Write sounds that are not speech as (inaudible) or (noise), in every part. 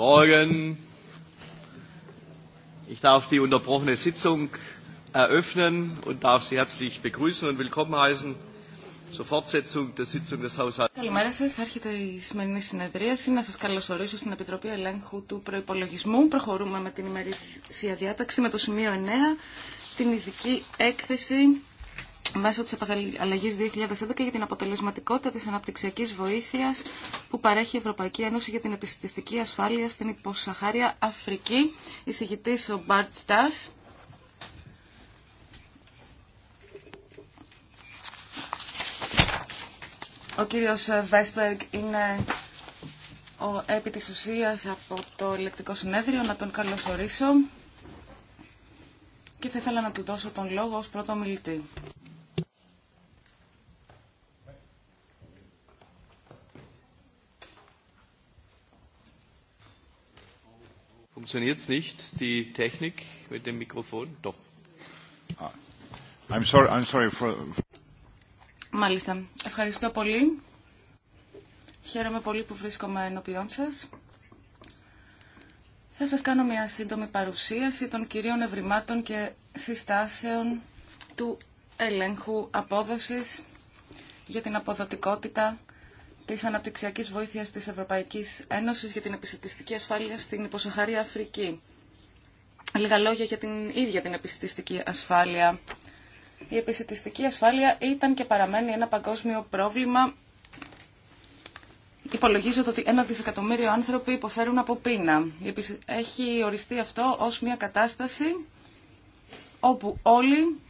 Morgen. Ich darf die unterbrochene Sitzung eröffnen und darf Sie herzlich begrüßen und willkommen heißen zur Fortsetzung der Sitzung des Haushalts. Καλημέρα σας. Άρχεται η σημερινή συνεδρίαση. Να σας καλωσορίσω στην Επιτροπή Ελέγχου του Προϋπολογισμού. Προχωρούμε με την ημερήσια διάταξη με το σημείο 9, την ειδική έκθεση μέσω της αλλαγής 2011 για την αποτελεσματικότητα της αναπτυξιακής βοήθειας που παρέχει η Ευρωπαϊκή Ένωση για την επιστημιστική ασφάλεια στην υποσαχάρια Αφρική. Εισηγητής ο Μπαρτ Στάς. Ο κύριος Βέσπεργκ είναι ο επί της ουσίας από το ηλεκτρικό συνέδριο. Να τον καλωσορίσω και θα ήθελα να του δώσω τον λόγο ως πρώτο μιλητή. Funktioniert es nicht, die Technik mit dem Mikrofon? Doch. sorry, I'm sorry for... Μάλιστα. Ευχαριστώ πολύ. Χαίρομαι πολύ που βρίσκομαι ενώπιόν σας. Θα σας κάνω μια σύντομη παρουσίαση των κυρίων ευρημάτων και συστάσεων του ελέγχου απόδοσης για την αποδοτικότητα Τη αναπτυξιακή βοήθεια της Ευρωπαϊκής Ένωσης για την επιστημιστική ασφάλεια στην υποσαχαρή Αφρική. Λίγα λόγια για την ίδια την επιστημιστική ασφάλεια. Η επιστημιστική ασφάλεια ήταν και παραμένει ένα παγκόσμιο πρόβλημα. Υπολογίζεται ότι ένα δισεκατομμύριο άνθρωποι υποφέρουν από πείνα. Έχει οριστεί αυτό ως μια κατάσταση όπου όλοι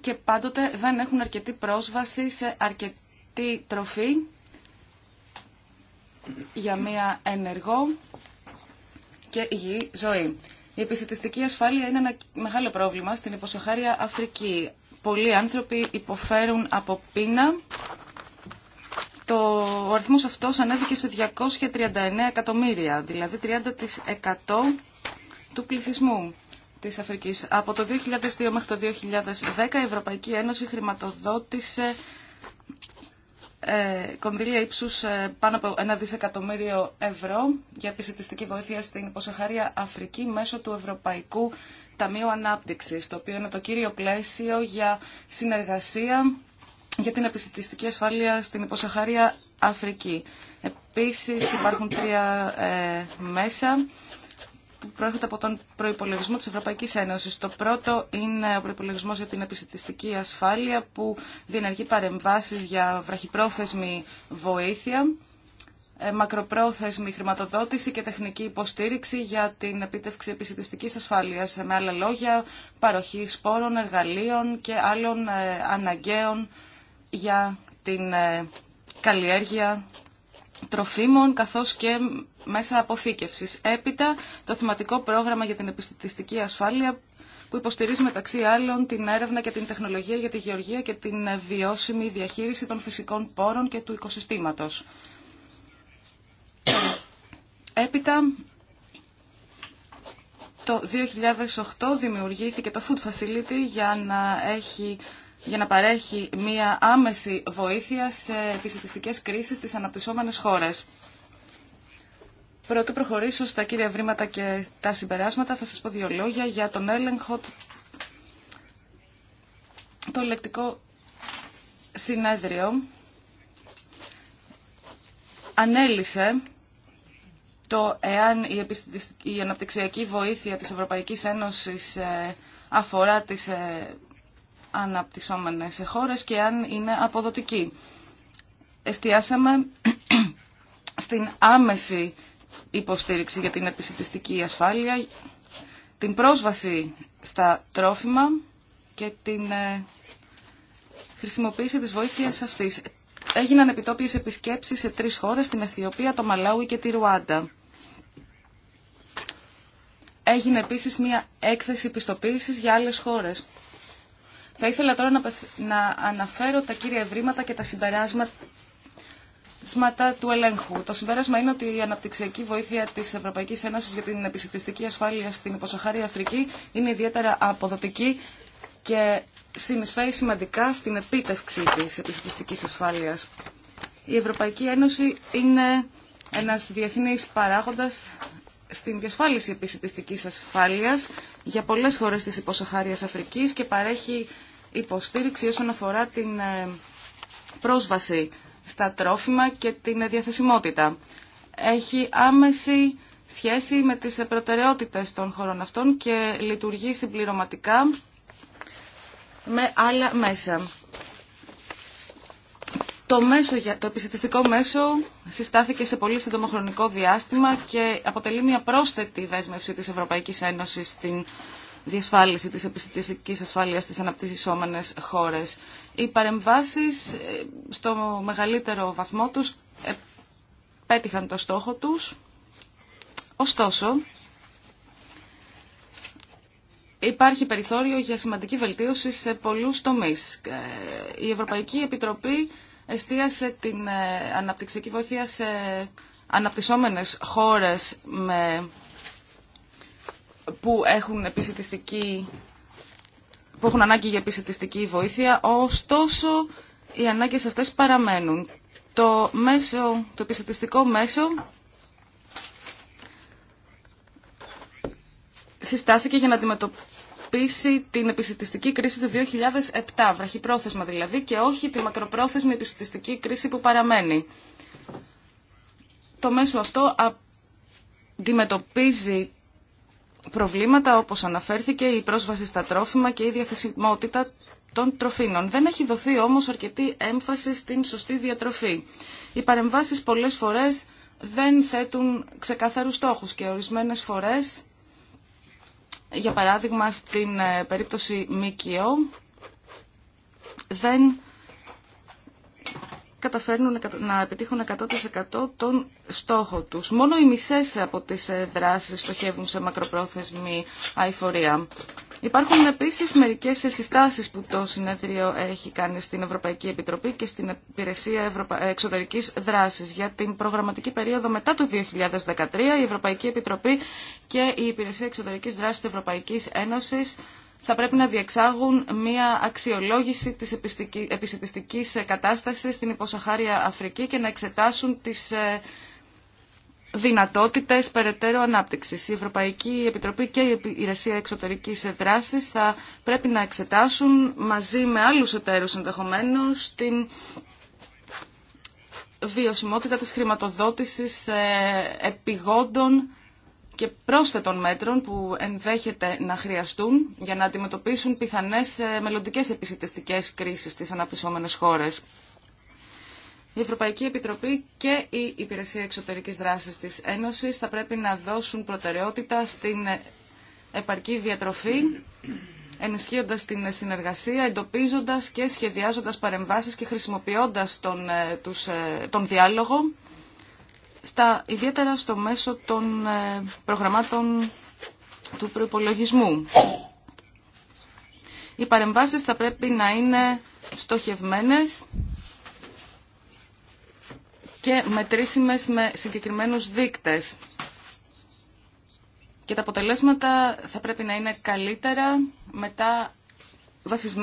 και πάντοτε δεν έχουν αρκετή πρόσβαση σε αρκετή τι τροφή για μια ενεργό και υγιή ζωή. Η επιστημιστική ασφάλεια είναι ένα μεγάλο πρόβλημα στην υποσοχάρια Αφρική. Πολλοί άνθρωποι υποφέρουν από πείνα. Το, ο αριθμός αυτός ανέβηκε σε 239 εκατομμύρια, δηλαδή 30% του πληθυσμού της Αφρικής. Από το 2002 μέχρι το 2010 η Ευρωπαϊκή Ένωση χρηματοδότησε ε, κονδύλια ύψους ε, πάνω από ένα δισεκατομμύριο ευρώ για επιστημιστική βοήθεια στην υποσαχαρία Αφρική μέσω του Ευρωπαϊκού Ταμείου Ανάπτυξης, το οποίο είναι το κύριο πλαίσιο για συνεργασία για την επιστημιστική ασφάλεια στην υποσαχαρία Αφρική. Επίση, υπάρχουν τρία ε, μέσα προέρχονται από τον προπολογισμό της Ευρωπαϊκής Ένωσης. Το πρώτο είναι ο προπολογισμό για την επιστημιστική ασφάλεια που διενεργεί παρεμβάσεις για βραχυπρόθεσμη βοήθεια, ε, μακροπρόθεσμη χρηματοδότηση και τεχνική υποστήριξη για την επίτευξη επιστημιστική ασφάλεια ε, Με άλλα λόγια, παροχή σπόρων, εργαλείων και άλλων ε, αναγκαίων για την καλλιέργεια τροφίμων καθώς και μέσα αποθήκευσης. Έπειτα, το θεματικό πρόγραμμα για την επιστημιστική ασφάλεια που υποστηρίζει μεταξύ άλλων την έρευνα και την τεχνολογία για τη γεωργία και την βιώσιμη διαχείριση των φυσικών πόρων και του οικοσυστήματος. Έπειτα, το 2008 δημιουργήθηκε το Food Facility για να, έχει, για να παρέχει μία άμεση βοήθεια σε επιστημιστικές κρίσεις στις αναπτυσσόμενες χώρες. Πρωτού προχωρήσω στα κύρια βρήματα και τα συμπεράσματα, θα σας πω δύο λόγια για τον έλεγχο, το ελεκτικό συνέδριο ανέλησε το εάν η, η αναπτυξιακή βοήθεια της Ευρωπαϊκής Ένωσης ε, αφορά τις ε, αναπτυσσόμενες χώρες και αν είναι αποδοτική. Εστιάσαμε (clears throat) στην άμεση υποστήριξη για την επισητιστική ασφάλεια, την πρόσβαση στα τρόφιμα και την ε, χρησιμοποίηση της βοήθειας αυτής. Έγιναν επιτόπιες επισκέψεις σε τρεις χώρες, την Αιθιοπία, το Μαλάουι και τη Ρουάντα. Έγινε επίσης μια έκθεση πιστοποίησης για άλλες χώρες. Θα ήθελα τώρα να αναφέρω τα κύρια ευρήματα και τα συμπεράσματα σματά του ελέγχου. Το συμπέρασμα είναι ότι η αναπτυξιακή βοήθεια τη Ευρωπαϊκή Ένωση για την επισκεπτιστική ασφάλεια στην υποσαχάρη Αφρική είναι ιδιαίτερα αποδοτική και συνεισφέρει σημαντικά στην επίτευξη τη επισητιστική ασφάλεια. Η Ευρωπαϊκή Ένωση είναι ένα διεθνή παράγοντα στην διασφάλιση επισητιστικής ασφάλεια για πολλέ χώρε τη υποσαχάριας Αφρική και παρέχει υποστήριξη όσον αφορά την ε, πρόσβαση στα τρόφιμα και την διαθεσιμότητα. Έχει άμεση σχέση με τις προτεραιότητες των χωρών αυτών και λειτουργεί συμπληρωματικά με άλλα μέσα. Το, μέσο, το μέσο συστάθηκε σε πολύ σύντομο χρονικό διάστημα και αποτελεί μια πρόσθετη δέσμευση της Ευρωπαϊκής Ένωσης στην διασφάλιση της επιστημικής ασφάλειας στις αναπτυσσόμενες χώρες. Οι παρεμβάσεις ε, στο μεγαλύτερο βαθμό τους ε, πέτυχαν το στόχο τους. Ωστόσο, υπάρχει περιθώριο για σημαντική βελτίωση σε πολλούς τομείς. Ε, η Ευρωπαϊκή Επιτροπή εστίασε την αναπτυξιακή βοήθεια σε αναπτυσσόμενες χώρες με που έχουν επισητιστική που έχουν ανάγκη για επισητιστική βοήθεια, ωστόσο οι ανάγκες αυτές παραμένουν. Το, μέσο, το επισητιστικό μέσο συστάθηκε για να αντιμετωπίσει την επισητιστική κρίση του 2007, βραχυπρόθεσμα δηλαδή, και όχι τη μακροπρόθεσμη επισητιστική κρίση που παραμένει. Το μέσο αυτό αντιμετωπίζει προβλήματα όπως αναφέρθηκε η πρόσβαση στα τρόφιμα και η διαθεσιμότητα των τροφίνων. Δεν έχει δοθεί όμως αρκετή έμφαση στην σωστή διατροφή. Οι παρεμβάσεις πολλές φορές δεν θέτουν ξεκαθαρούς στόχους και ορισμένες φορές, για παράδειγμα στην ε, περίπτωση ΜΚΟ, δεν καταφέρνουν να επιτύχουν 100% τον στόχο τους. Μόνο οι μισές από τις ε, δράσεις στοχεύουν σε μακροπρόθεσμη αηφορία. Υπάρχουν επίσης μερικές ε, συστάσεις που το συνέδριο έχει κάνει στην Ευρωπαϊκή Επιτροπή και στην Υπηρεσία ε, Εξωτερικής Δράσης. Για την προγραμματική περίοδο μετά το 2013 η Ευρωπαϊκή Επιτροπή και η Υπηρεσία Εξωτερικής Δράσης της Ευρωπαϊκής Ένωσης θα πρέπει να διεξάγουν μια αξιολόγηση της επιστημιστικής ε, κατάστασης στην υποσαχάρια Αφρική και να εξετάσουν τις ε, δυνατότητες περαιτέρω ανάπτυξης. Η Ευρωπαϊκή Επιτροπή και η Υπηρεσία Εξωτερικής Δράσης θα πρέπει να εξετάσουν μαζί με άλλους εταίρους ενδεχομένω την βιωσιμότητα της χρηματοδότησης ε, επιγόντων και πρόσθετων μέτρων που ενδέχεται να χρειαστούν για να αντιμετωπίσουν πιθανές ε, μελλοντικές επισητιστικές κρίσεις στις αναπτυσσόμενες χώρες. Η Ευρωπαϊκή Επιτροπή και η Υπηρεσία Εξωτερικής Δράσης της Ένωσης θα πρέπει να δώσουν προτεραιότητα στην επαρκή διατροφή, ενισχύοντας την συνεργασία, εντοπίζοντας και σχεδιάζοντας παρεμβάσεις και χρησιμοποιώντας τον ε, ε, διάλογο στα, ιδιαίτερα στο μέσο των ε, προγραμμάτων του προϋπολογισμού. Οι παρεμβάσεις θα πρέπει να είναι στοχευμένες και μετρήσιμες με συγκεκριμένους δείκτες. Και τα αποτελέσματα θα πρέπει να είναι καλύτερα μετά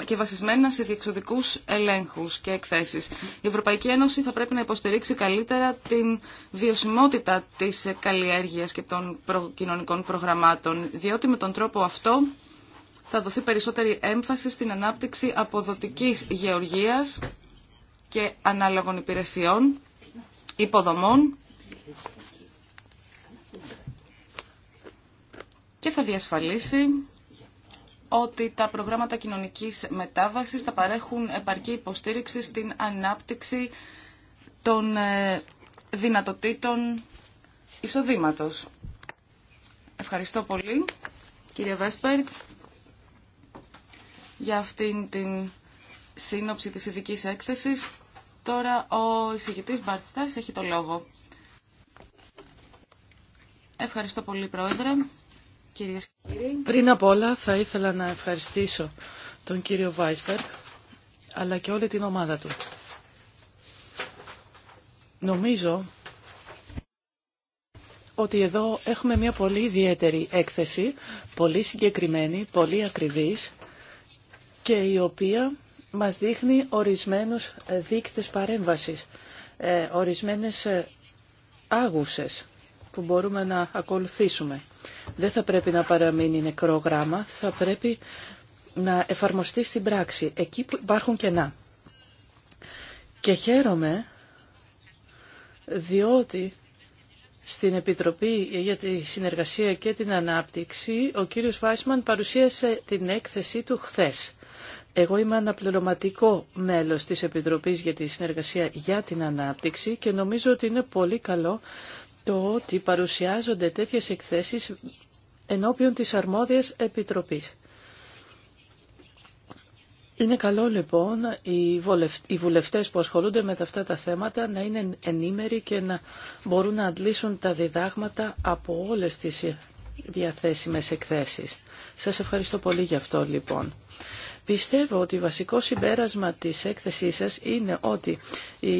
και βασισμένα σε διεξοδικού ελέγχους και εκθέσεις. Η Ευρωπαϊκή Ένωση θα πρέπει να υποστηρίξει καλύτερα την βιωσιμότητα της καλλιέργεια και των κοινωνικών προγραμμάτων, διότι με τον τρόπο αυτό θα δοθεί περισσότερη έμφαση στην ανάπτυξη αποδοτικής γεωργίας και ανάλογων υπηρεσιών, υποδομών και θα διασφαλίσει ότι τα προγράμματα κοινωνικής μετάβασης θα παρέχουν επαρκή υποστήριξη στην ανάπτυξη των ε, δυνατοτήτων εισοδήματος. Ευχαριστώ πολύ, κύριε Βέσπερ, για αυτήν την σύνοψη της ειδική έκθεσης. Τώρα ο εισηγητής Μπαρτστάς έχει το λόγο. Ευχαριστώ πολύ, Πρόεδρε. Πριν από όλα θα ήθελα να ευχαριστήσω τον κύριο Βάισπερκ αλλά και όλη την ομάδα του. Νομίζω ότι εδώ έχουμε μια πολύ ιδιαίτερη έκθεση, πολύ συγκεκριμένη, πολύ ακριβής και η οποία μας δείχνει ορισμένους δείκτες παρέμβασης, ε, ορισμένες ε, άγουσες που μπορούμε να ακολουθήσουμε δεν θα πρέπει να παραμείνει νεκρό γράμμα, θα πρέπει να εφαρμοστεί στην πράξη, εκεί που υπάρχουν κενά. Και χαίρομαι διότι στην Επιτροπή για τη Συνεργασία και την Ανάπτυξη ο κύριος Βάισμαν παρουσίασε την έκθεσή του χθες. Εγώ είμαι αναπληρωματικό μέλος της Επιτροπής για τη Συνεργασία για την Ανάπτυξη και νομίζω ότι είναι πολύ καλό το ότι παρουσιάζονται τέτοιες εκθέσεις ενώπιον της αρμόδιας επιτροπής. Είναι καλό λοιπόν οι βουλευτές που ασχολούνται με αυτά τα θέματα να είναι ενήμεροι και να μπορούν να αντλήσουν τα διδάγματα από όλες τις διαθέσιμες εκθέσεις. Σας ευχαριστώ πολύ για αυτό λοιπόν. Πιστεύω ότι βασικό συμπέρασμα της έκθεσής σας είναι ότι η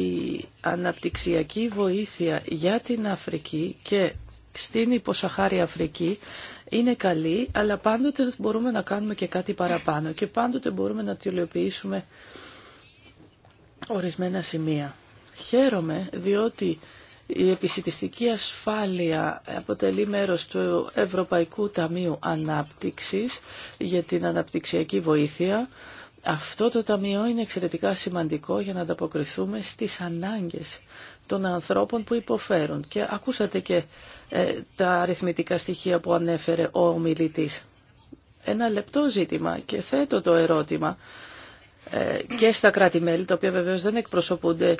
αναπτυξιακή βοήθεια για την Αφρική και στην υποσαχάρη Αφρική είναι καλή, αλλά πάντοτε μπορούμε να κάνουμε και κάτι παραπάνω και πάντοτε μπορούμε να τελειοποιήσουμε ορισμένα σημεία. Χαίρομαι διότι η επισητιστική ασφάλεια αποτελεί μέρος του Ευρωπαϊκού Ταμείου Ανάπτυξης για την αναπτυξιακή βοήθεια. Αυτό το ταμείο είναι εξαιρετικά σημαντικό για να ανταποκριθούμε στις ανάγκες των ανθρώπων που υποφέρουν. Και ακούσατε και ε, τα αριθμητικά στοιχεία που ανέφερε ο ομιλητής. Ένα λεπτό ζήτημα και θέτω το ερώτημα ε, και στα κράτη-μέλη, τα οποία βεβαίως δεν εκπροσωπούνται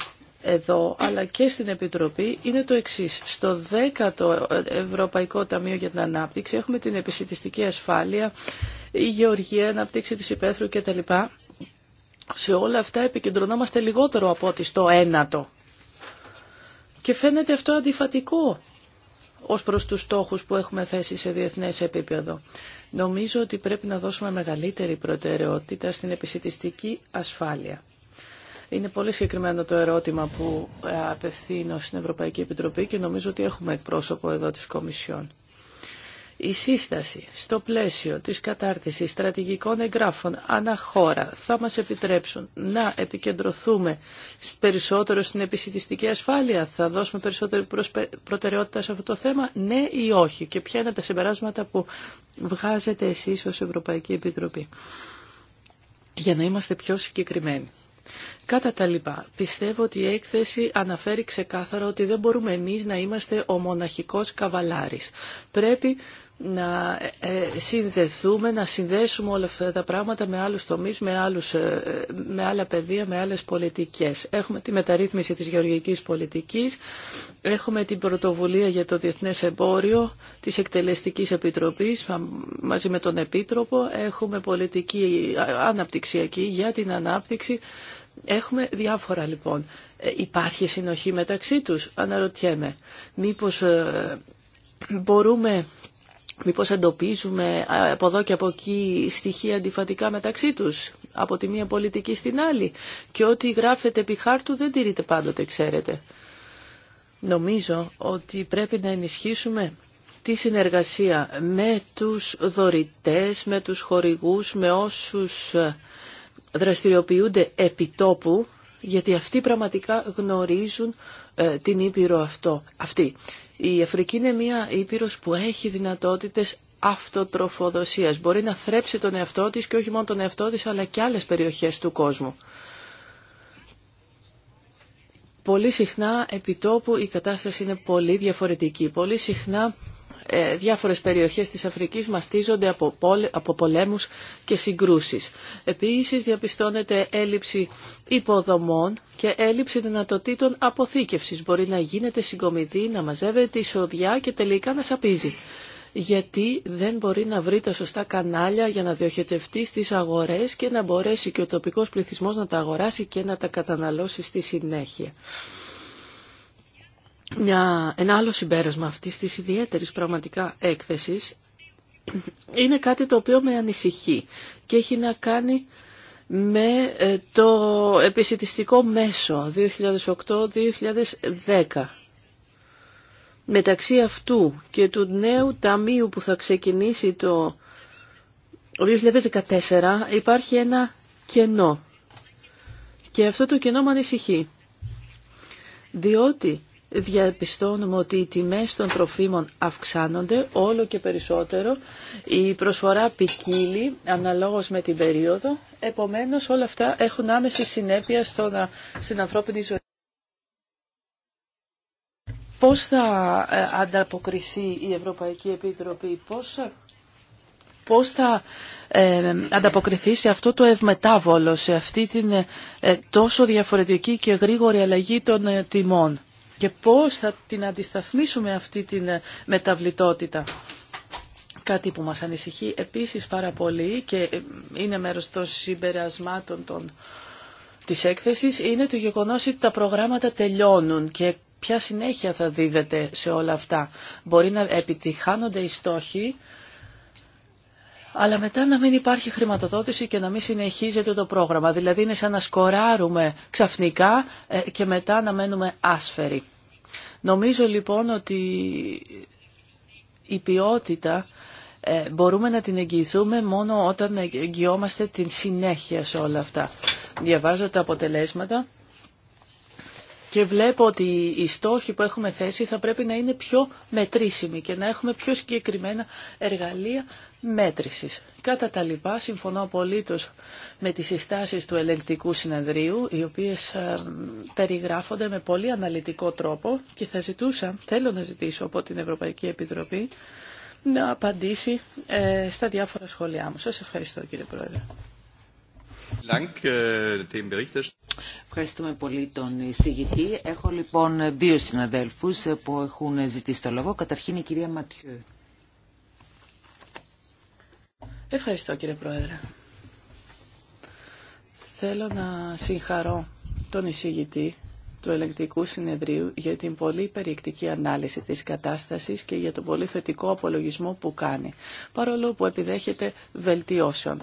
εδώ αλλά και στην Επιτροπή είναι το εξή. Στο 10ο Ευρωπαϊκό Ταμείο για την Ανάπτυξη έχουμε την επιστημιστική ασφάλεια, η γεωργία, αναπτύξη της υπαίθρου κτλ. Σε όλα αυτά επικεντρωνόμαστε λιγότερο από ότι στο 9ο. Και φαίνεται αυτό αντιφατικό ως προς τους στόχους που έχουμε θέσει σε διεθνές επίπεδο. Νομίζω ότι πρέπει να δώσουμε μεγαλύτερη προτεραιότητα στην επιστημιστική ασφάλεια. Είναι πολύ συγκεκριμένο το ερώτημα που ε, απευθύνω στην Ευρωπαϊκή Επιτροπή και νομίζω ότι έχουμε εκπρόσωπο εδώ της Κομισιόν. Η σύσταση στο πλαίσιο της κατάρτισης στρατηγικών εγγράφων αναχώρα θα μας επιτρέψουν να επικεντρωθούμε περισσότερο στην επισητιστική ασφάλεια, θα δώσουμε περισσότερη προτεραιότητα σε αυτό το θέμα, ναι ή όχι και ποια είναι τα συμπεράσματα που βγάζετε εσείς ως Ευρωπαϊκή Επιτροπή για να είμαστε πιο συγκεκριμένοι. Κατά τα λοιπά, πιστεύω ότι η έκθεση αναφέρει ξεκάθαρα ότι δεν μπορούμε εμείς να είμαστε ο μοναχικός καβαλάρης. Πρέπει να ε, ε, συνδεθούμε, να συνδέσουμε όλα αυτά τα πράγματα με άλλους τομείς, με, άλλους, ε, με άλλα πεδία, με άλλες πολιτικές. Έχουμε τη μεταρρύθμιση της γεωργικής πολιτικής, έχουμε την πρωτοβουλία για το Διεθνές Εμπόριο της Εκτελεστικής Επιτροπής μαζί με τον Επίτροπο, έχουμε πολιτική αναπτυξιακή για την ανάπτυξη, Έχουμε διάφορα λοιπόν. Ε, υπάρχει συνοχή μεταξύ τους, αναρωτιέμαι. Μήπως ε, μπορούμε Μήπως εντοπίζουμε από εδώ και από εκεί στοιχεία αντιφατικά μεταξύ τους, από τη μία πολιτική στην άλλη. Και ό,τι γράφεται επί χάρτου δεν τηρείται πάντοτε, ξέρετε. Νομίζω ότι πρέπει να ενισχύσουμε τη συνεργασία με τους δωρητές, με τους χορηγούς, με όσους ε, δραστηριοποιούνται επιτόπου γιατί αυτοί πραγματικά γνωρίζουν ε, την Ήπειρο αυτό, αυτή. Η Αφρική είναι μια Ήπειρος που έχει δυνατότητες αυτοτροφοδοσίας. Μπορεί να θρέψει τον εαυτό της και όχι μόνο τον εαυτό της αλλά και άλλες περιοχές του κόσμου. Πολύ συχνά επιτόπου η κατάσταση είναι πολύ διαφορετική. Πολύ συχνά ε, διάφορες περιοχές της Αφρικής μαστίζονται από, πολέμους και συγκρούσεις. Επίσης διαπιστώνεται έλλειψη υποδομών και έλλειψη δυνατοτήτων αποθήκευσης. Μπορεί να γίνεται συγκομιδή, να μαζεύεται εισοδιά και τελικά να σαπίζει γιατί δεν μπορεί να βρει τα σωστά κανάλια για να διοχετευτεί στις αγορές και να μπορέσει και ο τοπικός πληθυσμός να τα αγοράσει και να τα καταναλώσει στη συνέχεια μια, ένα άλλο συμπέρασμα αυτής της ιδιαίτερης πραγματικά έκθεσης είναι κάτι το οποίο με ανησυχεί και έχει να κάνει με ε, το επισητιστικό μέσο 2008-2010. Μεταξύ αυτού και του νέου ταμείου που θα ξεκινήσει το 2014 υπάρχει ένα κενό. Και αυτό το κενό με ανησυχεί. Διότι διαπιστώνουμε ότι οι τιμές των τροφίμων αυξάνονται όλο και περισσότερο, η προσφορά ποικίλει αναλόγως με την περίοδο, επομένως όλα αυτά έχουν άμεση συνέπεια στον, στην ανθρώπινη ζωή. Πώς θα ε, ανταποκριθεί η Ευρωπαϊκή Επιτροπή, πώς, ε, πώς θα ε, ανταποκριθεί σε αυτό το ευμετάβολο, σε αυτή την τόσο διαφορετική και γρήγορη αλλαγή των τιμών και πώς θα την αντισταθμίσουμε αυτή την ε, μεταβλητότητα. Κάτι που μας ανησυχεί επίσης πάρα πολύ και ε, είναι μέρος των συμπερασμάτων των, της έκθεσης είναι το γεγονός ότι τα προγράμματα τελειώνουν και ποια συνέχεια θα δίδεται σε όλα αυτά. Μπορεί να επιτυχάνονται οι στόχοι, αλλά μετά να μην υπάρχει χρηματοδότηση και να μην συνεχίζεται το πρόγραμμα. Δηλαδή είναι σαν να σκοράρουμε ξαφνικά ε, και μετά να μένουμε άσφεροι. Νομίζω λοιπόν ότι η ποιότητα ε, μπορούμε να την εγγυηθούμε μόνο όταν εγγυόμαστε την συνέχεια σε όλα αυτά. Διαβάζω τα αποτελέσματα και βλέπω ότι οι στόχοι που έχουμε θέσει θα πρέπει να είναι πιο μετρήσιμοι και να έχουμε πιο συγκεκριμένα εργαλεία μέτρησης. Κατά τα λοιπά, συμφωνώ πολύ με τις συστάσεις του ελεγκτικού συνεδρίου, οι οποίες ε, περιγράφονται με πολύ αναλυτικό τρόπο και θα ζητούσα, θέλω να ζητήσω από την Ευρωπαϊκή Επιτροπή, να απαντήσει ε, στα διάφορα σχόλιά μου. Σας ευχαριστώ κύριε Πρόεδρε. Ε, Ευχαριστούμε πολύ τον εισηγητή. Έχω λοιπόν δύο συναδέλφους που έχουν ζητήσει το λόγο. Καταρχήν η κυρία Ματιού. Ευχαριστώ κύριε Πρόεδρε. Θέλω να συγχαρώ τον εισηγητή του ελεγκτικού συνεδρίου για την πολύ περιεκτική ανάλυση της κατάστασης και για τον πολύ θετικό απολογισμό που κάνει, παρόλο που επιδέχεται βελτιώσεων.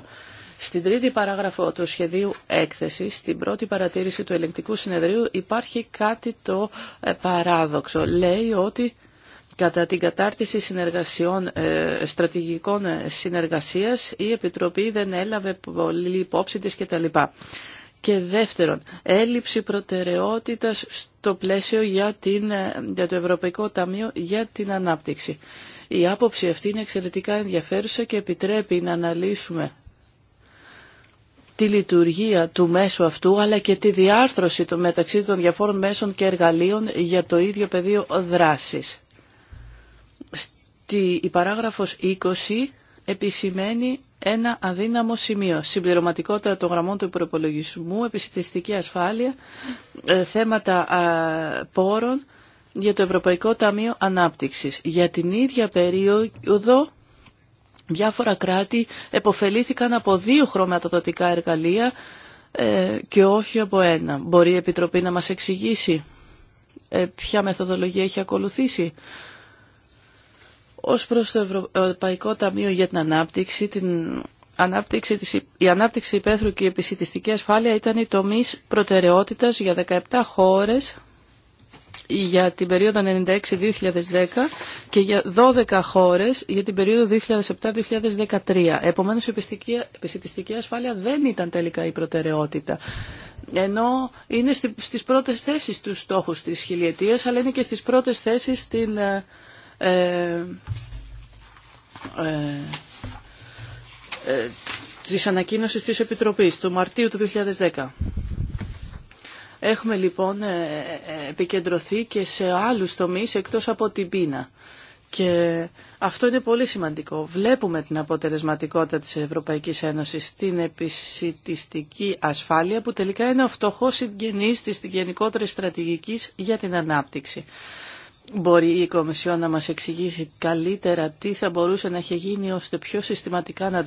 Στην τρίτη παράγραφο του σχεδίου έκθεσης, στην πρώτη παρατήρηση του ελεγκτικού συνεδρίου, υπάρχει κάτι το ε, παράδοξο. Λέει ότι Κατά την κατάρτιση συνεργασιών, ε, στρατηγικών ε, συνεργασίας, η Επιτροπή δεν έλαβε πολύ υπόψη της κτλ. Και δεύτερον, έλλειψη προτεραιότητας στο πλαίσιο για, την, ε, το Ευρωπαϊκό Ταμείο για την Ανάπτυξη. Η άποψη αυτή είναι εξαιρετικά ενδιαφέρουσα και επιτρέπει να αναλύσουμε τη λειτουργία του μέσου αυτού αλλά και τη διάρθρωση του μεταξύ των διαφόρων μέσων και εργαλείων για το ίδιο πεδίο δράσης ότι η παράγραφος 20 επισημαίνει ένα αδύναμο σημείο. Συμπληρωματικότητα των γραμμών του προπολογισμού, επιστημιστική ασφάλεια, ε, θέματα πόρων για το Ευρωπαϊκό Ταμείο Ανάπτυξης. Για την ίδια περίοδο διάφορα κράτη εποφελήθηκαν από δύο χρωματοδοτικά εργαλεία ε, και όχι από ένα. Μπορεί η Επιτροπή να μας εξηγήσει ε, ποια μεθοδολογία έχει ακολουθήσει. Ως προς το Ευρωπαϊκό Ταμείο για την Ανάπτυξη, την ανάπτυξη η ανάπτυξη υπαίθρου και η επισητιστική ασφάλεια ήταν οι τομής προτεραιότητας για 17 χώρες για την περίοδο 96-2010 και για 12 χώρες για την περίοδο 2007-2013. Επομένως, η Επισητιστική ασφάλεια δεν ήταν τελικά η προτεραιότητα. Ενώ είναι στις πρώτες θέσεις του στόχους της χιλιετίας, αλλά είναι και στις πρώτες θέσεις στην ε, ε, ε, ε, της ανακοίνωσης της Επιτροπής του Μαρτίου του 2010. Έχουμε λοιπόν επικεντρωθεί και σε άλλους τομείς εκτός από την πείνα. Και αυτό είναι πολύ σημαντικό. Βλέπουμε την αποτελεσματικότητα της Ευρωπαϊκής Ένωσης στην επισητιστική ασφάλεια που τελικά είναι ο φτωχός συγγενής της γενικότερη στρατηγικής για την ανάπτυξη. Μπορεί η Κομισιόν να μας εξηγήσει καλύτερα τι θα μπορούσε να έχει γίνει ώστε πιο συστηματικά να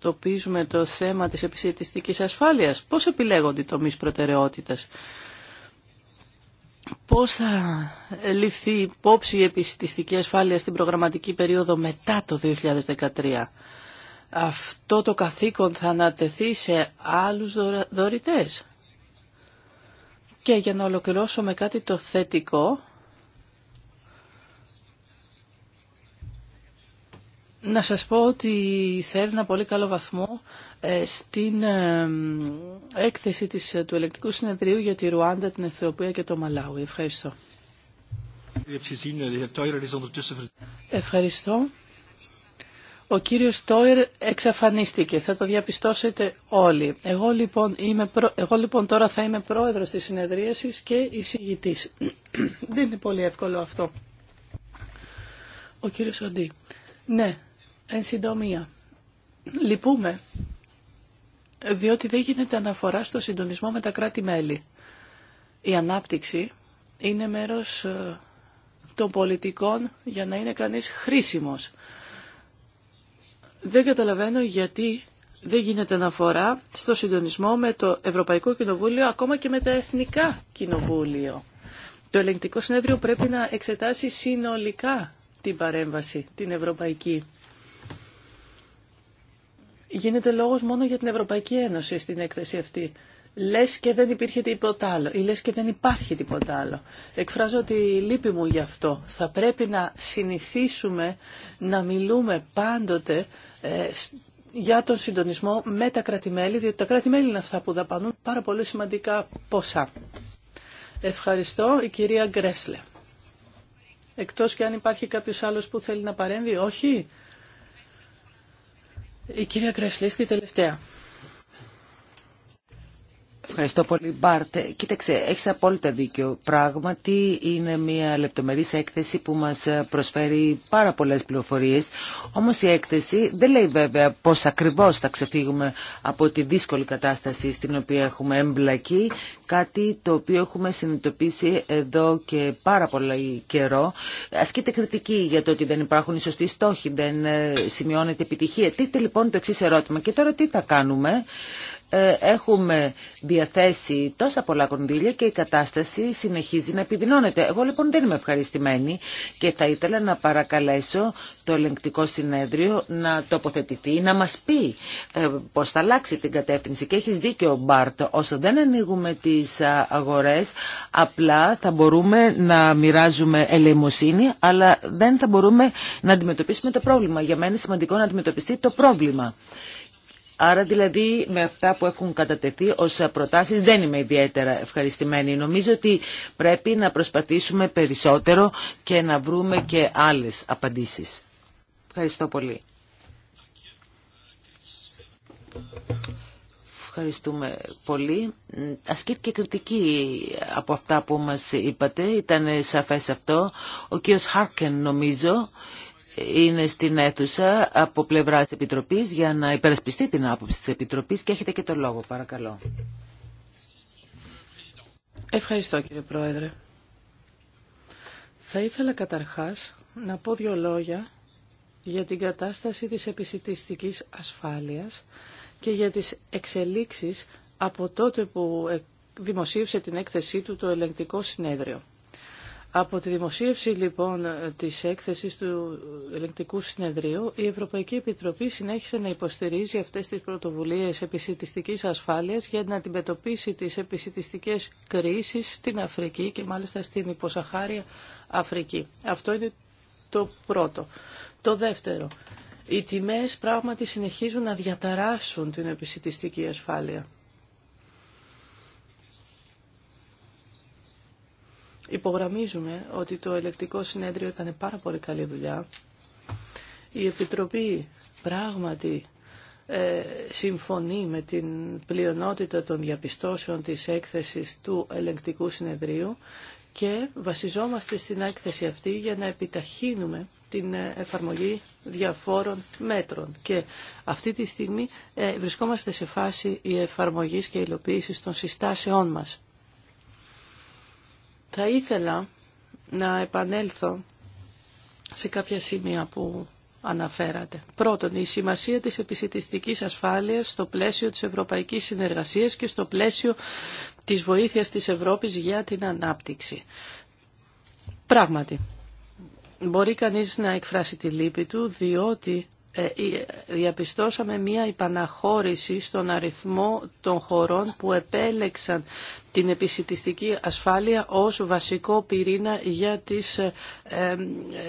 τοπίζουμε το θέμα της επιστημιστικής ασφάλειας. Πώς επιλέγονται οι τομείς προτεραιότητας. Πώς θα ληφθεί υπόψη η επιστημιστική ασφάλεια στην προγραμματική περίοδο μετά το 2013. Αυτό το καθήκον θα ανατεθεί σε άλλους δωρητές. Και για να ολοκληρώσω με κάτι το θετικό, Να σας πω ότι θέλει ένα πολύ καλό βαθμό ε, στην ε, έκθεση της, ε, του ελεκτικού συνεδρίου για τη Ρουάντα, την Αιθιοπία και το Μαλάου. Ευχαριστώ. Ευχαριστώ. Ο κύριος Τόιρ εξαφανίστηκε. Θα το διαπιστώσετε όλοι. Εγώ λοιπόν, είμαι Εγώ, λοιπόν τώρα θα είμαι πρόεδρος της συνεδρίασης και εισηγητής. Δεν είναι πολύ εύκολο αυτό. Ο κύριος Αντί. Ναι, Εν συντομία, λυπούμε, διότι δεν γίνεται αναφορά στο συντονισμό με τα κράτη-μέλη. Η ανάπτυξη είναι μέρος ε, των πολιτικών για να είναι κανείς χρήσιμος. Δεν καταλαβαίνω γιατί δεν γίνεται αναφορά στο συντονισμό με το Ευρωπαϊκό Κοινοβούλιο, ακόμα και με τα Εθνικά Κοινοβούλιο. Το ελεγκτικό συνέδριο πρέπει να εξετάσει συνολικά την παρέμβαση, την ευρωπαϊκή γίνεται λόγος μόνο για την Ευρωπαϊκή Ένωση στην έκθεση αυτή. Λες και δεν υπήρχε τίποτα άλλο ή λες και δεν υπάρχει τίποτα άλλο. Εκφράζω ότι λύπη μου γι' αυτό. Θα πρέπει να συνηθίσουμε να μιλούμε πάντοτε ε, για τον συντονισμό με τα κρατημέλη, διότι τα κρατημέλη είναι αυτά που δαπανούν πάρα πολύ σημαντικά ποσά. Ευχαριστώ η κυρία Γκρέσλε. Εκτός και αν υπάρχει κάποιος άλλος που θέλει να παρέμβει, όχι. Η κυρία Κρεσλής και τελευταία. Ευχαριστώ πολύ, Μπάρτ. Κοίταξε, έχεις απόλυτα δίκιο. Πράγματι, είναι μια λεπτομερής έκθεση που μας προσφέρει πάρα πολλές πληροφορίες. Όμως η έκθεση δεν λέει βέβαια πώς ακριβώς θα ξεφύγουμε από τη δύσκολη κατάσταση στην οποία έχουμε εμπλακεί. Κάτι το οποίο έχουμε συνειδητοποιήσει εδώ και πάρα πολύ καιρό. Ασκείται κριτική για το ότι δεν υπάρχουν οι σωστοί στόχοι, δεν ε, σημειώνεται επιτυχία. Τίθεται λοιπόν το εξή ερώτημα. Και τώρα τι θα κάνουμε. Ε, έχουμε διαθέσει τόσα πολλά κονδύλια και η κατάσταση συνεχίζει να επιδεινώνεται. Εγώ λοιπόν δεν είμαι ευχαριστημένη και θα ήθελα να παρακαλέσω το ελεγκτικό συνέδριο να τοποθετηθεί, να μας πει ε, πώς θα αλλάξει την κατεύθυνση. Και έχεις δίκιο Μπάρτ, όσο δεν ανοίγουμε τις αγορές, απλά θα μπορούμε να μοιράζουμε ελεημοσύνη, αλλά δεν θα μπορούμε να αντιμετωπίσουμε το πρόβλημα. Για μένα είναι σημαντικό να αντιμετωπιστεί το πρόβλημα. Άρα δηλαδή με αυτά που έχουν κατατεθεί ως προτάσεις δεν είμαι ιδιαίτερα ευχαριστημένη. Νομίζω ότι πρέπει να προσπαθήσουμε περισσότερο και να βρούμε και άλλες απαντήσεις. Ευχαριστώ πολύ. Ευχαριστούμε πολύ. Ασκήθηκε κριτική από αυτά που μας είπατε. Ήταν σαφές αυτό. Ο κ. Χάρκεν νομίζω είναι στην αίθουσα από πλευρά τη Επιτροπής για να υπερασπιστεί την άποψη της Επιτροπής και έχετε και το λόγο, παρακαλώ. Ευχαριστώ κύριε Πρόεδρε. Θα ήθελα καταρχάς να πω δύο λόγια για την κατάσταση της επισητιστικής ασφάλειας και για τις εξελίξεις από τότε που ε, δημοσίευσε την έκθεσή του το ελεγκτικό συνέδριο. Από τη δημοσίευση λοιπόν της έκθεσης του ελεγκτικού συνεδρίου, η Ευρωπαϊκή Επιτροπή συνέχισε να υποστηρίζει αυτές τις πρωτοβουλίες επισητιστικής ασφάλειας για να αντιμετωπίσει τις επισητιστικές κρίσεις στην Αφρική και μάλιστα στην υποσαχάρια Αφρική. Αυτό είναι το πρώτο. Το δεύτερο, οι τιμές πράγματι συνεχίζουν να διαταράσσουν την επισητιστική ασφάλεια. Υπογραμμίζουμε ότι το ελεκτικό συνέδριο έκανε πάρα πολύ καλή δουλειά. Η Επιτροπή πράγματι ε, συμφωνεί με την πλειονότητα των διαπιστώσεων της έκθεσης του ελεκτικού συνεδρίου και βασιζόμαστε στην έκθεση αυτή για να επιταχύνουμε την ε, εφαρμογή διαφόρων μέτρων. Και αυτή τη στιγμή ε, βρισκόμαστε σε φάση η εφαρμογής και υλοποίησης των συστάσεών μας. Θα ήθελα να επανέλθω σε κάποια σημεία που αναφέρατε. Πρώτον, η σημασία της επισητιστικής ασφάλειας στο πλαίσιο της ευρωπαϊκής συνεργασίας και στο πλαίσιο της βοήθειας της Ευρώπης για την ανάπτυξη. Πράγματι, μπορεί κανείς να εκφράσει τη λύπη του, διότι ε, διαπιστώσαμε μία υπαναχώρηση στον αριθμό των χωρών που επέλεξαν την επισητιστική ασφάλεια ως βασικό πυρήνα για τις ε,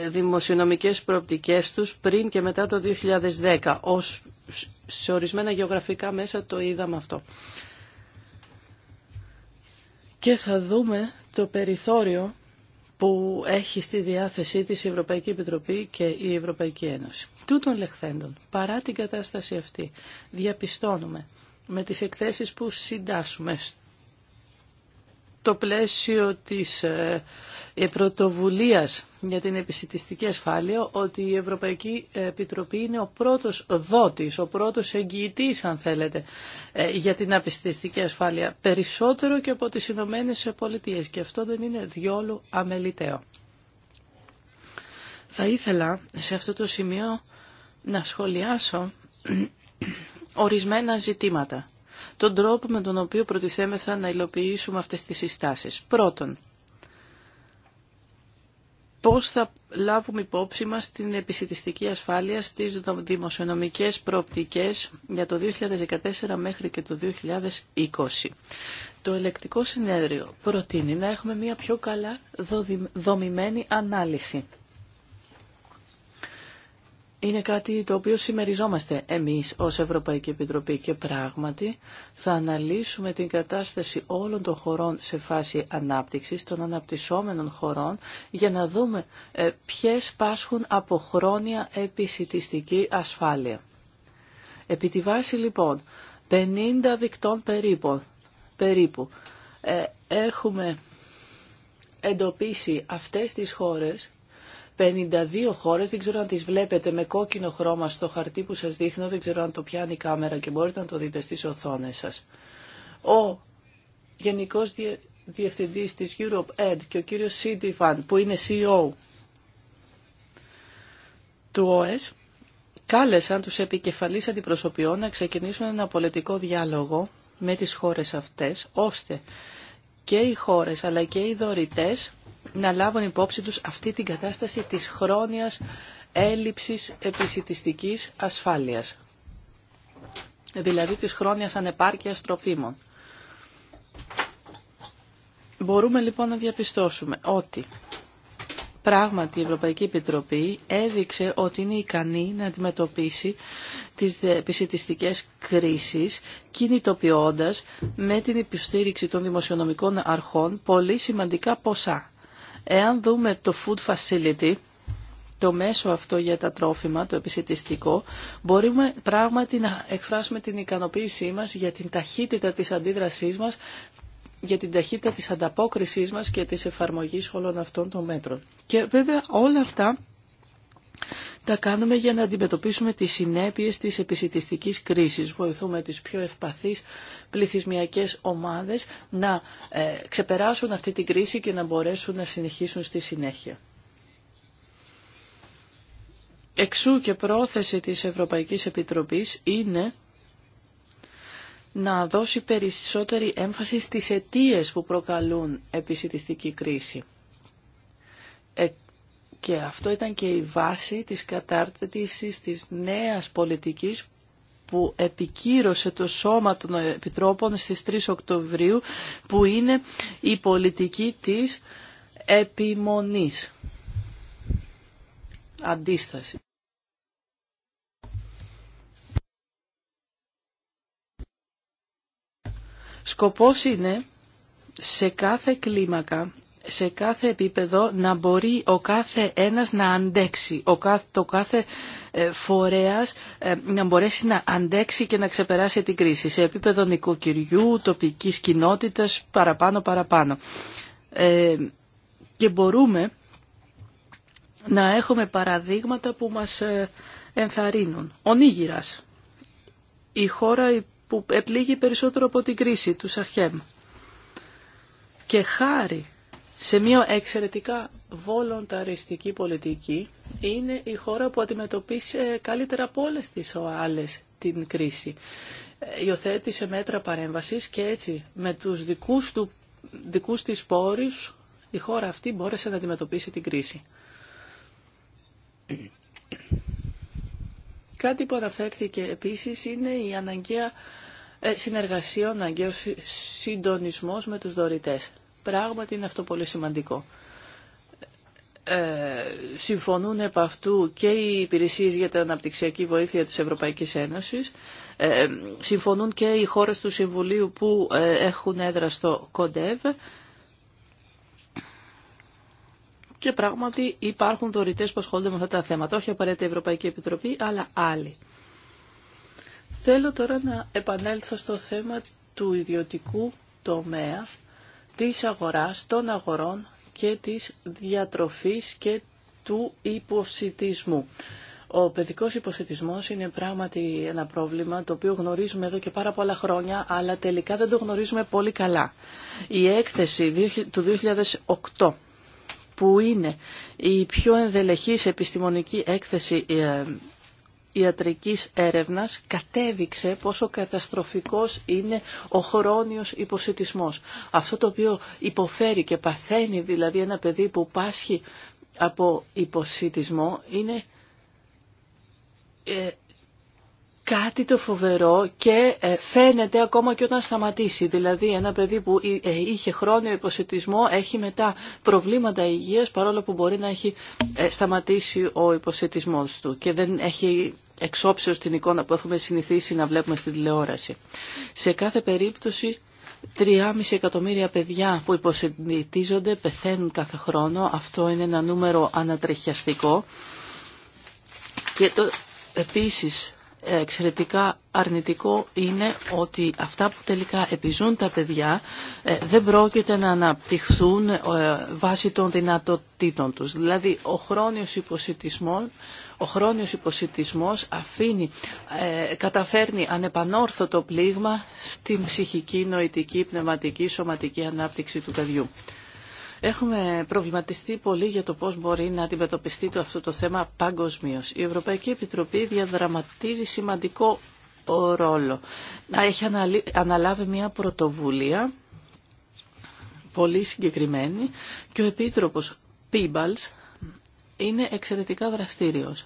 δημοσιονομικές προοπτικές τους πριν και μετά το 2010. Ως, σε ορισμένα γεωγραφικά μέσα το είδαμε αυτό. Και θα δούμε το περιθώριο που έχει στη διάθεσή της η Ευρωπαϊκή Επιτροπή και η Ευρωπαϊκή Ένωση. Τούτων λεχθέντων, παρά την κατάσταση αυτή, διαπιστώνουμε με τις εκθέσεις που συντάσσουμε το πλαίσιο της ε, ε, πρωτοβουλία για την επιστημιστική ασφάλεια ότι η Ευρωπαϊκή Επιτροπή είναι ο πρώτος δότης, ο πρώτος εγγυητής αν θέλετε ε, για την επιστημιστική ασφάλεια περισσότερο και από τις Ηνωμένε Πολιτείε και αυτό δεν είναι διόλου αμεληταίο. Θα ήθελα σε αυτό το σημείο να σχολιάσω ορισμένα ζητήματα. Τον τρόπο με τον οποίο προτιθέμεθα να υλοποιήσουμε αυτές τις συστάσεις. Πρώτον, πώς θα λάβουμε υπόψη μας την επισητιστική ασφάλεια στις δημοσιονομικές προοπτικές για το 2014 μέχρι και το 2020. Το ελεκτικό συνέδριο προτείνει να έχουμε μια πιο καλά δομημένη ανάλυση είναι κάτι το οποίο συμμεριζόμαστε εμείς ως Ευρωπαϊκή Επιτροπή και πράγματι θα αναλύσουμε την κατάσταση όλων των χωρών σε φάση ανάπτυξης, των αναπτυσσόμενων χωρών, για να δούμε ε, ποιες πάσχουν από χρόνια επισητιστική ασφάλεια. Επί τη βάση λοιπόν 50 δικτών περίπου, περίπου ε, έχουμε εντοπίσει αυτές τις χώρες 52 χώρες, δεν ξέρω αν τις βλέπετε με κόκκινο χρώμα στο χαρτί που σας δείχνω, δεν ξέρω αν το πιάνει η κάμερα και μπορείτε να το δείτε στις οθόνες σας. Ο Γενικός Διευθυντής της Europe Ed και ο κύριος Σίτιφαν που είναι CEO του ΟΕΣ κάλεσαν τους επικεφαλείς αντιπροσωπιών να ξεκινήσουν ένα πολιτικό διάλογο με τις χώρες αυτές, ώστε και οι χώρες αλλά και οι δωρητές να λάβουν υπόψη τους αυτή την κατάσταση της χρόνιας έλλειψης επισητιστικής ασφάλειας. Δηλαδή της χρόνιας ανεπάρκειας τροφίμων. Μπορούμε λοιπόν να διαπιστώσουμε ότι πράγματι η Ευρωπαϊκή Επιτροπή έδειξε ότι είναι ικανή να αντιμετωπίσει τις επισητιστικές κρίσεις, κινητοποιώντας με την υποστήριξη των δημοσιονομικών αρχών πολύ σημαντικά ποσά. Εάν δούμε το food facility, το μέσο αυτό για τα τρόφιμα, το επισητιστικό, μπορούμε πράγματι να εκφράσουμε την ικανοποίησή μας για την ταχύτητα της αντίδρασής μας, για την ταχύτητα της ανταπόκρισής μας και της εφαρμογής όλων αυτών των μέτρων. Και βέβαια όλα αυτά τα κάνουμε για να αντιμετωπίσουμε τις συνέπειες της επισητιστικής κρίσης. Βοηθούμε τις πιο ευπαθείς πληθυσμιακές ομάδες να ε, ξεπεράσουν αυτή την κρίση και να μπορέσουν να συνεχίσουν στη συνέχεια. Εξού και πρόθεση της Ευρωπαϊκής Επιτροπής είναι να δώσει περισσότερη έμφαση στις αιτίες που προκαλούν επισητιστική κρίση. Ε, και αυτό ήταν και η βάση της κατάρτισης της νέας πολιτικής που επικύρωσε το Σώμα των Επιτρόπων στις 3 Οκτωβρίου, που είναι η πολιτική της επιμονής. Αντίσταση. Σκοπός είναι σε κάθε κλίμακα σε κάθε επίπεδο να μπορεί ο κάθε ένας να αντέξει, ο κάθε, το κάθε ε, φορέας ε, να μπορέσει να αντέξει και να ξεπεράσει την κρίση σε επίπεδο νοικοκυριού, τοπικής κοινότητας, παραπάνω παραπάνω. Ε, και μπορούμε να έχουμε παραδείγματα που μας ενθαρρύνουν. Ο Νίγηρας, η χώρα που επλήγει περισσότερο από την κρίση του Σαχέμ. Και χάρη σε μια εξαιρετικά βολονταριστική πολιτική είναι η χώρα που αντιμετωπίσε ε, καλύτερα από όλες τις άλλες την κρίση. Ε, υιοθέτησε μέτρα παρέμβασης και έτσι με τους δικούς, του, δικούς της πόρους η χώρα αυτή μπόρεσε να αντιμετωπίσει την κρίση. Κάτι που αναφέρθηκε επίσης είναι η αναγκαία ε, συνεργασία, ο αναγκαίος συντονισμός με τους δωρητές. Πράγματι είναι αυτό πολύ σημαντικό. Ε, συμφωνούν επ' αυτού και οι υπηρεσίε για την αναπτυξιακή βοήθεια της Ευρωπαϊκής Ένωσης. Ε, συμφωνούν και οι χώρες του Συμβουλίου που ε, έχουν έδρα στο ΚΟΝΤΕΒ. Και πράγματι υπάρχουν δωρητές που ασχολούνται με αυτά τα θέματα, όχι απαραίτητα η Ευρωπαϊκή Επιτροπή, αλλά άλλοι. Θέλω τώρα να επανέλθω στο θέμα του ιδιωτικού τομέα της αγοράς, των αγορών και της διατροφής και του υποσυτισμού. Ο παιδικός υποσυτισμός είναι πράγματι ένα πρόβλημα το οποίο γνωρίζουμε εδώ και πάρα πολλά χρόνια, αλλά τελικά δεν το γνωρίζουμε πολύ καλά. Η έκθεση του 2008 που είναι η πιο ενδελεχής επιστημονική έκθεση ε, ιατρικής έρευνας κατέδειξε πόσο καταστροφικός είναι ο χρόνιος υποσυτισμός. Αυτό το οποίο υποφέρει και παθαίνει δηλαδή ένα παιδί που πάσχει από υποσυτισμό είναι ε, κάτι το φοβερό και ε, φαίνεται ακόμα και όταν σταματήσει. Δηλαδή ένα παιδί που ε, είχε χρόνιο υποσυτισμό έχει μετά προβλήματα υγείας παρόλο που μπορεί να έχει σταματήσει ο υποσυτισμός του και δεν έχει εξόψεως την εικόνα που έχουμε συνηθίσει να βλέπουμε στην τηλεόραση. Σε κάθε περίπτωση 3,5 εκατομμύρια παιδιά που υποσυντητίζονται πεθαίνουν κάθε χρόνο. Αυτό είναι ένα νούμερο ανατρεχιαστικό. Και το επίσης εξαιρετικά αρνητικό είναι ότι αυτά που τελικά επιζούν τα παιδιά ε, δεν πρόκειται να αναπτυχθούν ε, βάσει των δυνατοτήτων τους. Δηλαδή ο χρόνιος υποσυντισμός ο χρόνιος υποσυτισμός αφήνει, ε, καταφέρνει ανεπανόρθωτο πλήγμα στην ψυχική, νοητική, πνευματική, σωματική ανάπτυξη του παιδιού. Έχουμε προβληματιστεί πολύ για το πώς μπορεί να αντιμετωπιστεί το αυτό το θέμα παγκοσμίω. Η Ευρωπαϊκή Επιτροπή διαδραματίζει σημαντικό ρόλο. να Έχει αναλάβει μια πρωτοβουλία πολύ συγκεκριμένη και ο Επίτροπος Πίμπαλς είναι εξαιρετικά δραστήριος.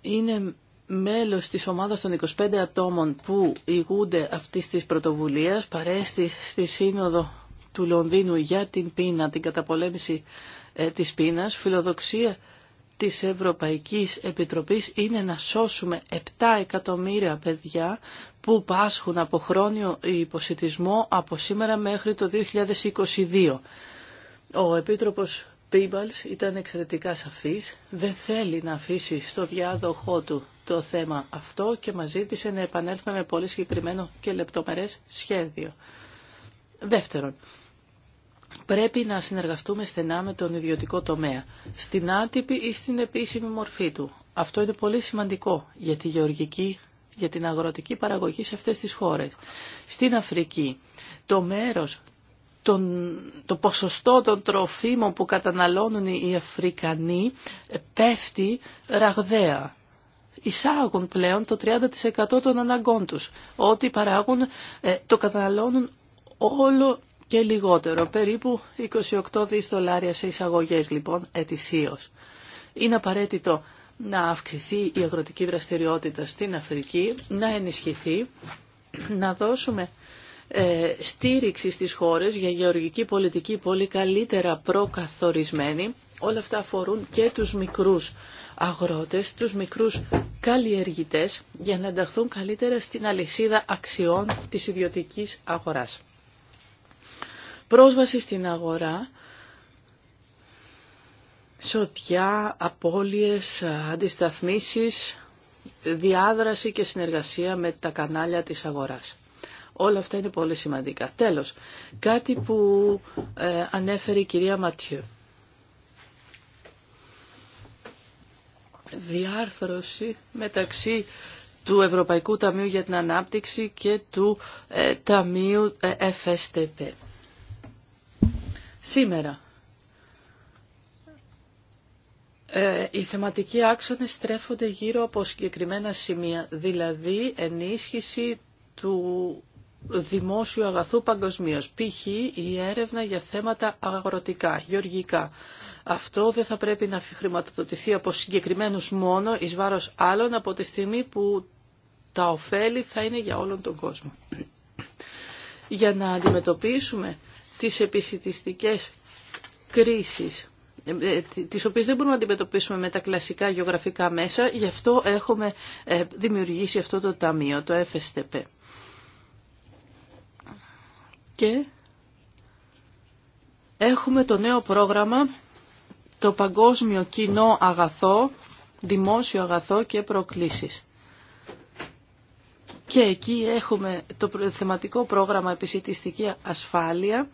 Είναι μέλος της ομάδας των 25 ατόμων που ηγούνται αυτής της πρωτοβουλίας, παρέστη στη Σύνοδο του Λονδίνου για την πείνα, την καταπολέμηση ε, της πείνας, φιλοδοξία της Ευρωπαϊκής Επιτροπής είναι να σώσουμε 7 εκατομμύρια παιδιά που πάσχουν από χρόνιο υποσυτισμό από σήμερα μέχρι το 2022. Ο Επίτροπος Πίμπαλς ήταν εξαιρετικά σαφής, δεν θέλει να αφήσει στο διάδοχό του το θέμα αυτό και μας ζήτησε να επανέλθουμε με πολύ συγκεκριμένο και λεπτομερές σχέδιο. Δεύτερον, πρέπει να συνεργαστούμε στενά με τον ιδιωτικό τομέα, στην άτυπη ή στην επίσημη μορφή του. Αυτό είναι πολύ σημαντικό για τη γεωργική για την αγροτική παραγωγή σε αυτές τις χώρες. Στην Αφρική, το μέρος τον, το ποσοστό των τροφίμων που καταναλώνουν οι Αφρικανοί ε, πέφτει ραγδαία. Εισάγουν πλέον το 30% των αναγκών τους. Ό,τι παράγουν ε, το καταναλώνουν όλο και λιγότερο. Περίπου 28 δις δολάρια σε εισαγωγές λοιπόν ετησίως. Είναι απαραίτητο να αυξηθεί η αγροτική δραστηριότητα στην Αφρική, να ενισχυθεί, να δώσουμε ε, στήριξη στις χώρες για γεωργική πολιτική πολύ καλύτερα προκαθορισμένη. Όλα αυτά αφορούν και τους μικρούς αγρότες, τους μικρούς καλλιεργητές για να ενταχθούν καλύτερα στην αλυσίδα αξιών της ιδιωτικής αγοράς. Πρόσβαση στην αγορά, σωτιά, απώλειες, αντισταθμίσεις, διάδραση και συνεργασία με τα κανάλια της αγοράς. Όλα αυτά είναι πολύ σημαντικά. Τέλος, κάτι που ε, ανέφερε η κυρία Ματιού. Διάρθρωση μεταξύ του Ευρωπαϊκού Ταμείου για την Ανάπτυξη και του ε, Ταμείου ε, FSTP. Σήμερα, ε, οι θεματικοί άξονες στρέφονται γύρω από συγκεκριμένα σημεία, δηλαδή ενίσχυση του δημόσιο αγαθού παγκοσμίω. Π.χ. η έρευνα για θέματα αγροτικά, γεωργικά. Αυτό δεν θα πρέπει να χρηματοδοτηθεί από συγκεκριμένου μόνο εις βάρος άλλων από τη στιγμή που τα ωφέλη θα είναι για όλον τον κόσμο. Για να αντιμετωπίσουμε τις επισητιστικές κρίσεις ε, ε, τις οποίες δεν μπορούμε να αντιμετωπίσουμε με τα κλασικά γεωγραφικά μέσα, γι' αυτό έχουμε ε, δημιουργήσει αυτό το ταμείο, το FSTP και έχουμε το νέο πρόγραμμα το παγκόσμιο κοινό αγαθό, δημόσιο αγαθό και προκλήσεις. Και εκεί έχουμε το θεματικό πρόγραμμα επισητιστική ασφάλεια,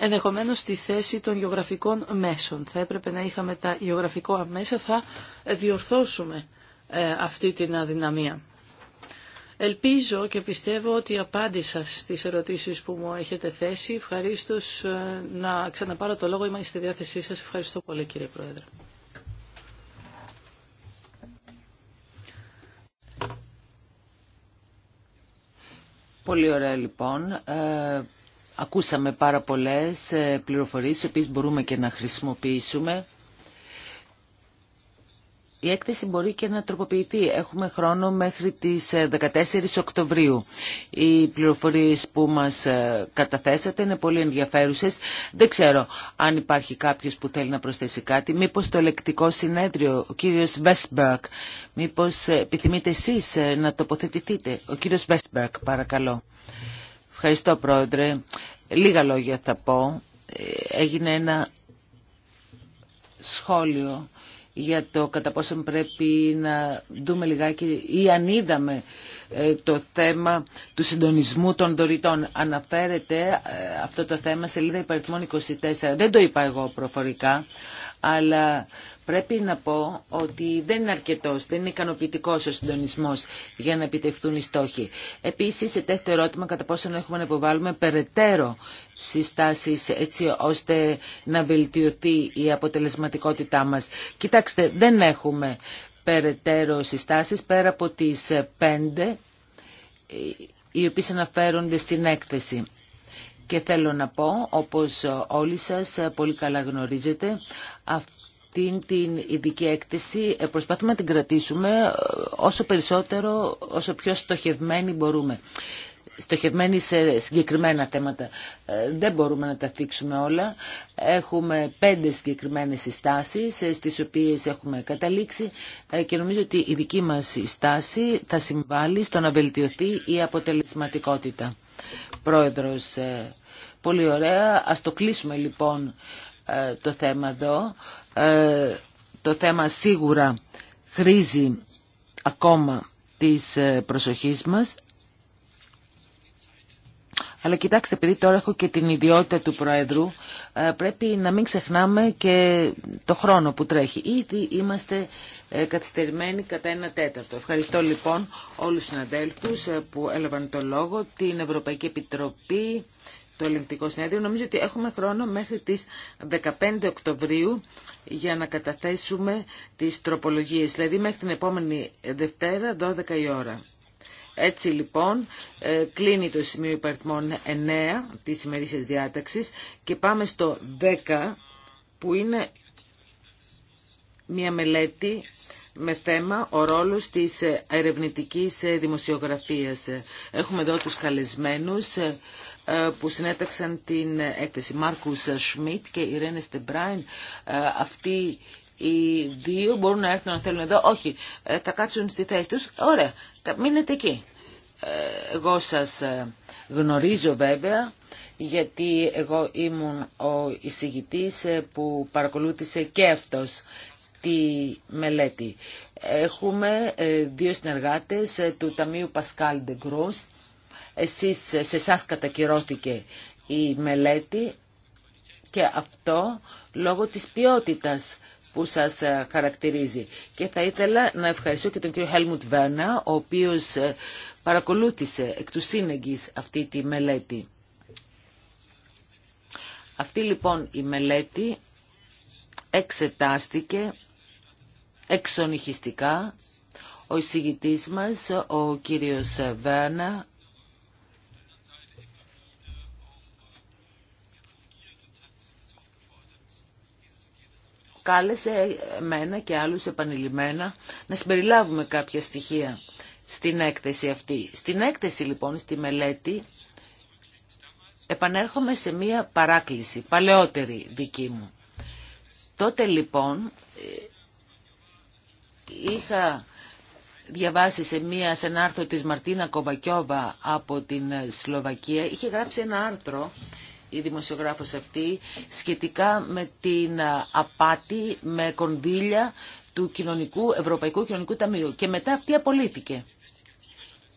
ενδεχομένως στη θέση των γεωγραφικών μέσων. Θα έπρεπε να είχαμε τα γεωγραφικό αμέσα, θα διορθώσουμε ε, αυτή την αδυναμία. Ελπίζω και πιστεύω ότι απάντησα στις ερωτήσεις που μου έχετε θέσει. Ευχαρίστω ε, να ξαναπάρω το λόγο. Είμαι στη διάθεσή σας. Ευχαριστώ πολύ κύριε Πρόεδρε. Πολύ ωραία λοιπόν. Ε, ακούσαμε πάρα πολλές ε, πληροφορίες, επίσης μπορούμε και να χρησιμοποιήσουμε. Η έκθεση μπορεί και να τροποποιηθεί. Έχουμε χρόνο μέχρι τις 14 ε, Οκτωβρίου. Οι πληροφορίες που μας ε, καταθέσατε είναι πολύ ενδιαφέρουσες. Δεν ξέρω αν υπάρχει κάποιος που θέλει να προσθέσει κάτι. Μήπως το λεκτικό συνέδριο, ο κύριος Βέσμπερκ, μήπως ε, επιθυμείτε εσείς να τοποθετηθείτε. Ο κύριος Βέσμπερκ, παρακαλώ. Ευχαριστώ, Πρόεδρε. Λίγα λόγια θα πω. Έγινε ένα σχόλιο για το κατά πόσο πρέπει να δούμε λιγάκι ή αν είδαμε ε, το θέμα του συντονισμού των δωρητών. Αναφέρεται ε, αυτό το θέμα σελίδα υπαριθμών 24. Δεν το είπα εγώ προφορικά, αλλά πρέπει να πω ότι δεν είναι αρκετός, δεν είναι ικανοποιητικός ο συντονισμός για να επιτευχθούν οι στόχοι. Επίση, σε τέτοιο ερώτημα κατά πόσο έχουμε να υποβάλουμε περαιτέρω συστάσεις έτσι ώστε να βελτιωθεί η αποτελεσματικότητά μας. Κοιτάξτε, δεν έχουμε περαιτέρω συστάσεις πέρα από τις πέντε οι οποίες αναφέρονται στην έκθεση. Και θέλω να πω, όπως όλοι σας πολύ καλά γνωρίζετε, αυτήν την ειδική έκθεση ε, προσπαθούμε να την κρατήσουμε ε, όσο περισσότερο, όσο πιο στοχευμένοι μπορούμε. Στοχευμένοι σε συγκεκριμένα θέματα. Ε, δεν μπορούμε να τα θίξουμε όλα. Έχουμε πέντε συγκεκριμένες συστάσεις στις οποίες έχουμε καταλήξει και νομίζω ότι η δική μας στάση θα συμβάλλει στο να βελτιωθεί η αποτελεσματικότητα. Πρόεδρος, ε, πολύ ωραία. Ας το κλείσουμε λοιπόν ε, το θέμα εδώ. Ε, το θέμα σίγουρα χρήζει ακόμα της προσοχής μας. Αλλά κοιτάξτε, επειδή τώρα έχω και την ιδιότητα του Προέδρου, ε, πρέπει να μην ξεχνάμε και το χρόνο που τρέχει. Ήδη είμαστε ε, καθυστερημένοι κατά ένα τέταρτο. Ευχαριστώ λοιπόν όλους τους συναδέλφους ε, που έλαβαν το λόγο, την Ευρωπαϊκή Επιτροπή, το Ελληνικό Συνέδριο. Νομίζω ότι έχουμε χρόνο μέχρι τις 15 Οκτωβρίου για να καταθέσουμε τις τροπολογίες, δηλαδή μέχρι την επόμενη Δευτέρα 12 η ώρα. Έτσι λοιπόν ε, κλείνει το σημείο υπαριθμών 9 της ημερήσιας διάταξης και πάμε στο 10 που είναι μια μελέτη με θέμα ο ρόλος της ερευνητικής δημοσιογραφίας. Έχουμε εδώ τους καλεσμένους ε, που συνέταξαν την έκθεση Μάρκους Σμιτ και Ιρένε Στεμπράιν. Ε, οι δύο μπορούν να έρθουν αν θέλουν εδώ. Όχι, ε, θα κάτσουν στη θέση τους. Ωραία, μείνετε εκεί. Ε, εγώ σας ε, γνωρίζω βέβαια γιατί εγώ ήμουν ο εισηγητής που παρακολούθησε και αυτός τη μελέτη. Έχουμε δύο συνεργάτες του Ταμείου Πασκάλ Ντεγκρούς Εσείς, σε εσά κατακυρώθηκε η μελέτη και αυτό λόγω της ποιότητας που σας ε, χαρακτηρίζει. Και θα ήθελα να ευχαριστώ και τον κύριο Χέλμουτ Βέρνα, ο οποίος ε, παρακολούθησε εκ του σύνεγγυς αυτή τη μελέτη. Αυτή λοιπόν η μελέτη εξετάστηκε εξονυχιστικά. Ο εισηγητής μας, ο κύριος Βέρνα, κάλεσε μένα και άλλους επανειλημμένα να συμπεριλάβουμε κάποια στοιχεία στην έκθεση αυτή. Στην έκθεση λοιπόν, στη μελέτη, επανέρχομαι σε μία παράκληση, παλαιότερη δική μου. Τότε λοιπόν είχα διαβάσει σε, μία, σε ένα άρθρο της Μαρτίνα Κοβακιόβα από την Σλοβακία, είχε γράψει ένα άρθρο η δημοσιογράφος αυτή σχετικά με την απάτη με κονδύλια του κοινωνικού, Ευρωπαϊκού Κοινωνικού Ταμείου και μετά αυτή απολύθηκε.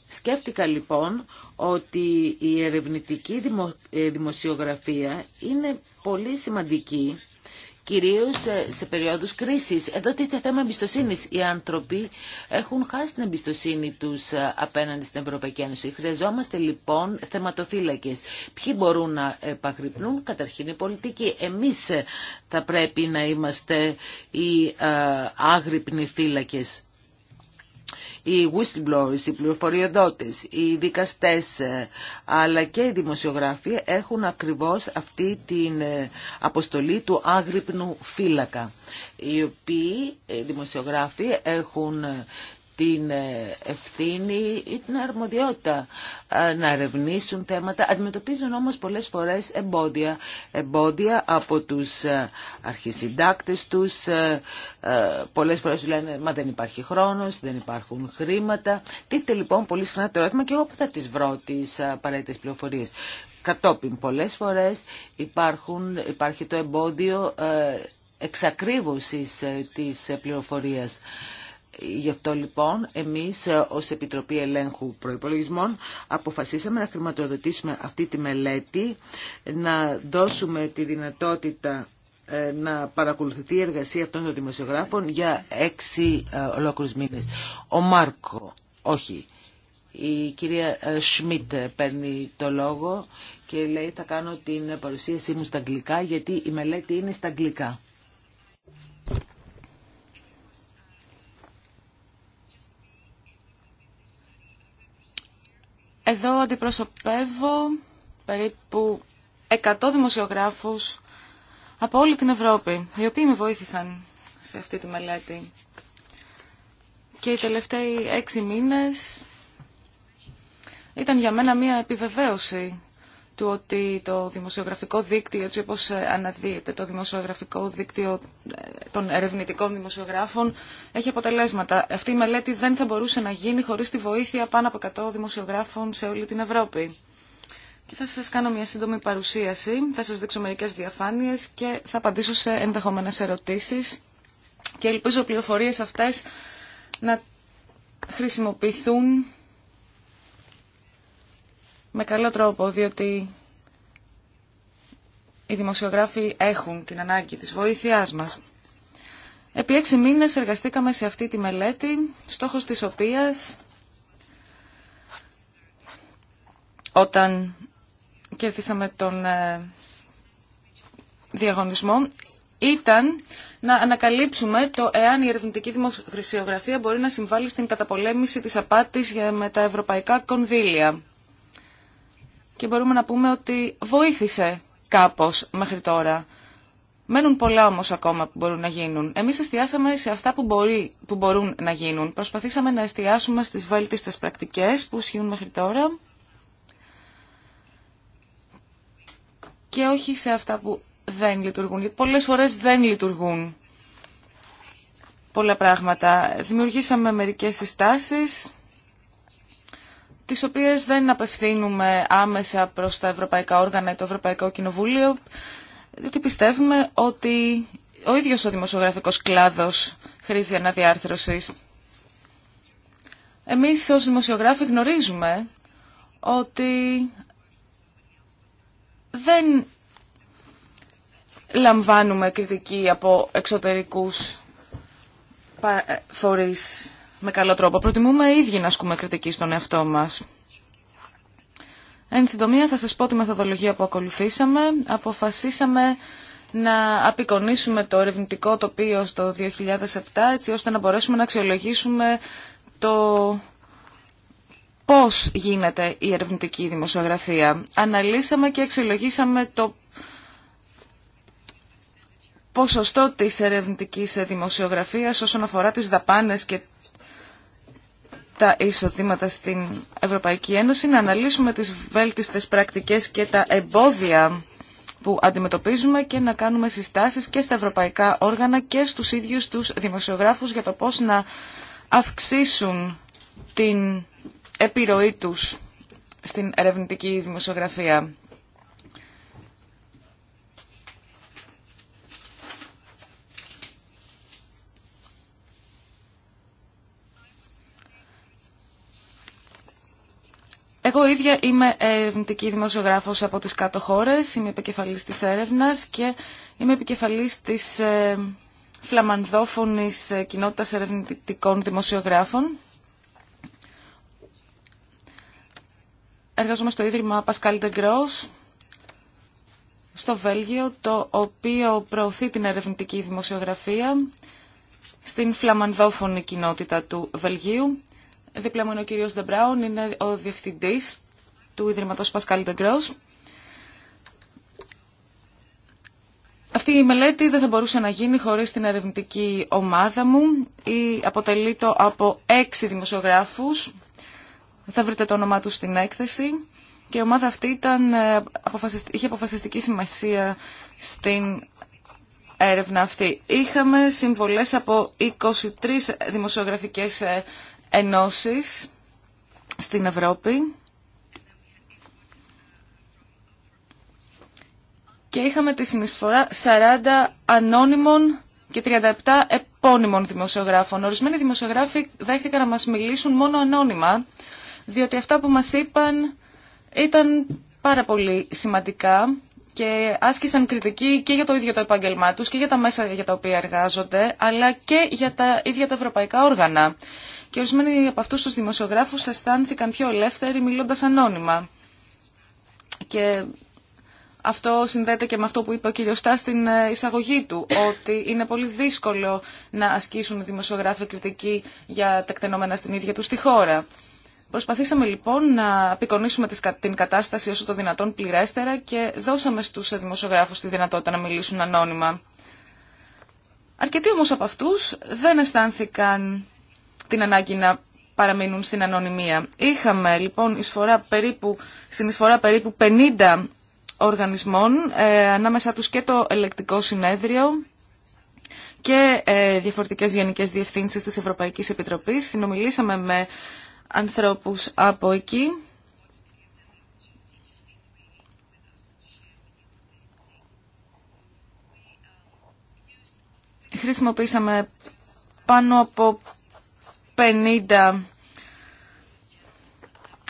Σκέφτηκα λοιπόν ότι η ερευνητική ε, δημοσιογραφία είναι πολύ σημαντική κυρίως σε περίοδους κρίσης. Εδώ τίθεται θέμα εμπιστοσύνη. Οι άνθρωποι έχουν χάσει την εμπιστοσύνη τους ε, απέναντι στην Ευρωπαϊκή Ένωση. Χρειαζόμαστε λοιπόν θεματοφύλακες. Ποιοι μπορούν να επαγρυπνούν, καταρχήν οι πολιτικοί. Εμείς ε, θα πρέπει να είμαστε οι ε, άγρυπνοι φύλακες οι whistleblowers, οι πληροφοριοδότες, οι δικαστές ε, αλλά και οι δημοσιογράφοι έχουν ακριβώς αυτή την ε, αποστολή του άγρυπνου φύλακα οι οποίοι οι ε, δημοσιογράφοι έχουν την ε, ευθύνη ή την αρμοδιότητα ε, να ερευνήσουν θέματα. Αντιμετωπίζουν όμως πολλές φορές εμπόδια. Εμπόδια από τους ε, αρχισυντάκτες τους. Πολλές φορές λένε «Μα δεν υπάρχει χρόνος, δεν υπάρχουν χρήματα». Τίθεται λοιπόν πολύ συχνά το ερώτημα και εγώ που θα τις βρω τις απαραίτητες πληροφορίες. Κατόπιν πολλές φορές υπάρχει το εμπόδιο εξακρίβωσης της πληροφορίας. Γι' αυτό λοιπόν εμείς ε, ως Επιτροπή Ελέγχου Προϋπολογισμών αποφασίσαμε να χρηματοδοτήσουμε αυτή τη μελέτη, να δώσουμε τη δυνατότητα ε, να παρακολουθηθεί η εργασία αυτών των δημοσιογράφων για έξι ε, ολόκληρους μήνες. Ο Μάρκο, όχι, η κυρία Σμιτ παίρνει το λόγο και λέει θα κάνω την παρουσίασή μου στα αγγλικά γιατί η μελέτη είναι στα αγγλικά. Εδώ αντιπροσωπεύω περίπου 100 δημοσιογράφους από όλη την Ευρώπη, οι οποίοι με βοήθησαν σε αυτή τη μελέτη. Και οι τελευταίοι έξι μήνες ήταν για μένα μία επιβεβαίωση του ότι το δημοσιογραφικό δίκτυο, έτσι όπως ε, αναδύεται το δημοσιογραφικό δίκτυο ε, των ερευνητικών δημοσιογράφων, έχει αποτελέσματα. Αυτή η μελέτη δεν θα μπορούσε να γίνει χωρίς τη βοήθεια πάνω από 100 δημοσιογράφων σε όλη την Ευρώπη. Και θα σας κάνω μια σύντομη παρουσίαση, θα σας δείξω μερικές διαφάνειες και θα απαντήσω σε ενδεχομένες ερωτήσεις και ελπίζω πληροφορίες αυτές να χρησιμοποιηθούν με καλό τρόπο, διότι οι δημοσιογράφοι έχουν την ανάγκη της βοήθειάς μας. Επί έξι μήνες εργαστήκαμε σε αυτή τη μελέτη, στόχος της οποίας όταν κερδίσαμε τον ε, διαγωνισμό ήταν να ανακαλύψουμε το εάν η ερευνητική δημοσιογραφία μπορεί να συμβάλλει στην καταπολέμηση της απάτης με τα ευρωπαϊκά κονδύλια και μπορούμε να πούμε ότι βοήθησε κάπως μέχρι τώρα. Μένουν πολλά όμως ακόμα που μπορούν να γίνουν. Εμείς εστιάσαμε σε αυτά που, μπορεί, που μπορούν να γίνουν. Προσπαθήσαμε να εστιάσουμε στις βελτίστες πρακτικές που ισχύουν μέχρι τώρα και όχι σε αυτά που δεν λειτουργούν. Γιατί πολλές φορές δεν λειτουργούν πολλά πράγματα. Δημιουργήσαμε μερικέ συστάσεις τις οποίες δεν απευθύνουμε άμεσα προς τα ευρωπαϊκά όργανα ή το Ευρωπαϊκό Κοινοβούλιο, διότι πιστεύουμε ότι ο ίδιος ο δημοσιογραφικός κλάδος χρήζει αναδιάρθρωσης. Εμείς ως δημοσιογράφοι γνωρίζουμε ότι δεν λαμβάνουμε κριτική από εξωτερικούς φορείς με καλό τρόπο. Προτιμούμε ίδιοι να ασκούμε κριτική στον εαυτό μας. Εν συντομία θα σας πω τη μεθοδολογία που ακολουθήσαμε. Αποφασίσαμε να απεικονίσουμε το ερευνητικό τοπίο στο 2007 έτσι ώστε να μπορέσουμε να αξιολογήσουμε το πώς γίνεται η ερευνητική δημοσιογραφία. Αναλύσαμε και αξιολογήσαμε το ποσοστό της ερευνητικής δημοσιογραφίας όσον αφορά τις δαπάνες και τα εισοδήματα στην Ευρωπαϊκή Ένωση, να αναλύσουμε τις βέλτιστες πρακτικές και τα εμπόδια που αντιμετωπίζουμε και να κάνουμε συστάσεις και στα ευρωπαϊκά όργανα και στους ίδιους τους δημοσιογράφους για το πώς να αυξήσουν την επιρροή τους στην ερευνητική δημοσιογραφία. Εγώ ίδια είμαι ερευνητική δημοσιογράφος από τις κάτω χώρες, είμαι επικεφαλής της έρευνας και είμαι επικεφαλής της ε, φλαμανδόφωνης ε, κοινότητας ερευνητικών δημοσιογράφων. Εργάζομαι στο Ίδρυμα Pascal de στο Βέλγιο, το οποίο προωθεί την ερευνητική δημοσιογραφία στην φλαμανδόφωνη κοινότητα του Βελγίου Δίπλα μου είναι ο κύριος Δεμπράουν, είναι ο διευθυντής του ιδρύματό Πασκάλ Ντεγκρό. Αυτή η μελέτη δεν θα μπορούσε να γίνει χωρί την ερευνητική ομάδα μου. Η αποτελείται από έξι δημοσιογράφους. Θα βρείτε το όνομά τους στην έκθεση. Και η ομάδα αυτή ήταν, ε, είχε αποφασιστική σημασία στην έρευνα αυτή. Είχαμε συμβολές από 23 δημοσιογραφικές ε, ενώσεις στην Ευρώπη και είχαμε τη συνεισφορά 40 ανώνυμων και 37 επώνυμων δημοσιογράφων. Ορισμένοι δημοσιογράφοι δέχτηκαν να μας μιλήσουν μόνο ανώνυμα, διότι αυτά που μας είπαν ήταν πάρα πολύ σημαντικά και άσκησαν κριτική και για το ίδιο το επάγγελμά τους και για τα μέσα για τα οποία εργάζονται, αλλά και για τα ίδια τα ευρωπαϊκά όργανα και ορισμένοι από αυτούς τους δημοσιογράφους αισθάνθηκαν πιο ελεύθεροι μιλώντας ανώνυμα. Και αυτό συνδέεται και με αυτό που είπε ο κύριος στην ε, εισαγωγή του, ότι είναι πολύ δύσκολο να ασκήσουν δημοσιογράφοι κριτική για τα εκτενόμενα στην ίδια του τη χώρα. Προσπαθήσαμε λοιπόν να απεικονίσουμε την κατάσταση όσο το δυνατόν πληρέστερα και δώσαμε στους ε, δημοσιογράφους τη δυνατότητα να μιλήσουν ανώνυμα. Αρκετοί όμως από αυτούς δεν αισθάνθηκαν την ανάγκη να παραμείνουν στην ανωνυμία. Είχαμε λοιπόν εισφορά περίπου, στην εισφορά περίπου 50 οργανισμών, ε, ανάμεσα τους και το ελεκτικό συνέδριο και ε, διαφορετικές γενικές διευθύνσεις της Ευρωπαϊκής Επιτροπής. Συνομιλήσαμε με ανθρώπους από εκεί. Χρησιμοποίησαμε πάνω από 50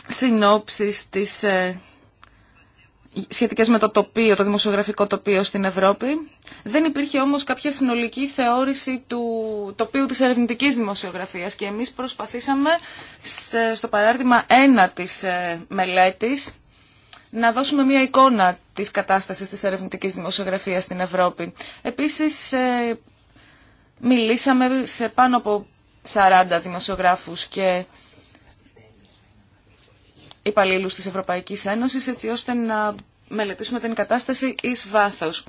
συνόψεις της, ε, σχετικές με το τοπίο, το δημοσιογραφικό τοπίο στην Ευρώπη. Δεν υπήρχε όμως κάποια συνολική θεώρηση του τοπίου της ερευνητικής δημοσιογραφίας και εμείς προσπαθήσαμε στο παράδειγμα 1 της ε, μελέτης να δώσουμε μια εικόνα της κατάστασης της ερευνητικής δημοσιογραφίας στην Ευρώπη. Επίσης, ε, μιλήσαμε σε πάνω από 40 δημοσιογράφους και υπαλλήλους της Ευρωπαϊκής Ένωσης έτσι ώστε να μελετήσουμε την κατάσταση εις βάθος.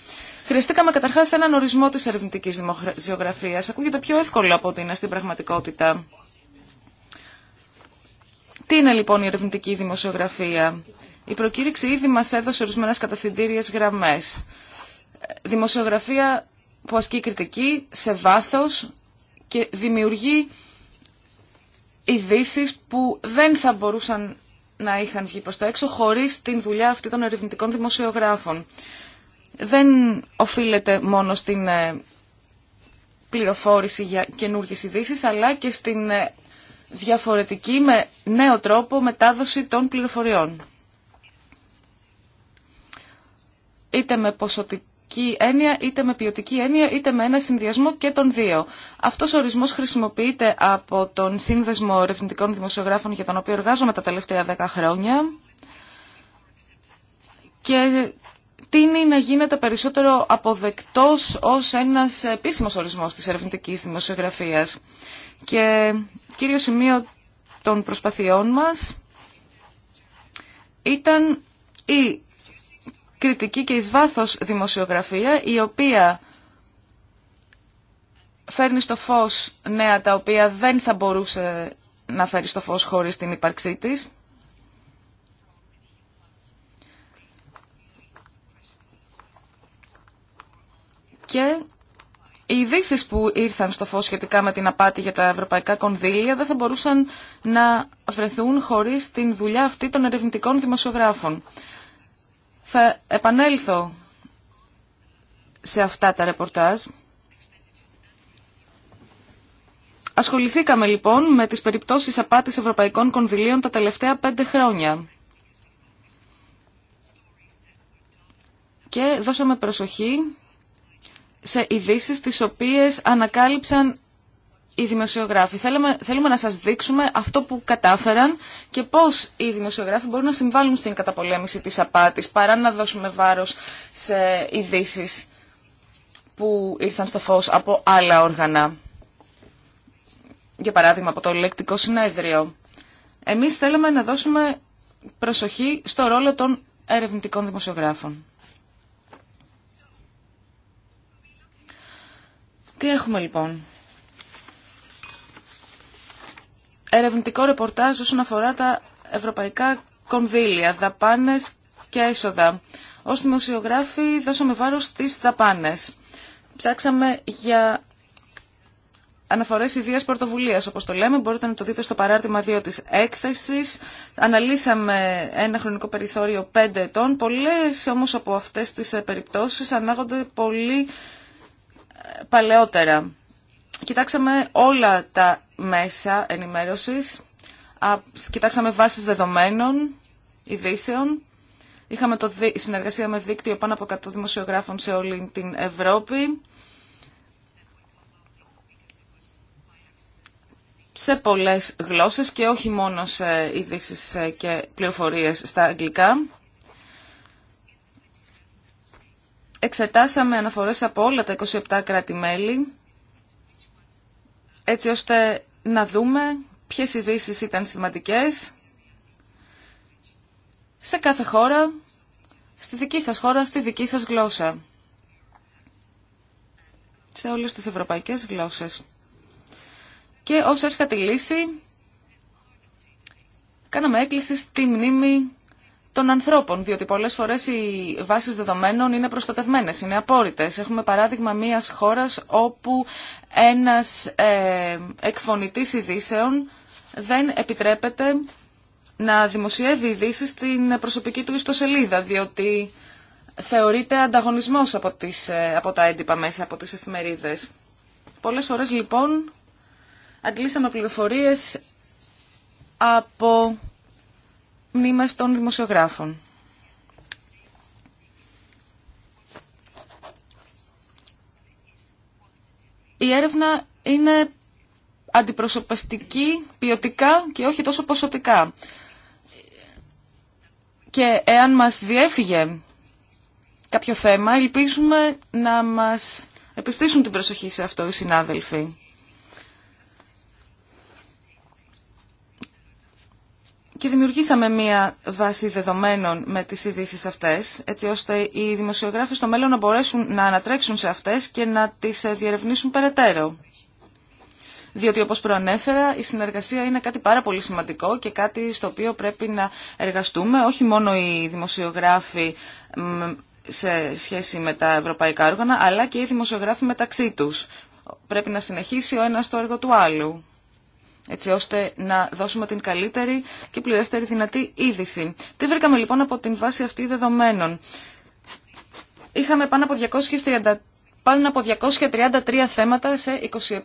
Χρειαστήκαμε καταρχάς έναν ορισμό της ερευνητικής δημοσιογραφίας. Ακούγεται πιο εύκολο από ότι είναι στην πραγματικότητα. Τι είναι λοιπόν η ερευνητική δημοσιογραφία. Η προκήρυξη ήδη μας έδωσε ορισμένες κατευθυντήριες γραμμές. Δημοσιογραφία που ασκεί κριτική σε βάθος και δημιουργεί ειδήσει που δεν θα μπορούσαν να είχαν βγει προς το έξω χωρίς την δουλειά αυτή των ερευνητικών δημοσιογράφων. Δεν οφείλεται μόνο στην ε, πληροφόρηση για καινούργιε ειδήσει, αλλά και στην ε, διαφορετική με νέο τρόπο μετάδοση των πληροφοριών. Είτε με ποσοτικό ποιοτική έννοια, είτε με ποιοτική έννοια, είτε με ένα συνδυασμό και των δύο. Αυτό ο ορισμό χρησιμοποιείται από τον Σύνδεσμο Ερευνητικών Δημοσιογράφων για τον οποίο εργάζομαι τα τελευταία δέκα χρόνια και τίνει να γίνεται περισσότερο αποδεκτός ως ένας επίσημος ορισμός της ερευνητικής δημοσιογραφίας. Και κύριο σημείο των προσπαθειών μας ήταν η κριτική και εις βάθος δημοσιογραφία, η οποία φέρνει στο φως νέα τα οποία δεν θα μπορούσε να φέρει στο φως χωρίς την ύπαρξή της. Και οι ειδήσει που ήρθαν στο φως σχετικά με την απάτη για τα ευρωπαϊκά κονδύλια δεν θα μπορούσαν να βρεθούν χωρίς την δουλειά αυτή των ερευνητικών δημοσιογράφων. Θα επανέλθω σε αυτά τα ρεπορτάζ. Ασχοληθήκαμε λοιπόν με τις περιπτώσεις απάτης ευρωπαϊκών κονδυλίων τα τελευταία πέντε χρόνια. Και δώσαμε προσοχή σε ειδήσει τις οποίες ανακάλυψαν οι δημοσιογράφοι. Θέλουμε, να σας δείξουμε αυτό που κατάφεραν και πώς οι δημοσιογράφοι μπορούν να συμβάλλουν στην καταπολέμηση της απάτης παρά να δώσουμε βάρος σε ειδήσει που ήρθαν στο φως από άλλα όργανα. Για παράδειγμα από το ελεκτικό συνέδριο. Εμείς θέλουμε να δώσουμε προσοχή στο ρόλο των ερευνητικών δημοσιογράφων. Τι έχουμε λοιπόν. ερευνητικό ρεπορτάζ όσον αφορά τα ευρωπαϊκά κονδύλια, δαπάνες και έσοδα. Ως δημοσιογράφοι δώσαμε βάρος στις δαπάνες. Ψάξαμε για αναφορέ ιδία πρωτοβουλία, όπω το λέμε. Μπορείτε να το δείτε στο παράρτημα 2 τη έκθεση. Αναλύσαμε ένα χρονικό περιθώριο 5 ετών. Πολλέ όμω από αυτέ τι ε, περιπτώσει ανάγονται πολύ ε, παλαιότερα. Κοιτάξαμε όλα τα μέσα ενημέρωσης, κοιτάξαμε βάσεις δεδομένων, ειδήσεων, είχαμε το συνεργασία με δίκτυο πάνω από 100 δημοσιογράφων σε όλη την Ευρώπη, σε πολλές γλώσσες και όχι μόνο σε ειδήσει ε, και πληροφορίες στα αγγλικά. Εξετάσαμε αναφορές από όλα τα 27 κράτη-μέλη έτσι ώστε να δούμε ποιες ειδήσει ήταν σημαντικές σε κάθε χώρα, στη δική σας χώρα, στη δική σας γλώσσα. Σε όλες τις ευρωπαϊκές γλώσσες. Και ως τη λύση, κάναμε έκκληση στη μνήμη των ανθρώπων, διότι πολλές φορές οι βάσει δεδομένων είναι προστατευμένε, είναι απόρριτε. Έχουμε παράδειγμα μιας χώρας όπου ένας ε, εκφωνητής ειδήσεων δεν επιτρέπεται να δημοσιεύει ειδήσει στην προσωπική του ιστοσελίδα, διότι θεωρείται ανταγωνισμός από, τις, ε, από τα έντυπα μέσα, από τις εφημερίδες. Πολλέ φορέ λοιπόν αντλήσαμε πληροφορίε από Μνήμα των δημοσιογράφων. Η έρευνα είναι αντιπροσωπευτική, ποιοτικά και όχι τόσο ποσοτικά. Και εάν μας διέφυγε κάποιο θέμα, ελπίζουμε να μας επιστήσουν την προσοχή σε αυτό οι συνάδελφοι. Και δημιουργήσαμε μία βάση δεδομένων με τις ειδήσει αυτές, έτσι ώστε οι δημοσιογράφοι στο μέλλον να μπορέσουν να ανατρέξουν σε αυτές και να τις ε, διερευνήσουν περαιτέρω. Διότι όπως προανέφερα η συνεργασία είναι κάτι πάρα πολύ σημαντικό και κάτι στο οποίο πρέπει να εργαστούμε όχι μόνο οι δημοσιογράφοι σε σχέση με τα ευρωπαϊκά όργανα αλλά και οι δημοσιογράφοι μεταξύ τους. Πρέπει να συνεχίσει ο ένας το έργο του άλλου έτσι ώστε να δώσουμε την καλύτερη και πληρέστερη δυνατή είδηση. Τι βρήκαμε λοιπόν από την βάση αυτή δεδομένων. Είχαμε πάνω από 230 πάνω από 233 θέματα σε 27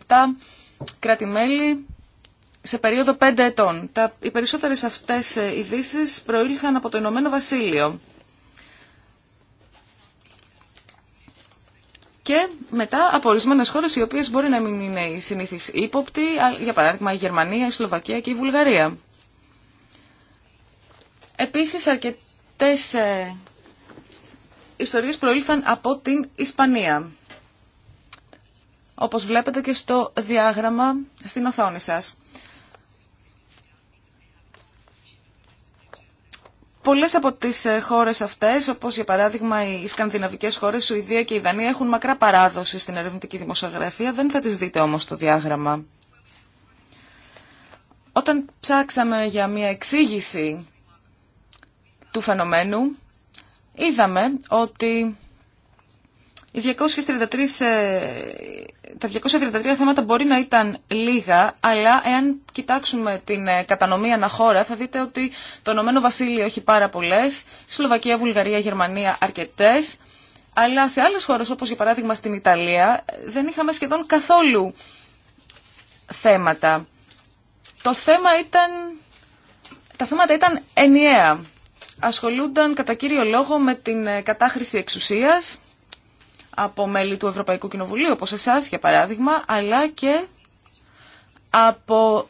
κρατη σε περίοδο 5 ετών. Τα, οι περισσότερες αυτές ε, ειδήσει προήλθαν από το Ηνωμένο Βασίλειο. και μετά από ορισμένε χώρε οι οποίε μπορεί να μην είναι οι συνήθει ύποπτοι, για παράδειγμα η Γερμανία, η Σλοβακία και η Βουλγαρία. Επίσης αρκετέ ε, ιστορίες προήλθαν από την Ισπανία. Όπως βλέπετε και στο διάγραμμα στην οθόνη σας. Πολλές από τις ε, χώρες αυτές, όπως για παράδειγμα οι σκανδιναβικές χώρες, Σουηδία και η Δανία, έχουν μακρά παράδοση στην ερευνητική δημοσιογραφία. Δεν θα τις δείτε όμως στο διάγραμμα. Όταν ψάξαμε για μια εξήγηση του φαινομένου, είδαμε ότι 233, ε, τα 233 θέματα μπορεί να ήταν λίγα, αλλά εάν κοιτάξουμε την ε, κατανομή αναχώρα θα δείτε ότι το Ηνωμένο Βασίλειο έχει πάρα πολλέ. Σλοβακία, Βουλγαρία, Γερμανία αρκετέ, αλλά σε άλλες χώρες όπως για παράδειγμα στην Ιταλία δεν είχαμε σχεδόν καθόλου θέματα. Το θέμα ήταν, τα θέματα ήταν ενιαία. Ασχολούνταν κατά κύριο λόγο με την ε, κατάχρηση εξουσίας, από μέλη του Ευρωπαϊκού Κοινοβουλίου, όπως εσάς για παράδειγμα, αλλά και από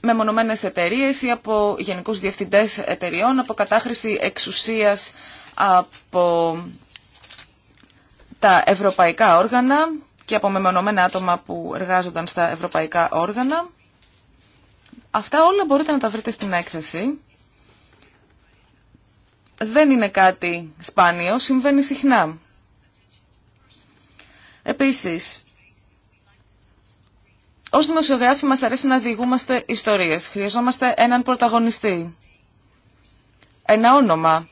μεμονωμένες εταιρείες ή από γενικούς διευθυντές εταιριών, από κατάχρηση εξουσίας από τα ευρωπαϊκά όργανα και από μεμονωμένα άτομα που εργάζονταν στα ευρωπαϊκά όργανα. Αυτά όλα μπορείτε να τα βρείτε στην έκθεση. Δεν είναι κάτι σπάνιο, συμβαίνει συχνά. Επίσης, ως δημοσιογράφοι μας αρέσει να διηγούμαστε ιστορίες. Χρειαζόμαστε έναν πρωταγωνιστή. Ένα όνομα.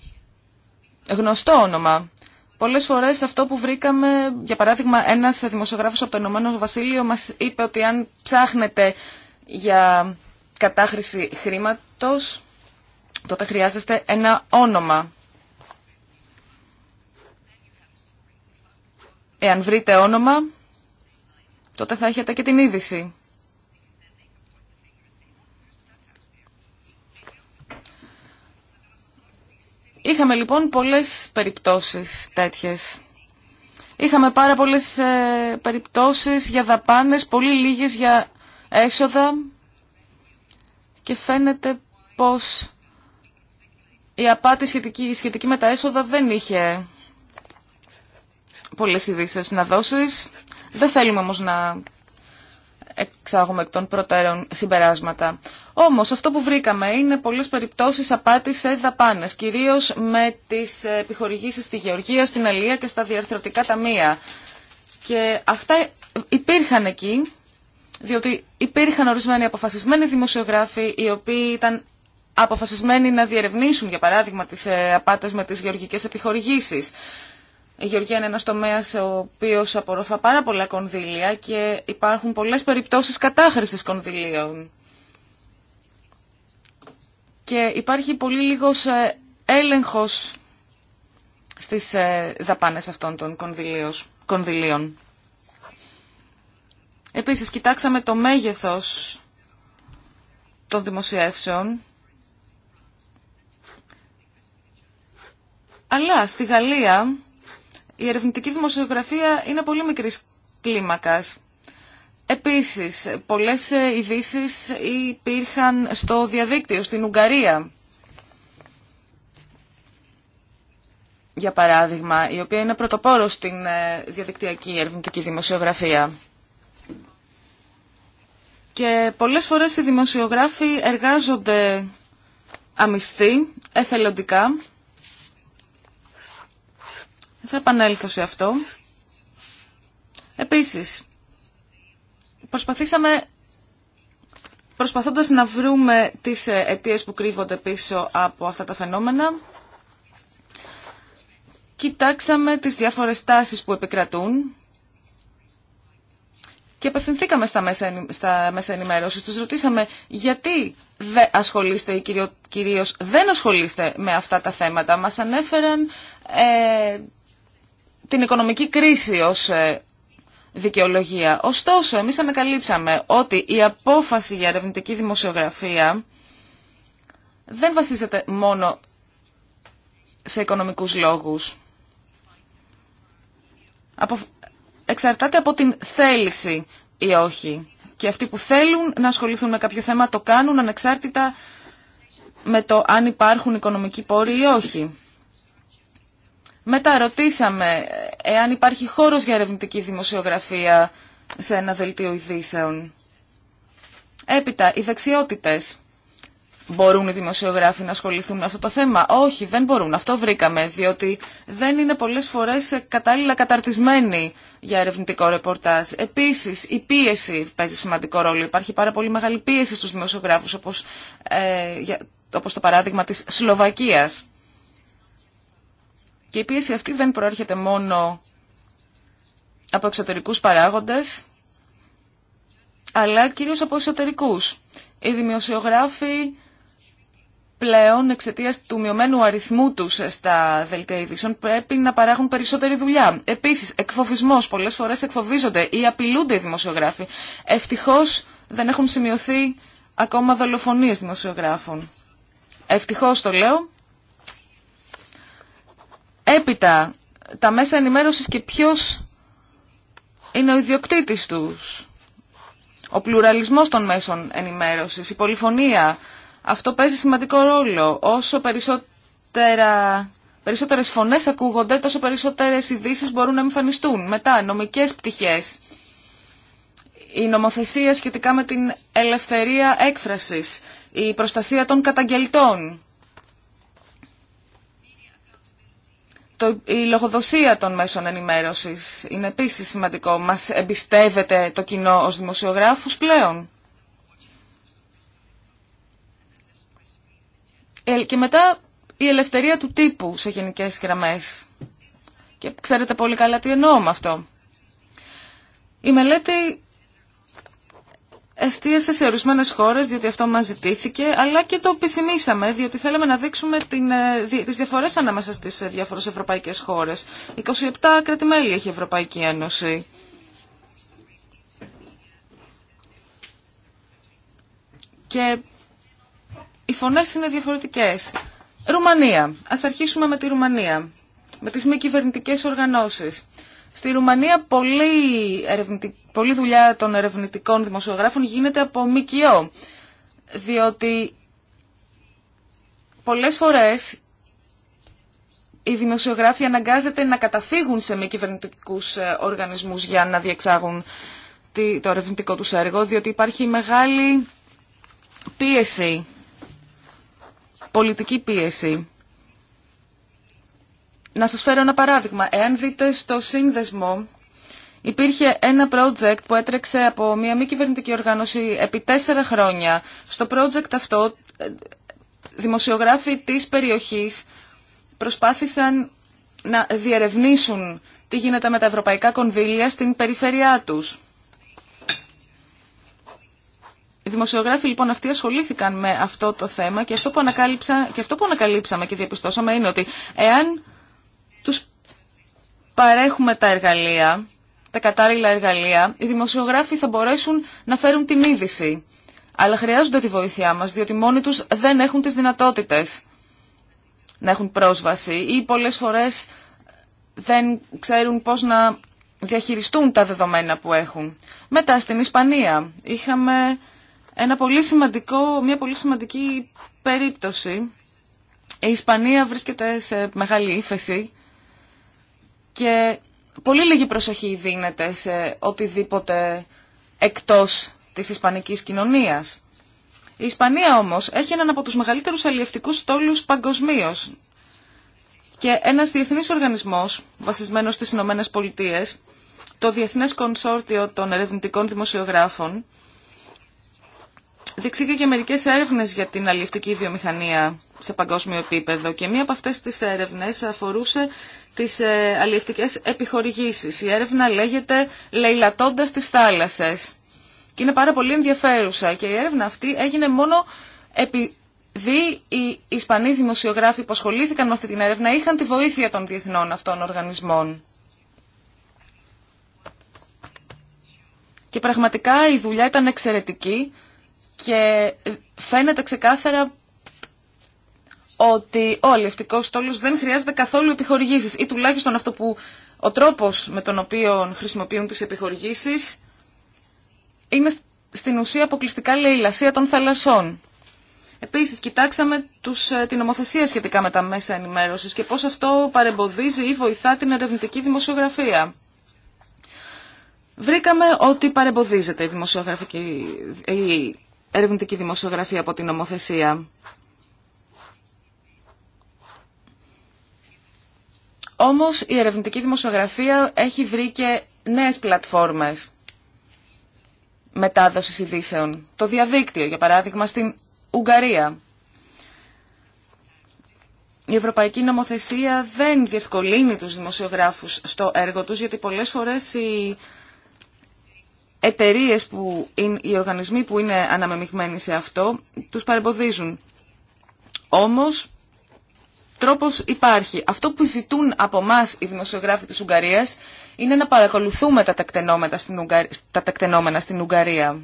Γνωστό όνομα. Πολλές φορές αυτό που βρήκαμε, για παράδειγμα ένας δημοσιογράφος από το Ηνωμένο Βασίλειο μας είπε ότι αν ψάχνετε για κατάχρηση χρήματος, τότε χρειάζεστε ένα όνομα. Εάν βρείτε όνομα, τότε θα έχετε και την είδηση. Είχαμε λοιπόν πολλές περιπτώσεις τέτοιες. Είχαμε πάρα πολλές ε, περιπτώσεις για δαπάνες, πολύ λίγες για έσοδα και φαίνεται πως η απάτη σχετική, σχετική με τα έσοδα δεν είχε πολλές ειδήσει να δώσεις. Δεν θέλουμε όμως να εξάγουμε εκ των προτέρων συμπεράσματα. Όμως αυτό που βρήκαμε είναι πολλές περιπτώσεις απάτης σε δαπάνες, κυρίως με τις επιχορηγήσεις στη Γεωργία, στην Αλία και στα διαρθρωτικά ταμεία. Και αυτά υπήρχαν εκεί, διότι υπήρχαν ορισμένοι αποφασισμένοι δημοσιογράφοι, οι οποίοι ήταν αποφασισμένοι να διερευνήσουν, για παράδειγμα, τις ε, απάτες με τις γεωργικές επιχορηγήσεις. Η γεωργία είναι ένα τομέα ο οποίο απορροφά πάρα πολλά κονδύλια και υπάρχουν πολλές περιπτώσεις κατάχρησης κονδυλίων. Και υπάρχει πολύ λίγος ε, έλεγχος στις ε, δαπάνες αυτών των κονδυλίων. Επίσης, κοιτάξαμε το μέγεθος των δημοσιεύσεων. Αλλά στη Γαλλία η ερευνητική δημοσιογραφία είναι πολύ μικρή κλίμακα. Επίσης, πολλές ειδήσει υπήρχαν στο διαδίκτυο, στην Ουγγαρία. Για παράδειγμα, η οποία είναι πρωτοπόρο στην ε, διαδικτυακή ερευνητική δημοσιογραφία. Και πολλές φορές οι δημοσιογράφοι εργάζονται αμυστή, εθελοντικά, δεν θα επανέλθω σε αυτό. Επίσης, προσπαθήσαμε προσπαθώντας να βρούμε τις ε, αιτίες που κρύβονται πίσω από αυτά τα φαινόμενα, κοιτάξαμε τις διάφορες τάσεις που επικρατούν και απευθυνθήκαμε στα μέσα, στα μέσα ενημέρωσης. Τους ρωτήσαμε γιατί δεν ασχολείστε ή κυρίως, δεν ασχολείστε με αυτά τα θέματα. Μας ανέφεραν ε, την οικονομική κρίση ως ε, δικαιολογία. Ωστόσο, εμείς ανακαλύψαμε ότι η απόφαση για ερευνητική δημοσιογραφία δεν βασίζεται μόνο σε οικονομικούς λόγους. Εξαρτάται από την θέληση ή όχι. Και αυτοί που θέλουν να ασχοληθούν με κάποιο θέμα το κάνουν ανεξάρτητα με το αν υπάρχουν οικονομικοί πόροι ή όχι. Μετά ρωτήσαμε εάν υπάρχει χώρος για ερευνητική δημοσιογραφία σε ένα δελτίο ειδήσεων. Έπειτα, οι δεξιότητες. Μπορούν οι δημοσιογράφοι να ασχοληθούν με αυτό το θέμα. Όχι, δεν μπορούν. Αυτό βρήκαμε, διότι δεν είναι πολλές φορές κατάλληλα καταρτισμένοι για ερευνητικό ρεπορτάζ. Επίσης, η πίεση παίζει σημαντικό ρόλο. Υπάρχει πάρα πολύ μεγάλη πίεση στους δημοσιογράφους, όπως, ε, όπως το παράδειγμα της Σλοβακίας. Και η πίεση αυτή δεν προέρχεται μόνο από εξωτερικούς παράγοντες, αλλά κυρίως από εσωτερικούς. Οι δημοσιογράφοι πλέον εξαιτία του μειωμένου αριθμού του στα δελτία ειδήσεων πρέπει να παράγουν περισσότερη δουλειά. Επίση, εκφοβισμό. Πολλέ φορέ εκφοβίζονται ή απειλούνται οι δημοσιογράφοι. Ευτυχώ δεν έχουν σημειωθεί ακόμα δολοφονίε δημοσιογράφων. Ευτυχώ το λέω, Έπειτα, τα μέσα ενημέρωσης και ποιος είναι ο ιδιοκτήτης τους. Ο πλουραλισμός των μέσων ενημέρωσης, η πολυφωνία, αυτό παίζει σημαντικό ρόλο. Όσο περισσότερα, περισσότερες φωνές ακούγονται, τόσο περισσότερες ειδήσει μπορούν να εμφανιστούν. Μετά, νομικές πτυχές. Η νομοθεσία σχετικά με την ελευθερία έκφρασης, η προστασία των καταγγελτών. η λογοδοσία των μέσων ενημέρωσης είναι επίσης σημαντικό. Μας εμπιστεύεται το κοινό ως δημοσιογράφους πλέον. Ε, και μετά η ελευθερία του τύπου σε γενικές γραμμές. Και ξέρετε πολύ καλά τι εννοώ με αυτό. Η μελέτη εστίασε σε ορισμένες χώρες διότι αυτό μας ζητήθηκε αλλά και το επιθυμήσαμε διότι θέλαμε να δείξουμε την, ε, τις διαφορές ανάμεσα στις ε, διάφορες ευρωπαϊκές χώρες. 27 κρατημέλη έχει η Ευρωπαϊκή Ένωση. Και οι φωνές είναι διαφορετικές. Ρουμανία. Ας αρχίσουμε με τη Ρουμανία. Με τις μη κυβερνητικέ οργανώσεις. Στη Ρουμανία πολλοί ερευνητικοί πολλή δουλειά των ερευνητικών δημοσιογράφων γίνεται από ΜΚΟ, διότι πολλές φορές οι δημοσιογράφοι αναγκάζεται να καταφύγουν σε μη κυβερνητικού ε, οργανισμούς για να διεξάγουν το ερευνητικό τους έργο, διότι υπάρχει μεγάλη πίεση, πολιτική πίεση. Να σας φέρω ένα παράδειγμα. Εάν δείτε στο σύνδεσμο Υπήρχε ένα project που έτρεξε από μια μη κυβερνητική οργάνωση επί τέσσερα χρόνια. Στο project αυτό ε, δημοσιογράφοι της περιοχής προσπάθησαν να διερευνήσουν τι γίνεται με τα ευρωπαϊκά κονδύλια στην περιφέρειά τους. Οι δημοσιογράφοι λοιπόν αυτοί ασχολήθηκαν με αυτό το θέμα και αυτό που, ανακάλυψα και αυτό που ανακαλύψαμε και διαπιστώσαμε είναι ότι εάν τους παρέχουμε τα εργαλεία τα κατάλληλα εργαλεία, οι δημοσιογράφοι θα μπορέσουν να φέρουν την είδηση. Αλλά χρειάζονται τη βοήθειά μας, διότι μόνοι τους δεν έχουν τις δυνατότητες να έχουν πρόσβαση ή πολλές φορές δεν ξέρουν πώς να διαχειριστούν τα δεδομένα που έχουν. Μετά στην Ισπανία είχαμε ένα πολύ σημαντικό, μια πολύ σημαντική περίπτωση. Η Ισπανία βρίσκεται σε μεγάλη ύφεση και πολύ λίγη προσοχή δίνεται σε οτιδήποτε εκτός της ισπανικής κοινωνίας. Η Ισπανία όμως έχει έναν από τους μεγαλύτερους αλλιευτικούς στόλους παγκοσμίω. Και ένας διεθνής οργανισμός, βασισμένος στις Ηνωμένες Πολιτείες, το Διεθνές Κονσόρτιο των Ερευνητικών Δημοσιογράφων, και μερικές έρευνες για την αλληλευτική βιομηχανία σε παγκόσμιο επίπεδο και μία από αυτές τις έρευνες αφορούσε τις ε, αλλιευτικές επιχορηγήσεις. Η έρευνα λέγεται «Λαιλατώντας τις θάλασσες». Και είναι πάρα πολύ ενδιαφέρουσα και η έρευνα αυτή έγινε μόνο επειδή οι Ισπανοί δημοσιογράφοι που ασχολήθηκαν με αυτή την έρευνα είχαν τη βοήθεια των διεθνών αυτών οργανισμών. Και πραγματικά η δουλειά ήταν εξαιρετική και φαίνεται ξεκάθαρα ότι ο αλληλευτικός στόλο δεν χρειάζεται καθόλου επιχορηγήσεις ή τουλάχιστον αυτό που ο τρόπος με τον οποίο χρησιμοποιούν τις επιχορηγήσεις είναι στην ουσία αποκλειστικά λαιλασία των θαλασσών. Επίσης, κοιτάξαμε τους, ε, την νομοθεσία σχετικά με τα μέσα ενημέρωσης και πώς αυτό παρεμποδίζει ή βοηθά την ερευνητική δημοσιογραφία. Βρήκαμε ότι παρεμποδίζεται η, δημοσιογραφική, η ερευνητική δημοσιογραφία από την ερευνητικη δημοσιογραφια βρηκαμε οτι παρεμποδιζεται η η ερευνητικη δημοσιογραφια απο την νομοθεσια Όμως η ερευνητική δημοσιογραφία έχει βρει και νέες πλατφόρμες μετάδοσης ειδήσεων. Το διαδίκτυο, για παράδειγμα, στην Ουγγαρία. Η ευρωπαϊκή νομοθεσία δεν διευκολύνει τους δημοσιογράφους στο έργο τους, γιατί πολλές φορές οι εταιρείε που είναι, οι οργανισμοί που είναι αναμεμειγμένοι σε αυτό, τους παρεμποδίζουν. Όμως, τρόπος υπάρχει. Αυτό που ζητούν από εμά οι δημοσιογράφοι της Ουγγαρίας είναι να παρακολουθούμε τα τεκτενόμενα στην, στην Ουγγαρία.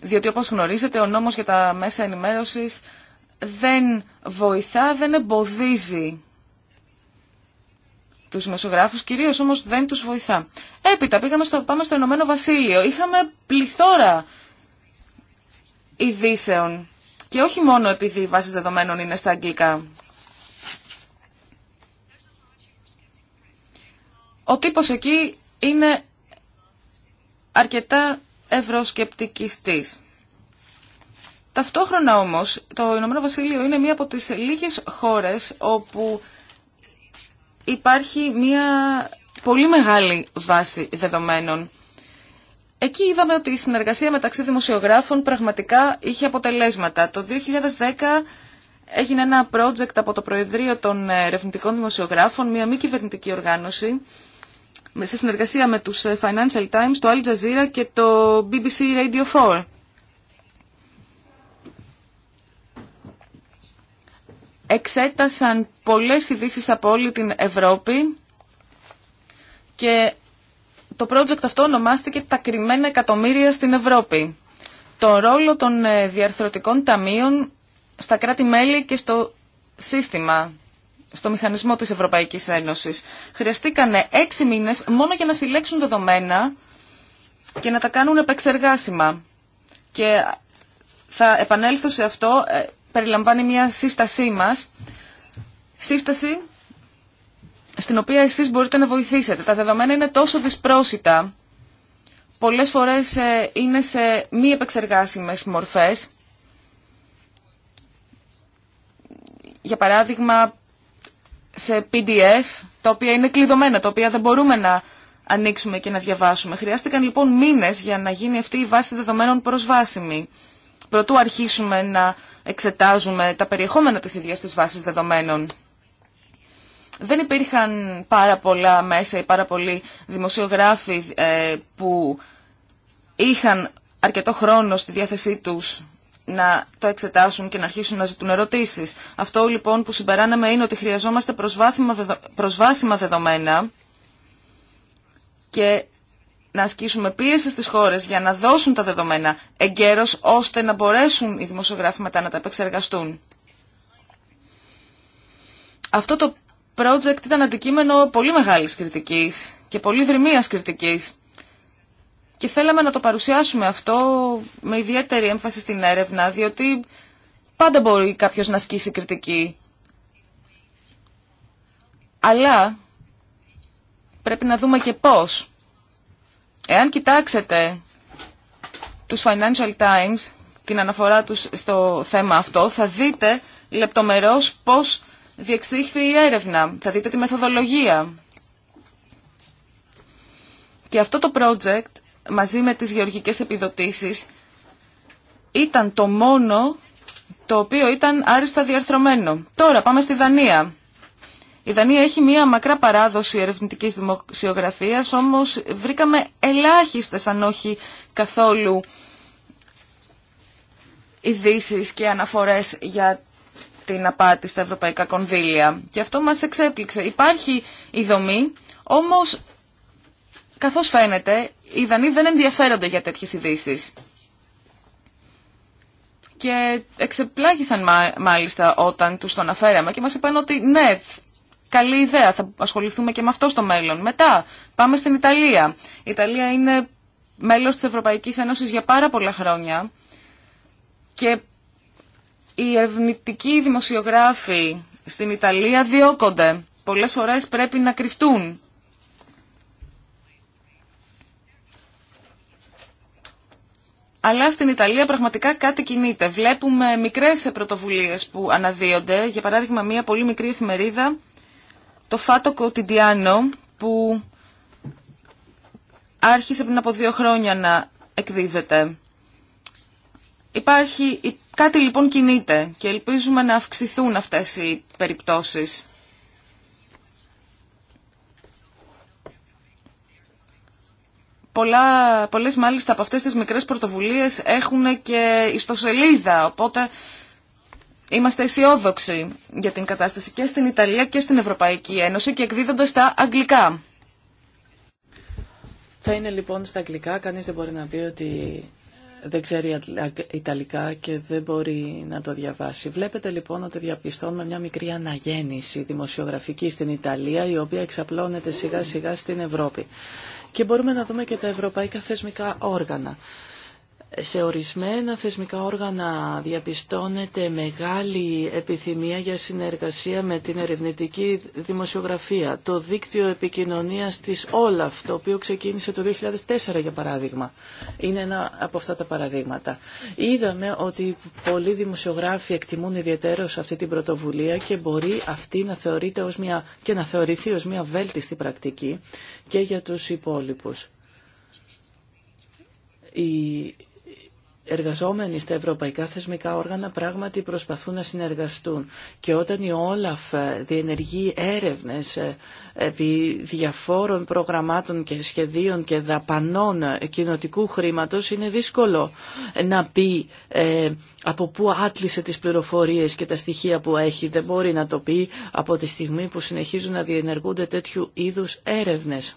Διότι όπως γνωρίζετε ο νόμος για τα μέσα ενημέρωσης δεν βοηθά, δεν εμποδίζει τους δημοσιογράφους, κυρίως όμως δεν τους βοηθά. Έπειτα πήγαμε στο, πάμε στο Ηνωμένο Βασίλειο. Είχαμε πληθώρα ειδήσεων. Και όχι μόνο επειδή οι βάσεις δεδομένων είναι στα αγγλικά. Ο τύπος εκεί είναι αρκετά ευρωσκεπτικιστής. Ταυτόχρονα όμως το Ηνωμένο Βασίλειο είναι μία από τις λίγες χώρες όπου υπάρχει μία πολύ μεγάλη βάση δεδομένων. Εκεί είδαμε ότι η συνεργασία μεταξύ δημοσιογράφων πραγματικά είχε αποτελέσματα. Το 2010 έγινε ένα project από το Προεδρείο των Ερευνητικών Δημοσιογράφων, μία μη κυβερνητική οργάνωση, σε συνεργασία με τους ε, Financial Times, το Al Jazeera και το BBC Radio 4. Εξέτασαν πολλές ειδήσει από όλη την Ευρώπη και το project αυτό ονομάστηκε «Τα κρυμμένα εκατομμύρια στην Ευρώπη». Το ρόλο των ε, διαρθρωτικών ταμείων στα κράτη-μέλη και στο σύστημα στο μηχανισμό της Ευρωπαϊκής Ένωσης. Χρειαστήκανε έξι μήνες μόνο για να συλλέξουν δεδομένα και να τα κάνουν επεξεργάσιμα. Και θα επανέλθω σε αυτό, ε, περιλαμβάνει μια σύστασή μας, σύσταση στην οποία εσείς μπορείτε να βοηθήσετε. Τα δεδομένα είναι τόσο δυσπρόσιτα, πολλές φορές ε, είναι σε μη επεξεργάσιμες μορφές. Για παράδειγμα, σε PDF, τα οποία είναι κλειδωμένα, τα οποία δεν μπορούμε να ανοίξουμε και να διαβάσουμε. Χρειάστηκαν λοιπόν μήνες για να γίνει αυτή η βάση δεδομένων προσβάσιμη. Προτού αρχίσουμε να εξετάζουμε τα περιεχόμενα της ίδιας της βάσης δεδομένων. Δεν υπήρχαν πάρα πολλά μέσα ή πάρα πολλοί δημοσιογράφοι ε, που είχαν αρκετό χρόνο στη διάθεσή τους να το εξετάσουν και να αρχίσουν να ζητούν ερωτήσεις. Αυτό λοιπόν που συμπεράναμε είναι ότι χρειαζόμαστε προσβάσιμα δεδομένα και να ασκήσουμε πίεση στις χώρες για να δώσουν τα δεδομένα εγκαίρως ώστε να μπορέσουν οι δημοσιογράφοι μετά να τα επεξεργαστούν. Αυτό το project ήταν αντικείμενο πολύ μεγάλης κριτικής και πολύ δρυμίας κριτικής. Και θέλαμε να το παρουσιάσουμε αυτό με ιδιαίτερη έμφαση στην έρευνα, διότι πάντα μπορεί κάποιος να ασκήσει κριτική. Αλλά πρέπει να δούμε και πώς. Εάν κοιτάξετε τους Financial Times, την αναφορά τους στο θέμα αυτό, θα δείτε λεπτομερώς πώς διεξήχθη η έρευνα, θα δείτε τη μεθοδολογία. Και αυτό το project μαζί με τις γεωργικές επιδοτήσεις ήταν το μόνο το οποίο ήταν άριστα διαρθρωμένο. Τώρα πάμε στη Δανία. Η Δανία έχει μία μακρά παράδοση ερευνητικής δημοσιογραφίας, όμως βρήκαμε ελάχιστες αν όχι καθόλου ειδήσει και αναφορές για την απάτη στα ευρωπαϊκά κονδύλια. Και αυτό μας εξέπληξε. Υπάρχει η δομή, όμως Καθώς φαίνεται, οι Δανείοι δεν ενδιαφέρονται για τέτοιες ειδήσει. Και εξεπλάγησαν μάλιστα όταν τους τον αναφέραμε και μας είπαν ότι ναι, καλή ιδέα, θα ασχοληθούμε και με αυτό στο μέλλον. Μετά πάμε στην Ιταλία. Η Ιταλία είναι μέλος της Ευρωπαϊκής Ένωσης για πάρα πολλά χρόνια και οι ερευνητικοί δημοσιογράφοι στην Ιταλία διώκονται. Πολλές φορές πρέπει να κρυφτούν αλλά στην Ιταλία πραγματικά κάτι κινείται. Βλέπουμε μικρές πρωτοβουλίες που αναδύονται. Για παράδειγμα, μια πολύ μικρή εφημερίδα, το Φάτο Quotidiano, που άρχισε πριν από δύο χρόνια να εκδίδεται. Υπάρχει, κάτι λοιπόν κινείται και ελπίζουμε να αυξηθούν αυτές οι περιπτώσεις. πολλά, πολλές μάλιστα από αυτές τις μικρές πρωτοβουλίες έχουν και ιστοσελίδα, οπότε είμαστε αισιόδοξοι για την κατάσταση και στην Ιταλία και στην Ευρωπαϊκή Ένωση και εκδίδονται στα αγγλικά. Θα είναι λοιπόν στα αγγλικά, κανείς δεν μπορεί να πει ότι δεν ξέρει Ιταλικά και δεν μπορεί να το διαβάσει. Βλέπετε λοιπόν ότι διαπιστώνουμε μια μικρή αναγέννηση δημοσιογραφική στην Ιταλία η οποία εξαπλώνεται σιγά σιγά στην Ευρώπη. Και μπορούμε να δούμε και τα ευρωπαϊκά θεσμικά όργανα σε ορισμένα θεσμικά όργανα διαπιστώνεται μεγάλη επιθυμία για συνεργασία με την ερευνητική δημοσιογραφία, το δίκτυο επικοινωνίας της Όλαφ, το οποίο ξεκίνησε το 2004 για παράδειγμα. Είναι ένα από αυτά τα παραδείγματα. Είδαμε ότι πολλοί δημοσιογράφοι εκτιμούν ιδιαίτερως αυτή την πρωτοβουλία και μπορεί αυτή να θεωρείται μια, και να θεωρηθεί ως μια βέλτιστη πρακτική και για τους υπόλοιπους εργαζόμενοι στα ευρωπαϊκά θεσμικά όργανα πράγματι προσπαθούν να συνεργαστούν και όταν η Όλαφ ε, διενεργεί έρευνες ε, επί διαφόρων προγραμμάτων και σχεδίων και δαπανών ε, κοινοτικού χρήματος είναι δύσκολο να πει από πού άτλησε τις πληροφορίες και τα στοιχεία που έχει. Δεν μπορεί να το πει από τη στιγμή που συνεχίζουν να διενεργούνται τέτοιου είδους έρευνες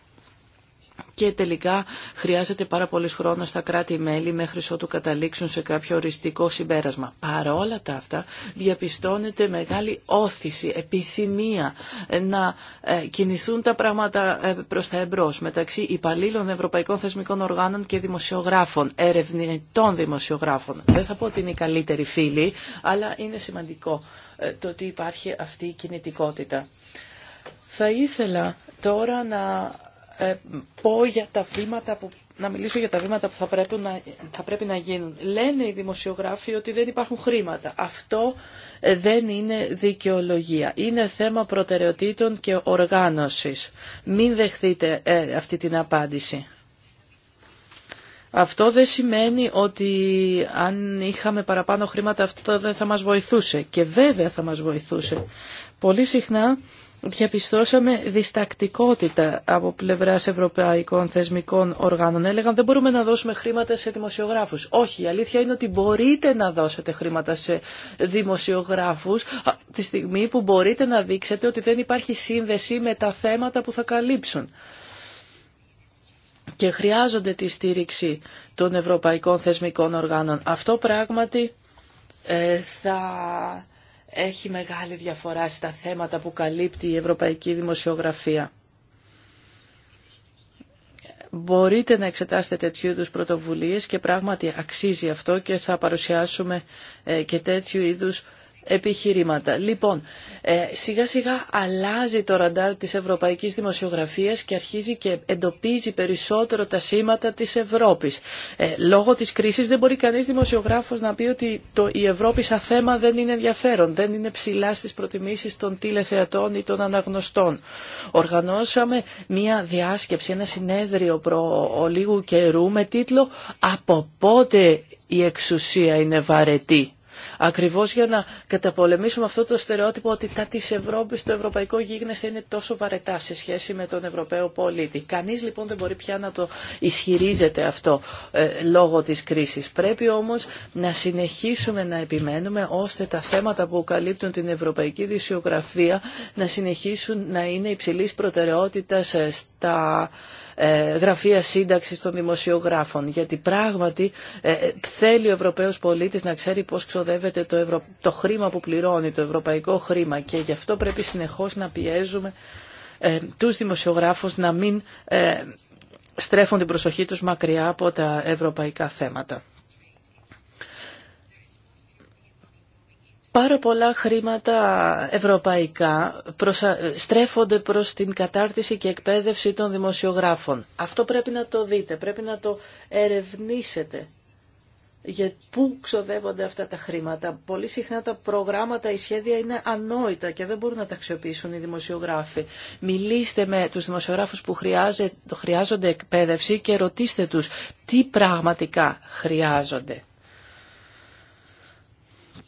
και τελικά χρειάζεται πάρα πολλής χρόνο στα κράτη-μέλη μέχρι ότου καταλήξουν σε κάποιο οριστικό συμπέρασμα. Παρόλα τα αυτά διαπιστώνεται μεγάλη όθηση, επιθυμία ε, να ε, κινηθούν τα πράγματα ε, προς τα εμπρός μεταξύ υπαλλήλων ευρωπαϊκών θεσμικών οργάνων και δημοσιογράφων, ερευνητών δημοσιογράφων. Δεν θα πω ότι είναι οι καλύτεροι φίλοι, αλλά είναι σημαντικό το ότι υπάρχει αυτή η κινητικότητα. Θα ήθελα τώρα να ε, πω τα βήματα που να μιλήσω για τα βήματα που θα πρέπει, να, θα πρέπει να γίνουν. Λένε οι δημοσιογράφοι ότι δεν υπάρχουν χρήματα. Αυτό ε, δεν είναι δικαιολογία. Είναι θέμα προτεραιοτήτων και οργάνωσης. Μην δεχτείτε ε, αυτή την απάντηση. Αυτό δεν σημαίνει ότι αν είχαμε παραπάνω χρήματα αυτό δεν θα μας βοηθούσε. Και βέβαια θα μας βοηθούσε. Πολύ συχνά διαπιστώσαμε διστακτικότητα από πλευρά ευρωπαϊκών θεσμικών οργάνων. Έλεγαν δεν μπορούμε να δώσουμε χρήματα σε δημοσιογράφους. Όχι, η αλήθεια είναι ότι μπορείτε να δώσετε χρήματα σε δημοσιογράφους τη στιγμή που μπορείτε να δείξετε ότι δεν υπάρχει σύνδεση με τα θέματα που θα καλύψουν και χρειάζονται τη στήριξη των ευρωπαϊκών θεσμικών οργάνων. Αυτό πράγματι ε, θα έχει μεγάλη διαφορά στα θέματα που καλύπτει η ευρωπαϊκή δημοσιογραφία. Μπορείτε να εξετάσετε τέτοιου είδου πρωτοβουλίες και πράγματι αξίζει αυτό και θα παρουσιάσουμε ε, και τέτοιου είδους επιχειρήματα. Λοιπόν, ε, σιγά σιγά αλλάζει το ραντάρ της ευρωπαϊκής δημοσιογραφίας και αρχίζει και εντοπίζει περισσότερο τα σήματα της Ευρώπης. Ε, λόγω της κρίσης δεν μπορεί κανείς δημοσιογράφος να πει ότι το, η Ευρώπη σαν θέμα δεν είναι ενδιαφέρον, δεν είναι ψηλά στις προτιμήσεις των τηλεθεατών ή των αναγνωστών. Οργανώσαμε μία διάσκεψη, ένα συνέδριο προ ολίγου καιρού με τίτλο «Από πότε η εξουσία συνεδριο προ λιγου καιρου με τιτλο βαρετή» Ακριβώς για να καταπολεμήσουμε αυτό το στερεότυπο ότι τα της Ευρώπης, το ευρωπαϊκό γίγνεσθε είναι τόσο βαρετά σε σχέση με τον Ευρωπαίο πολίτη. Κανείς λοιπόν δεν μπορεί πια να το ισχυρίζεται αυτό ε, λόγω της κρίσης. Πρέπει όμως να συνεχίσουμε να επιμένουμε ώστε τα θέματα που καλύπτουν την ευρωπαϊκή δυσιογραφία να συνεχίσουν να είναι υψηλής προτεραιότητας ε, στα ε, γραφεία σύνταξη των δημοσιογράφων. Γιατί πράγματι ε, θέλει ο Ευρωπαίος πολίτης να ξέρει πώς ξοδεύεται το, το χρήμα που πληρώνει, το ευρωπαϊκό χρήμα και γι' αυτό πρέπει συνεχώς να πιέζουμε ε, τους δημοσιογράφους να μην στρέφουν την προσοχή τους μακριά από τα ευρωπαϊκά θέματα. Πάρα πολλά χρήματα ευρωπαϊκά στρέφονται προς την κατάρτιση και εκπαίδευση των δημοσιογράφων. Αυτό πρέπει να το δείτε, πρέπει να το ερευνήσετε. Για πού ξοδεύονται αυτά τα χρήματα. Πολύ συχνά τα προγράμματα, οι σχέδια είναι ανόητα και δεν μπορούν να τα αξιοποιήσουν οι δημοσιογράφοι. Μιλήστε με τους δημοσιογράφους που χρειάζονται εκπαίδευση και ρωτήστε τους τι πραγματικά χρειάζονται.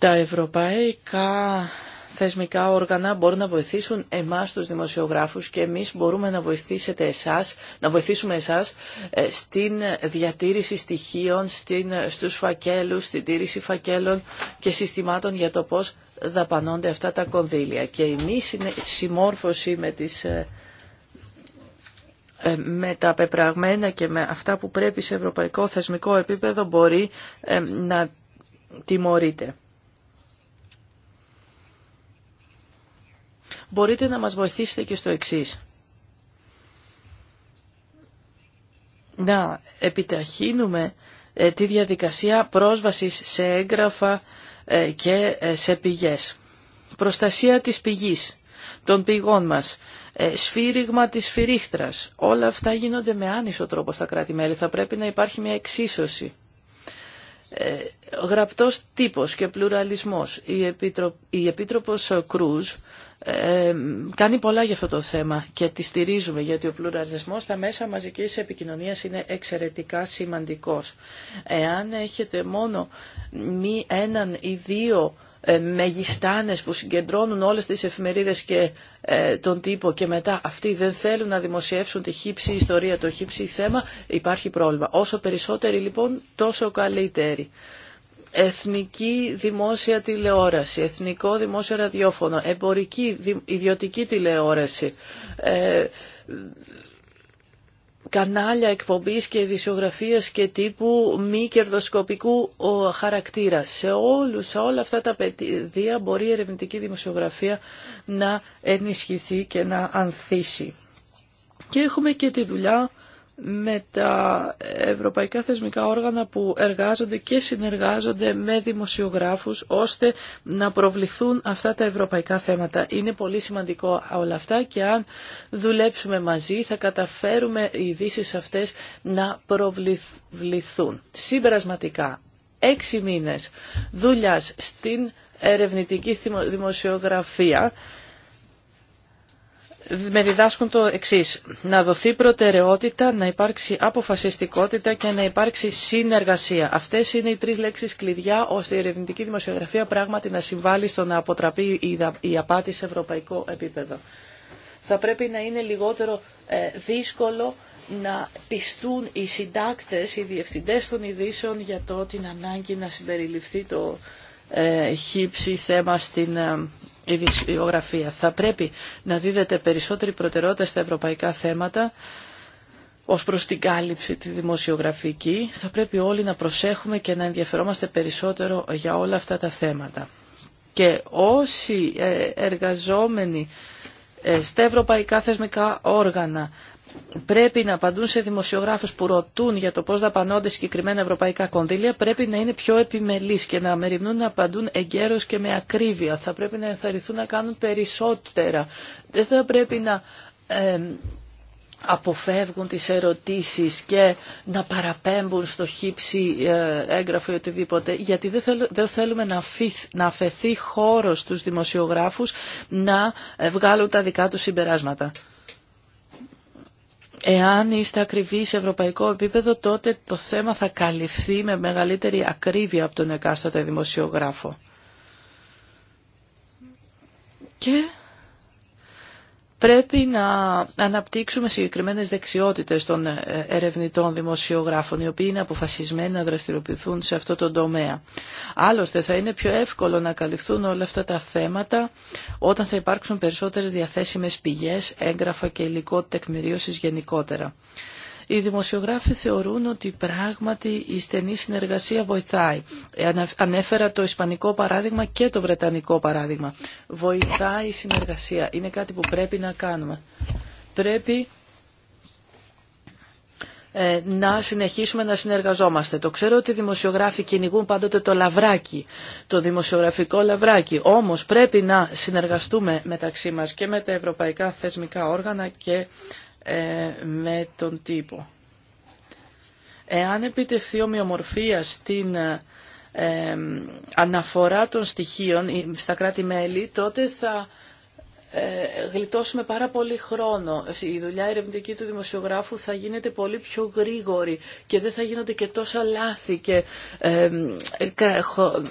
Τα ευρωπαϊκά θεσμικά όργανα μπορούν να βοηθήσουν εμάς τους δημοσιογράφους και εμείς μπορούμε να βοηθήσετε εσάς, να βοηθήσουμε εσάς ε, στην διατήρηση στοιχείων, στην, στους φακέλους, στην τήρηση φακέλων και συστημάτων για το πώς δαπανώνται αυτά τα κονδύλια. Και η μη συμμόρφωση με ε, ε, με τα πεπραγμένα και με αυτά που πρέπει σε ευρωπαϊκό θεσμικό επίπεδο μπορεί να τιμωρείται. μπορείτε να μας βοηθήσετε και στο εξής. Να επιταχύνουμε ε, τη διαδικασία πρόσβασης σε έγγραφα ε, και ε, σε πηγές. Προστασία της πηγής, των πηγών μας, σφύριγμα της φυρίχτρας. Όλα αυτά γίνονται με άνισο τρόπο στα κράτη-μέλη. Θα πρέπει να υπάρχει μια εξίσωση. Γραπτός τύπος και πλουραλισμός. Η, Επίτρο... Επίτροπος Κρούζ κάνει πολλά για αυτό το θέμα και τη στηρίζουμε γιατί ο πλουραλισμός στα μέσα μαζικής επικοινωνίας είναι εξαιρετικά σημαντικός. Εάν έχετε μόνο μη έναν ή δύο ε, μεγιστάνες που συγκεντρώνουν όλες τις εφημερίδες και ε, τον τύπο και μετά αυτοί δεν θέλουν να δημοσιεύσουν τη χύψη ιστορία, το χύψη θέμα, υπάρχει πρόβλημα. Όσο περισσότεροι λοιπόν τόσο καλύτεροι εθνική δημόσια τηλεόραση, εθνικό δημόσιο ραδιόφωνο, εμπορική ιδιωτική τηλεόραση, ε, κανάλια εκπομπής και ειδησιογραφίας και τύπου μη κερδοσκοπικού χαρακτήρα. Σε, όλους, όλα αυτά τα πεδία μπορεί η ερευνητική δημοσιογραφία να ενισχυθεί και να ανθίσει. Και έχουμε και τη δουλειά με τα ευρωπαϊκά θεσμικά όργανα που εργάζονται και συνεργάζονται με δημοσιογράφους ώστε να προβληθούν αυτά τα ευρωπαϊκά θέματα. Είναι πολύ σημαντικό όλα αυτά και αν δουλέψουμε μαζί θα καταφέρουμε οι ειδήσει αυτές να προβληθούν. Συμπερασματικά, έξι μήνες δουλειάς στην ερευνητική δημοσιογραφία με διδάσκουν το εξή. Να δοθεί προτεραιότητα, να υπάρξει αποφασιστικότητα και να υπάρξει συνεργασία. Αυτές είναι οι τρει λέξεις κλειδιά ώστε η ερευνητική δημοσιογραφία πράγματι να συμβάλλει στο να αποτραπεί η απάτη σε ευρωπαϊκό επίπεδο. Θα πρέπει να είναι λιγότερο ε, δύσκολο να πιστούν οι συντάκτες, οι διευθυντές των ειδήσεων για το την ανάγκη να συμπεριληφθεί το ε, χύψη θέμα στην ε, η δημοσιογραφία Θα πρέπει να δίδεται περισσότερη προτεραιότητα στα ευρωπαϊκά θέματα ως προς την κάλυψη τη δημοσιογραφική. Θα πρέπει όλοι να προσέχουμε και να ενδιαφερόμαστε περισσότερο για όλα αυτά τα θέματα. Και όσοι ε, εργαζόμενοι ε, στα ευρωπαϊκά θεσμικά όργανα πρέπει να απαντούν σε δημοσιογράφους που ρωτούν για το πώς δαπανώνται συγκεκριμένα ευρωπαϊκά κονδύλια, πρέπει να είναι πιο επιμελής και να μεριμνούν να απαντούν εγκαίρως και με ακρίβεια. Θα πρέπει να ενθαρρυνθούν να κάνουν περισσότερα. Δεν θα πρέπει να αποφεύγουν τις ερωτήσεις και να παραπέμπουν στο χύψη ε, έγγραφο ή οτιδήποτε, γιατί δεν, θέλουμε, δεν θέλουμε να, αφήθ, να αφαιθεί χώρο στους δημοσιογράφους να ε, βγάλουν τα δικά τους συμπεράσματα. Εάν είστε ακριβεί σε ευρωπαϊκό επίπεδο, τότε το θέμα θα καλυφθεί με μεγαλύτερη ακρίβεια από τον εκάστοτε δημοσιογράφο. Και Πρέπει να αναπτύξουμε συγκεκριμένες δεξιότητες των ε, ερευνητών δημοσιογράφων, οι οποίοι είναι αποφασισμένοι να δραστηριοποιηθούν σε αυτό το τομέα. Άλλωστε, θα είναι πιο εύκολο να καλυφθούν όλα αυτά τα θέματα όταν θα υπάρξουν περισσότερες διαθέσιμες πηγές, έγγραφα και υλικό τεκμηρίωσης γενικότερα. Οι δημοσιογράφοι θεωρούν ότι πράγματι η στενή συνεργασία βοηθάει. Ε, ανέφερα το ισπανικό παράδειγμα και το βρετανικό παράδειγμα. Βοηθάει η συνεργασία. Είναι κάτι που πρέπει να κάνουμε. Πρέπει ε, να συνεχίσουμε να συνεργαζόμαστε. Το ξέρω ότι οι δημοσιογράφοι κυνηγούν πάντοτε το λαβράκι, το δημοσιογραφικό λαβράκι. Όμως πρέπει να συνεργαστούμε μεταξύ μας και με τα ευρωπαϊκά θεσμικά όργανα και ε, με τον τύπο. Εάν επιτευχθεί ομοιομορφία στην ε, ε, αναφορά των στοιχείων στα κράτη-μέλη, τότε θα ε, γλιτώσουμε πάρα πολύ χρόνο. Η δουλειά ερευνητική του δημοσιογράφου θα γίνεται πολύ πιο γρήγορη και δεν θα γίνονται και τόσα λάθη και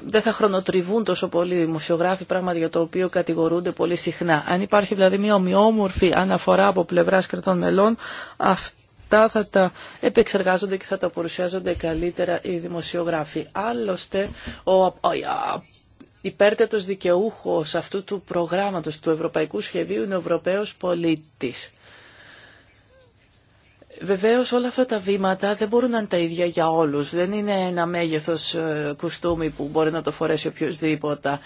δεν θα χρονοτριβούν τόσο πολύ οι δημοσιογράφοι, πράγμα για το οποίο κατηγορούνται πολύ συχνά. Αν υπάρχει δηλαδή μια ομοιόμορφη αναφορά από πλευρά κρατών μελών, αυτά θα τα επεξεργάζονται και θα τα παρουσιάζονται καλύτερα οι δημοσιογράφοι. Άλλωστε, ο υπέρτατος δικαιούχος αυτού του προγράμματος του Ευρωπαϊκού Σχεδίου είναι ο Ευρωπαίος πολίτης. Βεβαίως όλα αυτά τα βήματα δεν μπορούν να είναι τα ίδια για όλους. Δεν είναι ένα μέγεθος ε, κουστούμι που μπορεί να το φορέσει οποιοδήποτε.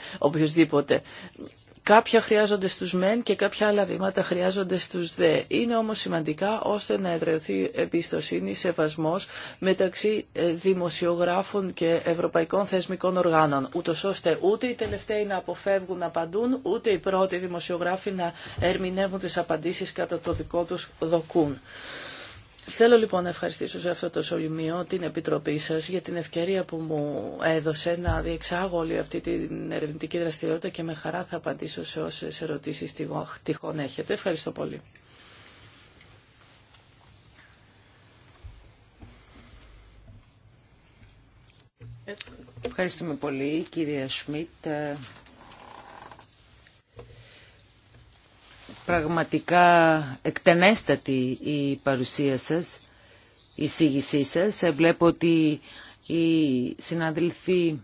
Κάποια χρειάζονται στους μεν και κάποια άλλα βήματα χρειάζονται στους δε. Είναι όμως σημαντικά ώστε να εδρεωθεί εμπιστοσύνη, σεβασμός μεταξύ ε, δημοσιογράφων και ευρωπαϊκών θεσμικών οργάνων. Ούτως ώστε ούτε οι τελευταίοι να αποφεύγουν να απαντούν, ούτε οι πρώτοι δημοσιογράφοι να ερμηνεύουν τις απαντήσεις κατά το δικό τους δοκούν. Θέλω λοιπόν να ευχαριστήσω σε αυτό το Σολυμίο την Επιτροπή σας για την ευκαιρία που μου έδωσε να διεξάγω όλη αυτή την ερευνητική δραστηριότητα και με χαρά θα απαντήσω σε όσες ερωτήσεις τυχόν έχετε. Ευχαριστώ πολύ. Ευχαριστούμε πολύ κυρία Σμιτ. Πραγματικά εκτενέστατη η παρουσία σας, η εισήγησή σας. Ε, βλέπω ότι οι συναδελφοί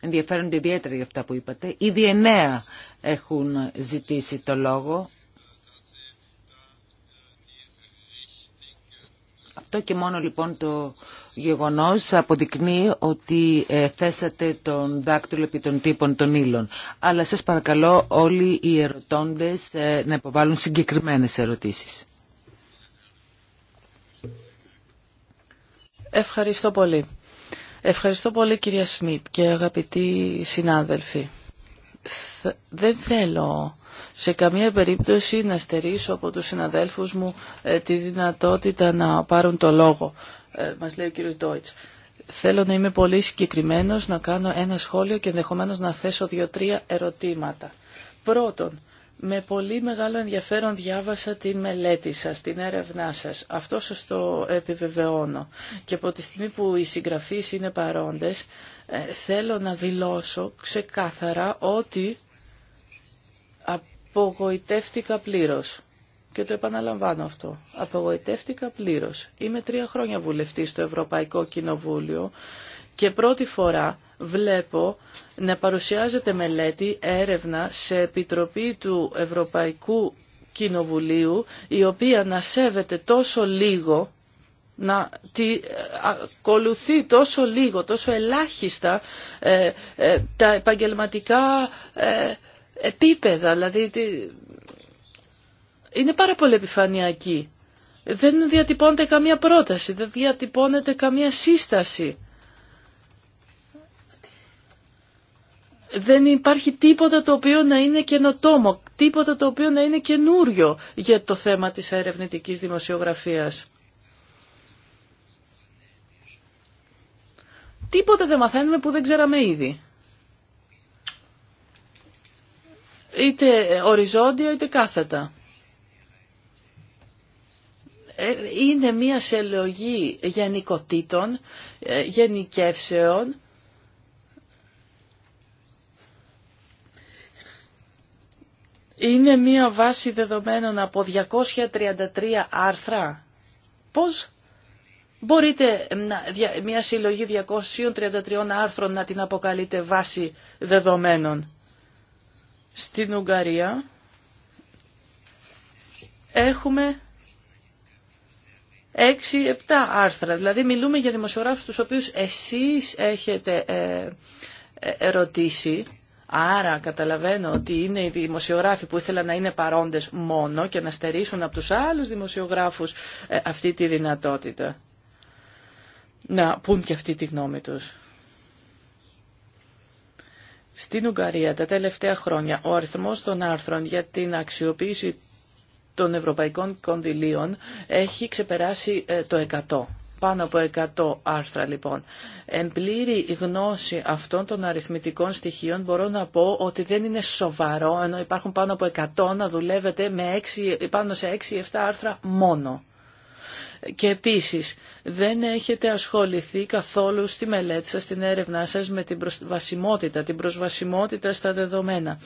ενδιαφέρονται ιδιαίτερα για αυτά που είπατε. Ήδη εννέα έχουν ζητήσει το λόγο. Αυτό και μόνο λοιπόν το γεγονός αποδεικνύει ότι ε, θέσατε τον δάκτυλο επί των τύπων των ύλων. Αλλά σας παρακαλώ όλοι οι ερωτώντες ε, να υποβάλουν συγκεκριμένες ερωτήσεις. Ευχαριστώ πολύ. Ευχαριστώ πολύ κυρία Σμιτ και αγαπητοί συνάδελφοι δεν θέλω σε καμία περίπτωση να στερήσω από τους συναδέλφους μου ε, τη δυνατότητα να πάρουν το λόγο, ε, μας λέει ο κύριος Ντόιτς. Θέλω να είμαι πολύ συγκεκριμένος, να κάνω ένα σχόλιο και ενδεχομένως να θέσω δύο-τρία ερωτήματα. Πρώτον, με πολύ μεγάλο ενδιαφέρον διάβασα τη μελέτη σας, την έρευνά σας. Αυτό σας το επιβεβαιώνω. Και από τη στιγμή που οι συγγραφείς είναι παρόντες, ε, θέλω να δηλώσω ξεκάθαρα ότι απογοητεύτηκα πλήρως. Και το επαναλαμβάνω αυτό. Απογοητεύτηκα πλήρως. Είμαι τρία χρόνια βουλευτής στο Ευρωπαϊκό Κοινοβούλιο και πρώτη φορά βλέπω να παρουσιάζεται μελέτη έρευνα σε επιτροπή του Ευρωπαϊκού Κοινοβουλίου η οποία να σέβεται τόσο λίγο να τη ε, ακολουθεί τόσο λίγο, τόσο ελάχιστα ε, ε, τα επαγγελματικά επίπεδα. Δηλαδή είναι πάρα πολύ επιφανειακή. Δεν διατυπώνεται καμία πρόταση, δεν διατυπώνεται καμία σύσταση. δεν υπάρχει τίποτα το οποίο να είναι καινοτόμο, τίποτα το οποίο να είναι καινούριο για το θέμα της ερευνητικής δημοσιογραφίας. Τίποτα δεν μαθαίνουμε που δεν ξέραμε ήδη. Είτε οριζόντια είτε κάθετα. Ε, είναι μία συλλογή γενικοτήτων, ε, γενικεύσεων, Είναι μία βάση δεδομένων από 233 άρθρα. Πώς μπορείτε μία συλλογή 233 άρθρων να την αποκαλείτε βάση δεδομένων. Στην Ουγγαρία έχουμε 6-7 άρθρα. Δηλαδή μιλούμε για δημοσιογράφους τους οποίους εσείς έχετε ε, ε, ερωτήσει Άρα καταλαβαίνω ότι είναι οι δημοσιογράφοι που ήθελαν να είναι παρόντες μόνο και να στερήσουν από τους άλλους δημοσιογράφους ε, αυτή τη δυνατότητα. Να πούν και αυτή τη γνώμη τους. Στην Ουγγαρία τα τελευταία χρόνια ο αριθμός των άρθρων για την αξιοποίηση των ευρωπαϊκών κονδυλίων έχει ξεπεράσει ε, το 100 πάνω από 100 άρθρα λοιπόν. Εμπλήρη πλήρη γνώση αυτών των αριθμητικών στοιχείων μπορώ να πω ότι δεν είναι σοβαρό ενώ υπάρχουν πάνω από 100 να δουλεύετε με 6, πάνω σε 6-7 άρθρα μόνο. Και επίσης δεν έχετε ασχοληθεί καθόλου στη μελέτη σας, στην έρευνά σας με την προσβασιμότητα, την προσβασιμότητα στα δεδομένα.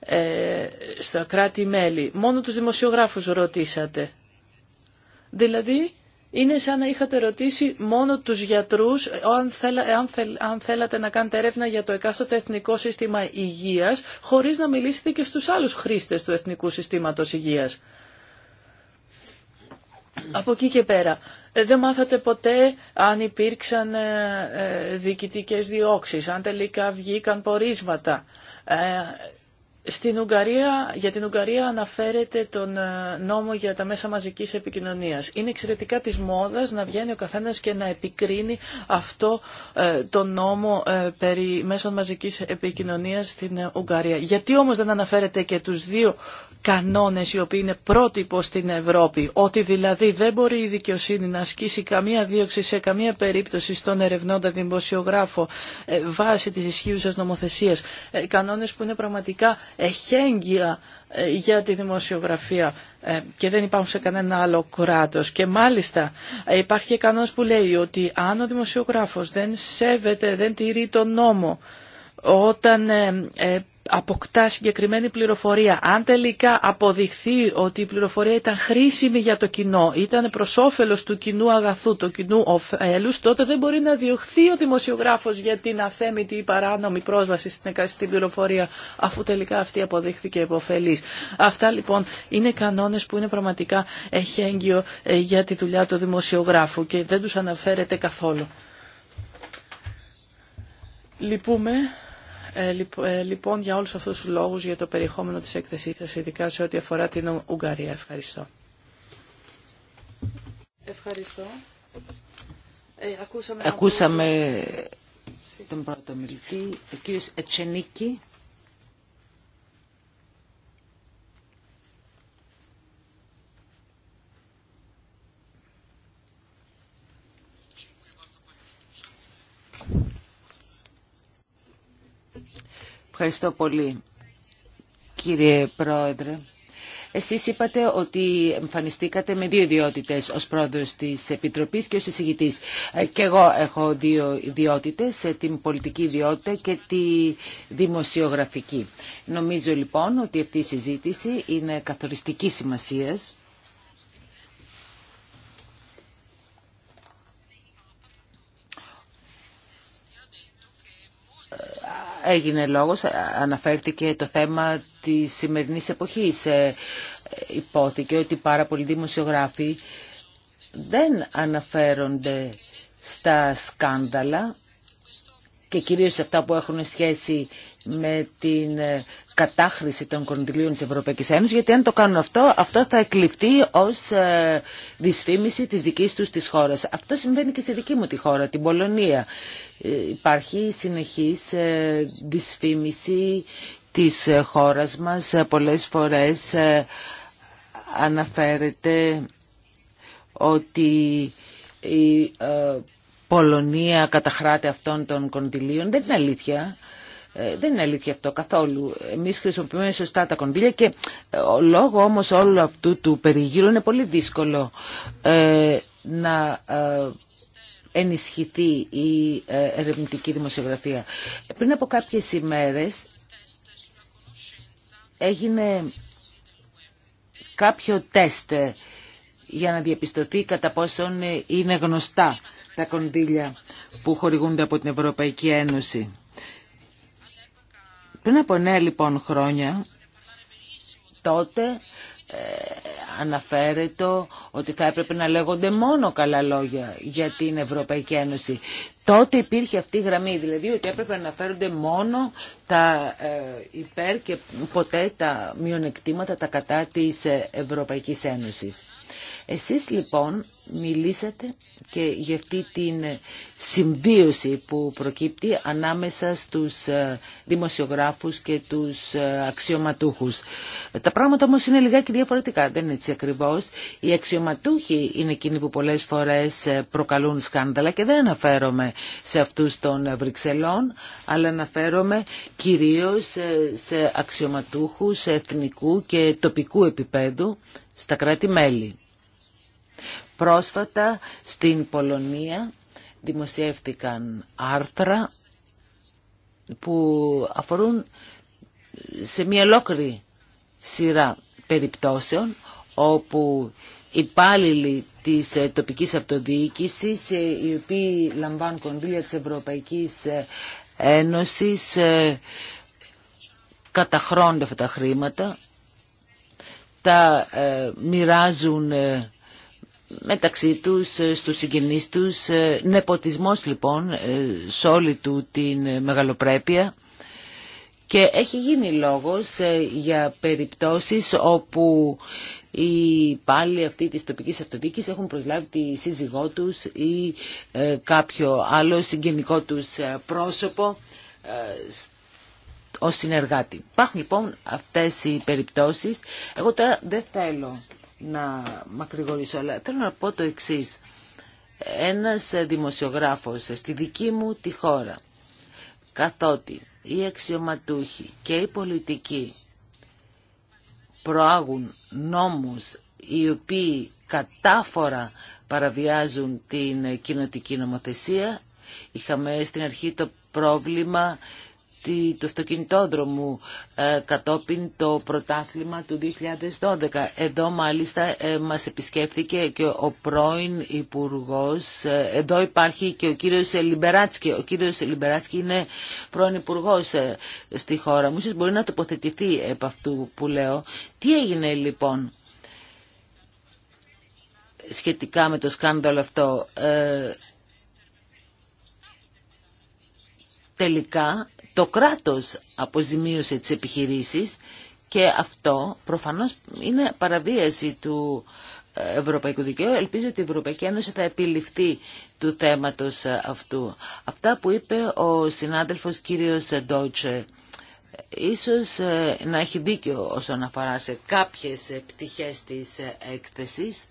Ε, στα κράτη-μέλη. Μόνο τους δημοσιογράφους ρωτήσατε. Δηλαδή, είναι σαν να είχατε ρωτήσει μόνο τους γιατρούς αν, θέλατε να κάνετε έρευνα για το εκάστοτε Εθνικό Σύστημα Υγείας, χωρίς να μιλήσετε και στους άλλους χρήστες του Εθνικού Συστήματος Υγείας. Από εκεί και πέρα. Ε, δεν μάθατε ποτέ αν υπήρξαν ε, ε, διοικητικές διώξεις, αν τελικά βγήκαν πορίσματα στην Ουγγαρία, για την Ουγγαρία αναφέρεται τον ε, νόμο για τα μέσα μαζικής επικοινωνίας. Είναι εξαιρετικά της μόδας να βγαίνει ο καθένας και να επικρίνει αυτό ε, το νόμο ε, περί μέσων μαζικής επικοινωνίας στην ε, Ουγγαρία. Γιατί όμως δεν αναφέρεται και τους δύο κανόνες οι οποίοι είναι πρότυπο στην Ευρώπη, ότι δηλαδή δεν μπορεί η δικαιοσύνη να ασκήσει καμία δίωξη σε καμία περίπτωση στον ερευνόντα δημοσιογράφο ε, βάσει της ισχύουσας νομοθεσίας, κανόνες που είναι πραγματικά εχέγγυα ε, για τη δημοσιογραφία ε, και δεν υπάρχουν σε κανένα άλλο κράτος. Και μάλιστα ε, υπάρχει και κανόνας που λέει ότι αν ο δημοσιογράφος δεν σέβεται, δεν τηρεί τον νόμο, όταν αποκτά συγκεκριμένη πληροφορία, αν τελικά αποδειχθεί ότι η πληροφορία ήταν χρήσιμη για το κοινό, ήταν προ όφελο του κοινού αγαθού, του κοινού ωφέλου, τότε δεν μπορεί να διωχθεί ο δημοσιογράφο για την αθέμητη ή παράνομη πρόσβαση στην πληροφορία, αφού τελικά αυτή αποδείχθηκε υποφελή. Αυτά λοιπόν είναι κανόνε που είναι πραγματικά εχέγγυο ε, για τη δουλειά του δημοσιογράφου και δεν του αναφέρεται καθόλου. Λυπούμε ε, ε, λοιπόν, για όλους αυτούς τους λόγους, για το περιεχόμενο της έκθεσής σας, ειδικά σε ό,τι αφορά την Ουγγαρία. Ευχαριστώ. Ευχαριστώ. Ε, ακούσαμε ακούσαμε τον πρώτο μιλητή, ο κύριος Ετσενίκη. Ευχαριστώ πολύ, κύριε Πρόεδρε. Εσείς είπατε ότι εμφανιστήκατε με δύο ιδιότητες ως πρόεδρος της Επιτροπής και ως εισηγητής. Ε, και εγώ έχω δύο ιδιότητες, ε, την πολιτική ιδιότητα και τη δημοσιογραφική. Νομίζω λοιπόν ότι αυτή η συζήτηση είναι καθοριστική σημασίας έγινε λόγος, αναφέρθηκε το θέμα της σημερινής εποχής. Ε, υπόθηκε ότι πάρα πολλοί δημοσιογράφοι δεν αναφέρονται στα σκάνδαλα και κυρίως αυτά που έχουν σχέση με την ε, κατάχρηση των κοντιλίων της Ευρωπαϊκής Ένωσης, γιατί αν το κάνουν αυτό, αυτό θα εκλειφθεί ως ε, δυσφήμιση της δικής τους της χώρας. Αυτό συμβαίνει και στη δική μου τη χώρα, την Πολωνία. Ε, υπάρχει συνεχής ε, δυσφήμιση της ε, χώρας μας. Ε, πολλές φορές αναφέρεται ότι η Πολωνία καταχράται αυτών των κοντιλίων. Δεν είναι αλήθεια. Ε, δεν είναι αλήθεια αυτό καθόλου. Εμεί χρησιμοποιούμε σωστά τα κονδύλια και ε, ο λόγο όμως όλου αυτού του περιγύρου είναι πολύ δύσκολο ε, να ενισχυθεί η ερευνητική δημοσιογραφία. Πριν από κάποιε ημέρε έγινε κάποιο τεστ για να διαπιστωθεί κατά πόσον είναι γνωστά τα κονδύλια που χορηγούνται από την Ευρωπαϊκή Ένωση. Πριν από νέα λοιπόν χρόνια, τότε ε, αναφέρεται ότι θα έπρεπε να λέγονται μόνο καλά λόγια για την Ευρωπαϊκή Ένωση. Τότε υπήρχε αυτή η γραμμή, δηλαδή ότι έπρεπε να αναφέρονται μόνο τα ε, υπέρ και ποτέ τα μειονεκτήματα, τα κατά της ε, Ευρωπαϊκής Ένωσης. Εσείς λοιπόν μιλήσατε και για αυτή την συμβίωση που προκύπτει ανάμεσα στους ε, δημοσιογράφους και τους ε, αξιωματούχους. Τα πράγματα όμως είναι λιγάκι διαφορετικά, δεν είναι έτσι ακριβώς. Οι αξιωματούχοι είναι εκείνοι που πολλές φορές ε, προκαλούν σκάνδαλα και δεν αναφέρομαι σε αυτούς των Βρυξελών, αλλά αναφέρομαι κυρίως σε αξιωματούχους εθνικού και τοπικού επίπεδου στα κράτη-μέλη. Πρόσφατα στην Πολωνία δημοσιεύτηκαν άρθρα που αφορούν σε μια ολόκληρη σειρά περιπτώσεων όπου υπάλληλοι της ε, τοπικής αυτοδιοίκησης ε, οι οποίοι λαμβάνουν κονδύλια της Ευρωπαϊκής ε, Ένωσης καταχρώνται αυτά τα χρήματα τα μοιράζουν μεταξύ τους, ε, στους συγγενείς τους. Ε, νεποτισμός λοιπόν ε, σε όλη του την μεγαλοπρέπεια. Και έχει γίνει λόγος για περιπτώσεις όπου οι πάλι αυτή της τοπικής αυτοδίκης έχουν προσλάβει τη σύζυγό τους ή κάποιο άλλο συγγενικό τους πρόσωπο ως συνεργάτη. Υπάρχουν λοιπόν αυτές οι περιπτώσεις. Εγώ τώρα δεν θέλω να μακρηγορήσω, αλλά θέλω να πω το εξής. Ένας δημοσιογράφος στη δική μου τη χώρα, καθότι οι αξιωματούχοι και οι πολιτικοί προάγουν νόμους οι οποίοι κατάφορα παραβιάζουν την κοινοτική νομοθεσία. Είχαμε στην αρχή το πρόβλημα του αυτοκινητόδρομου ε, κατόπιν το πρωτάθλημα του 2012. Εδώ μάλιστα ε, μας επισκέφθηκε και ο πρώην Υπουργός. Ε, εδώ υπάρχει και ο κύριος Λιμπεράτσκι. Ο κύριος Λιμπεράτσκι είναι πρώην Υπουργός στη χώρα μου. Ίσως μπορεί να τοποθετηθεί από αυτού που λέω. Τι έγινε λοιπόν σχετικά με το σκάνδαλο αυτό. Τελικά το κράτος αποζημίωσε τις επιχειρήσεις και αυτό προφανώς είναι παραβίαση του ευρωπαϊκού δικαίου. Ελπίζω ότι η Ευρωπαϊκή Ένωση θα επιληφθεί του θέματος αυτού. Αυτά που είπε ο συνάδελφος κύριος Ντότσε, ίσως ε, να έχει δίκιο όσον αφορά σε κάποιες ε, πτυχές της ε, έκθεσης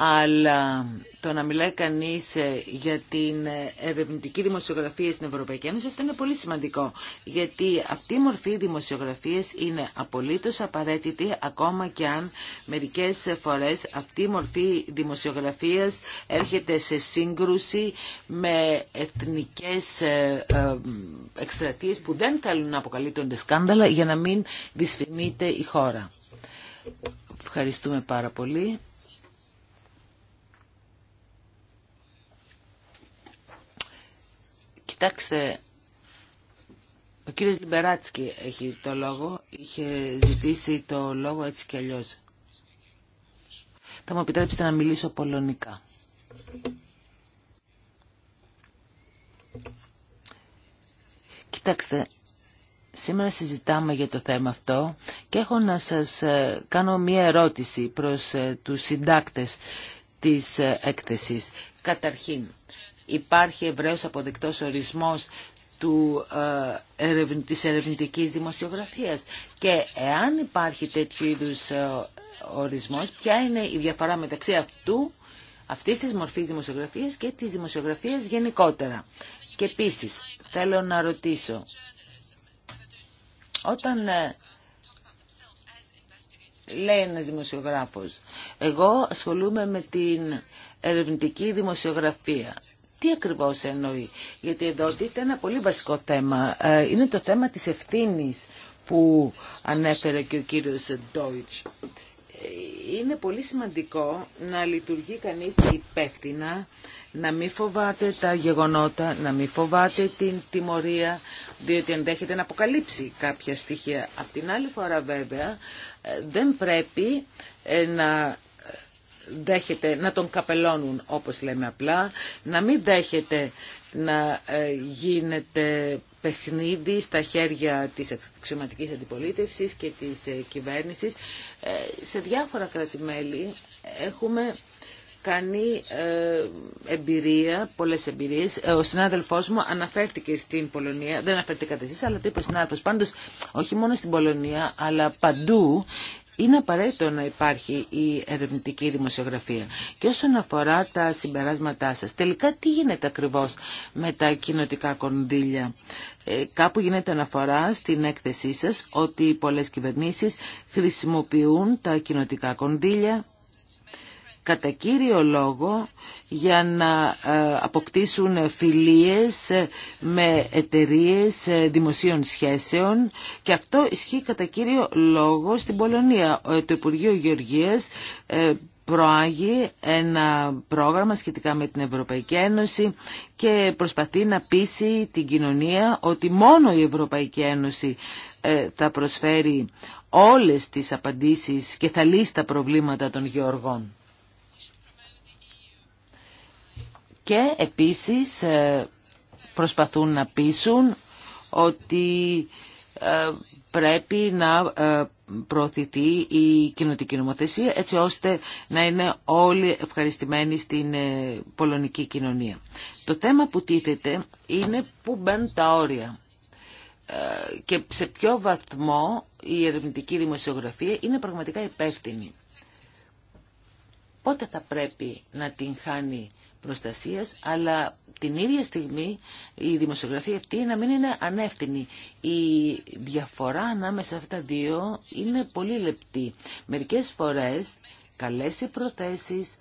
αλλά το να μιλάει κανείς ε, για την ε, ερευνητική δημοσιογραφία στην Ευρωπαϊκή Ένωση αυτό είναι πολύ σημαντικό γιατί αυτή η μορφή δημοσιογραφίας είναι απολύτως απαραίτητη ακόμα και αν μερικές φορές αυτή η μορφή δημοσιογραφίας έρχεται σε σύγκρουση με εθνικές ε, εκστρατείες που δεν θέλουν να αποκαλύπτονται σκάνδαλα για να μην δυσφημείται η χώρα. Ευχαριστούμε πάρα πολύ. Κοιτάξτε, ο κύριος Λιμπεράτσκι έχει το λόγο. Είχε ζητήσει το λόγο έτσι κι αλλιώς. Θα μου επιτρέψετε να μιλήσω πολωνικά. Κοιτάξτε, σήμερα συζητάμε για το θέμα αυτό και έχω να σας ε, κάνω μία ερώτηση προς ε, τους συντάκτες της ε, έκθεσης. Καταρχήν, υπάρχει ευρέως αποδεκτός ορισμός του, ε, της ερευνητικής δημοσιογραφίας. Και εάν υπάρχει τέτοιου είδους ε, ορισμός, ποια είναι η διαφορά μεταξύ αυτού, αυτής της μορφής δημοσιογραφίας και της δημοσιογραφίας γενικότερα. Και επίση, θέλω να ρωτήσω, όταν ε, λέει ένας δημοσιογράφος, εγώ ασχολούμαι με την ερευνητική δημοσιογραφία τι ακριβώς εννοεί. Γιατί εδώ δείτε ένα πολύ βασικό θέμα. Ε, είναι το θέμα της ευθύνης που ανέφερε και ο κύριος Ντόιτς. Ε, είναι πολύ σημαντικό να λειτουργεί κανείς υπεύθυνα, να μην φοβάται τα γεγονότα, να μην φοβάται την τιμωρία, διότι ενδέχεται να αποκαλύψει κάποια στοιχεία. Απ' την άλλη φορά βέβαια ε, δεν πρέπει να δέχεται να τον καπελώνουν όπως λέμε απλά, να μην δέχεται να ε, γίνεται παιχνίδι στα χέρια της αξιωματικής αντιπολίτευσης και της ε, κυβέρνησης. Ε, σε διάφορα κράτη-μέλη έχουμε κάνει εμπειρία, πολλές εμπειρίες. Ο συνάδελφός μου αναφέρθηκε στην Πολωνία, δεν αναφέρθηκατε εσείς, αλλά το είπε ο συνάδελφος. Πάντως, όχι μόνο στην Πολωνία, αλλά παντού είναι απαραίτητο να υπάρχει η ερευνητική δημοσιογραφία. Και όσον αφορά τα συμπεράσματά σας, τελικά τι γίνεται ακριβώς με τα κοινοτικά κονδύλια. Ε, κάπου γίνεται αναφορά στην έκθεσή σας ότι πολλές κυβερνήσεις χρησιμοποιούν τα κοινοτικά κονδύλια κατά κύριο λόγο για να ε, αποκτήσουν φιλίες ε, με εταιρείες ε, δημοσίων σχέσεων και αυτό ισχύει κατά κύριο λόγο στην Πολωνία. Το Υπουργείο Γεωργίας προάγει ένα πρόγραμμα σχετικά με την Ευρωπαϊκή Ένωση και προσπαθεί να πείσει την κοινωνία ότι μόνο η Ευρωπαϊκή Ένωση θα προσφέρει όλες τις απαντήσεις και θα λύσει τα προβλήματα των γεωργών. και επίσης ε, προσπαθούν να πείσουν ότι ε, πρέπει να ε, προωθηθεί η κοινωτική νομοθεσία έτσι ώστε να είναι όλοι ευχαριστημένοι στην πολωνική κοινωνία. Το θέμα που τίθεται είναι πού μπαίνουν τα όρια και σε ποιο βαθμό η ερευνητική δημοσιογραφία είναι πραγματικά υπεύθυνη. Πότε θα πρέπει να την χάνει προστασίας, αλλά την ίδια στιγμή η δημοσιογραφία αυτή να μην είναι ανεύθυνη. Η διαφορά ανάμεσα αυτά τα δύο είναι πολύ λεπτή. Μερικές φορές καλές οι προθέσεις,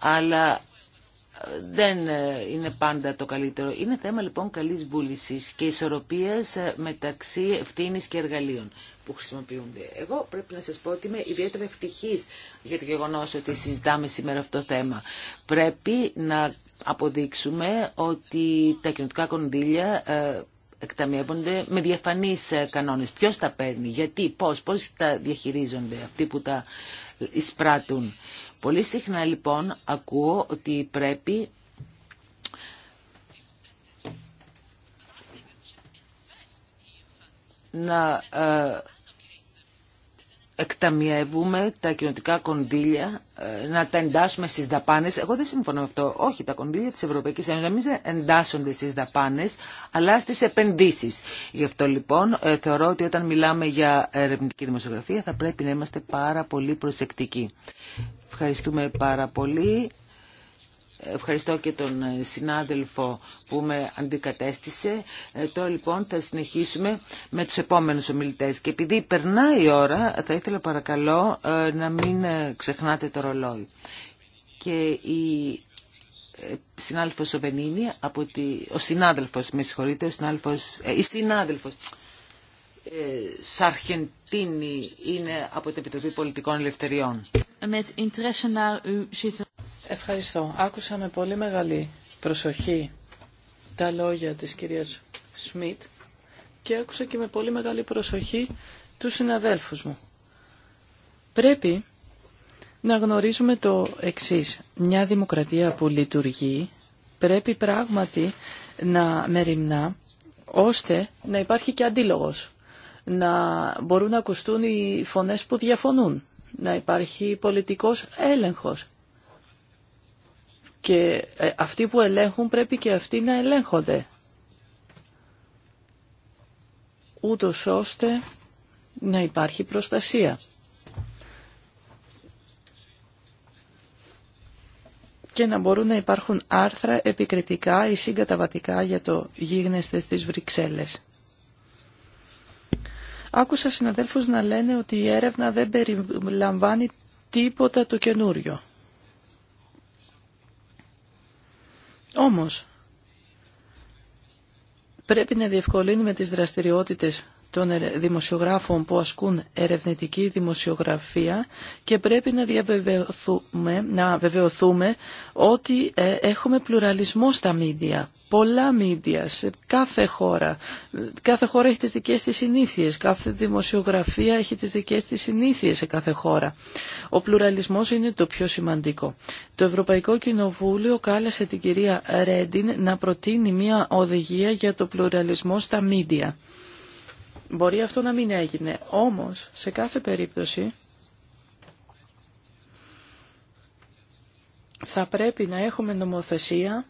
αλλά δεν ε, είναι πάντα το καλύτερο. Είναι θέμα λοιπόν καλής βούλησης και ισορροπίας ε, μεταξύ ευθύνη και εργαλείων που χρησιμοποιούνται. Εγώ πρέπει να σας πω ότι είμαι ιδιαίτερα ευτυχής για το γεγονός ότι συζητάμε σήμερα αυτό το θέμα. Πρέπει να αποδείξουμε ότι τα κοινωτικά κονδύλια ε, εκταμιεύονται με διαφανείς κανόνες. Ποιος τα παίρνει, γιατί, πώς, πώς τα διαχειρίζονται αυτοί που τα εισπράττουν. Πολύ συχνά λοιπόν ακούω ότι πρέπει να ε, εκταμιεύουμε τα κοινοτικά κονδύλια, ε, να τα εντάσσουμε στις δαπάνες. Εγώ δεν συμφωνώ με αυτό. Όχι, τα κονδύλια της Ευρωπαϊκής Ένωσης δεν μην εντάσσονται στις δαπάνες, αλλά στις επενδύσεις. Γι' αυτό λοιπόν ε, θεωρώ ότι όταν μιλάμε για ερευνητική δημοσιογραφία θα πρέπει να είμαστε πάρα πολύ προσεκτικοί. Ευχαριστούμε πάρα πολύ. Ευχαριστώ και τον ε, συνάδελφο που με αντικατέστησε. Ε, τώρα λοιπόν θα συνεχίσουμε με τους επόμενους ομιλητές. Και επειδή περνάει η ώρα, θα ήθελα παρακαλώ ε, να μην ξεχνάτε το ρολόι. Και η συνάδελφος Βενίνη, από ο συνάδελφος, με συγχωρείτε, ο συνάδελφος, η συνάδελφος Σαρχεντίνη είναι από την Επιτροπή Πολιτικών Ελευθεριών. Ευχαριστώ. Άκουσα με πολύ μεγάλη προσοχή τα λόγια της κυρίας Σμιτ και άκουσα και με πολύ μεγάλη προσοχή τους συναδέλφους μου. Πρέπει να γνωρίζουμε το εξής. Μια δημοκρατία που λειτουργεί πρέπει πράγματι να μεριμνά ώστε να υπάρχει και αντίλογος. Να μπορούν να ακουστούν οι φωνές που διαφωνούν να υπάρχει πολιτικός έλεγχος. Και ε, αυτοί που ελέγχουν πρέπει και αυτοί να ελέγχονται. Ούτως ώστε να υπάρχει προστασία. και να μπορούν να υπάρχουν άρθρα επικριτικά ή συγκαταβατικά για το γίγνεσθε στις Βρυξέλλες. Άκουσα συναδέλφους να λένε ότι η έρευνα δεν περιλαμβάνει τίποτα το καινούριο. Όμως, πρέπει να διευκολύνουμε τις δραστηριότητες των δημοσιογράφων που ασκούν ερευνητική δημοσιογραφία και πρέπει να διαβεβαιωθούμε να βεβαιωθούμε ότι ε, έχουμε πλουραλισμό στα μίντια πολλά μίντια σε κάθε χώρα. Κάθε χώρα έχει τις δικές της συνήθειες, κάθε δημοσιογραφία έχει τις δικές της συνήθειες σε κάθε χώρα. Ο πλουραλισμός είναι το πιο σημαντικό. Το Ευρωπαϊκό Κοινοβούλιο κάλεσε την κυρία Ρέντιν να προτείνει μια οδηγία για το πλουραλισμό στα μίντια. Μπορεί αυτό να μην έγινε, όμως σε κάθε περίπτωση θα πρέπει να έχουμε νομοθεσία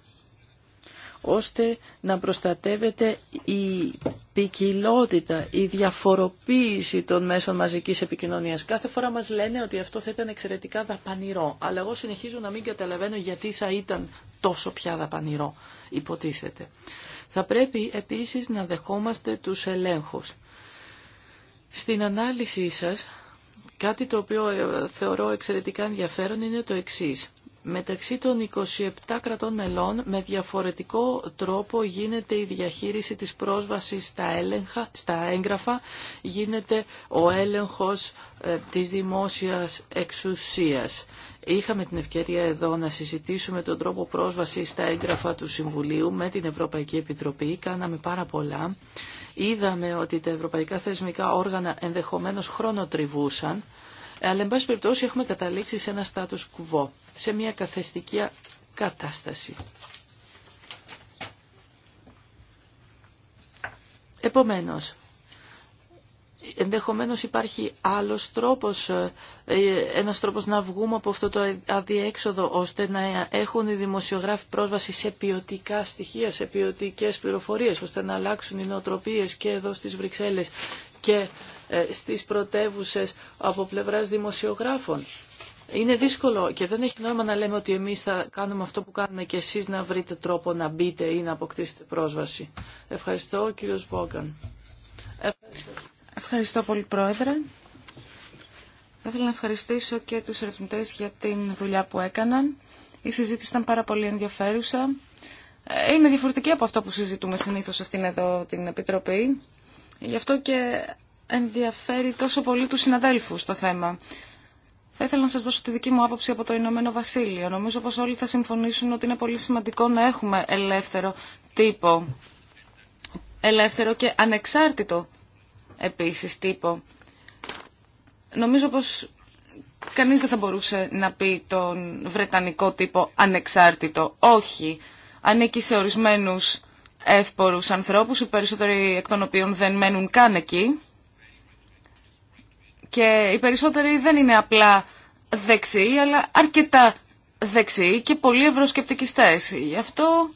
ώστε να προστατεύεται η ποικιλότητα, η διαφοροποίηση των μέσων μαζικής επικοινωνίας. Κάθε φορά μας λένε ότι αυτό θα ήταν εξαιρετικά δαπανηρό, αλλά εγώ συνεχίζω να μην καταλαβαίνω γιατί θα ήταν τόσο πια δαπανηρό, υποτίθεται. Θα πρέπει επίσης να δεχόμαστε τους ελέγχους. Στην ανάλυση σας, κάτι το οποίο θεωρώ εξαιρετικά ενδιαφέρον είναι το εξής. Μεταξύ των 27 κρατών μελών με διαφορετικό τρόπο γίνεται η διαχείριση της πρόσβασης στα, έγγραφα, γίνεται ο έλεγχος ε, της δημόσιας εξουσίας. Είχαμε την ευκαιρία εδώ να συζητήσουμε τον τρόπο πρόσβαση στα έγγραφα του Συμβουλίου με την Ευρωπαϊκή Επιτροπή. Κάναμε πάρα πολλά. Είδαμε ότι τα ευρωπαϊκά θεσμικά όργανα ενδεχομένως χρονοτριβούσαν, αλλά εν πάση περιπτώσει έχουμε καταλήξει σε ένα status quo σε μια καθεστική κατάσταση. Επομένως, ενδεχομένως υπάρχει άλλος τρόπος, ε, ένας τρόπος να βγούμε από αυτό το αδιέξοδο, ώστε να έχουν οι δημοσιογράφοι πρόσβαση σε ποιοτικά στοιχεία, σε ποιοτικέ πληροφορίες, ώστε να αλλάξουν οι νοοτροπίες και εδώ στις Βρυξέλλες και ε, στις πρωτεύουσες από πλευράς δημοσιογράφων. Είναι δύσκολο και δεν έχει νόημα να λέμε ότι εμείς θα κάνουμε αυτό που κάνουμε και εσείς να βρείτε τρόπο να μπείτε ή να αποκτήσετε πρόσβαση. Ευχαριστώ, κύριος Βόγκαν. Ευχαριστώ. πολύ, Πρόεδρε. Θα ήθελα να ευχαριστήσω και τους ερευνητέ για την δουλειά που έκαναν. Η συζήτηση ήταν πάρα πολύ ενδιαφέρουσα. Ε, είναι διαφορετική από αυτό που συζητούμε συνήθως αυτήν εδώ την Επιτροπή. Γι' αυτό και ενδιαφέρει τόσο πολύ τους συναδέλφους το θέμα. Θα ήθελα να σας δώσω τη δική μου άποψη από το Ηνωμένο Βασίλειο. Νομίζω πως όλοι θα συμφωνήσουν ότι είναι πολύ σημαντικό να έχουμε ελεύθερο τύπο. Ελεύθερο και ανεξάρτητο επίσης τύπο. Νομίζω πως κανείς δεν θα μπορούσε να πει τον βρετανικό τύπο ανεξάρτητο. Όχι. Ανήκει σε ορισμένου εύπορου ανθρώπου, οι περισσότεροι εκ των οποίων δεν μένουν καν εκεί και οι περισσότεροι δεν είναι απλά δεξιοί, αλλά αρκετά δεξιοί και πολλοί ευρωσκεπτικιστές. Γι' αυτό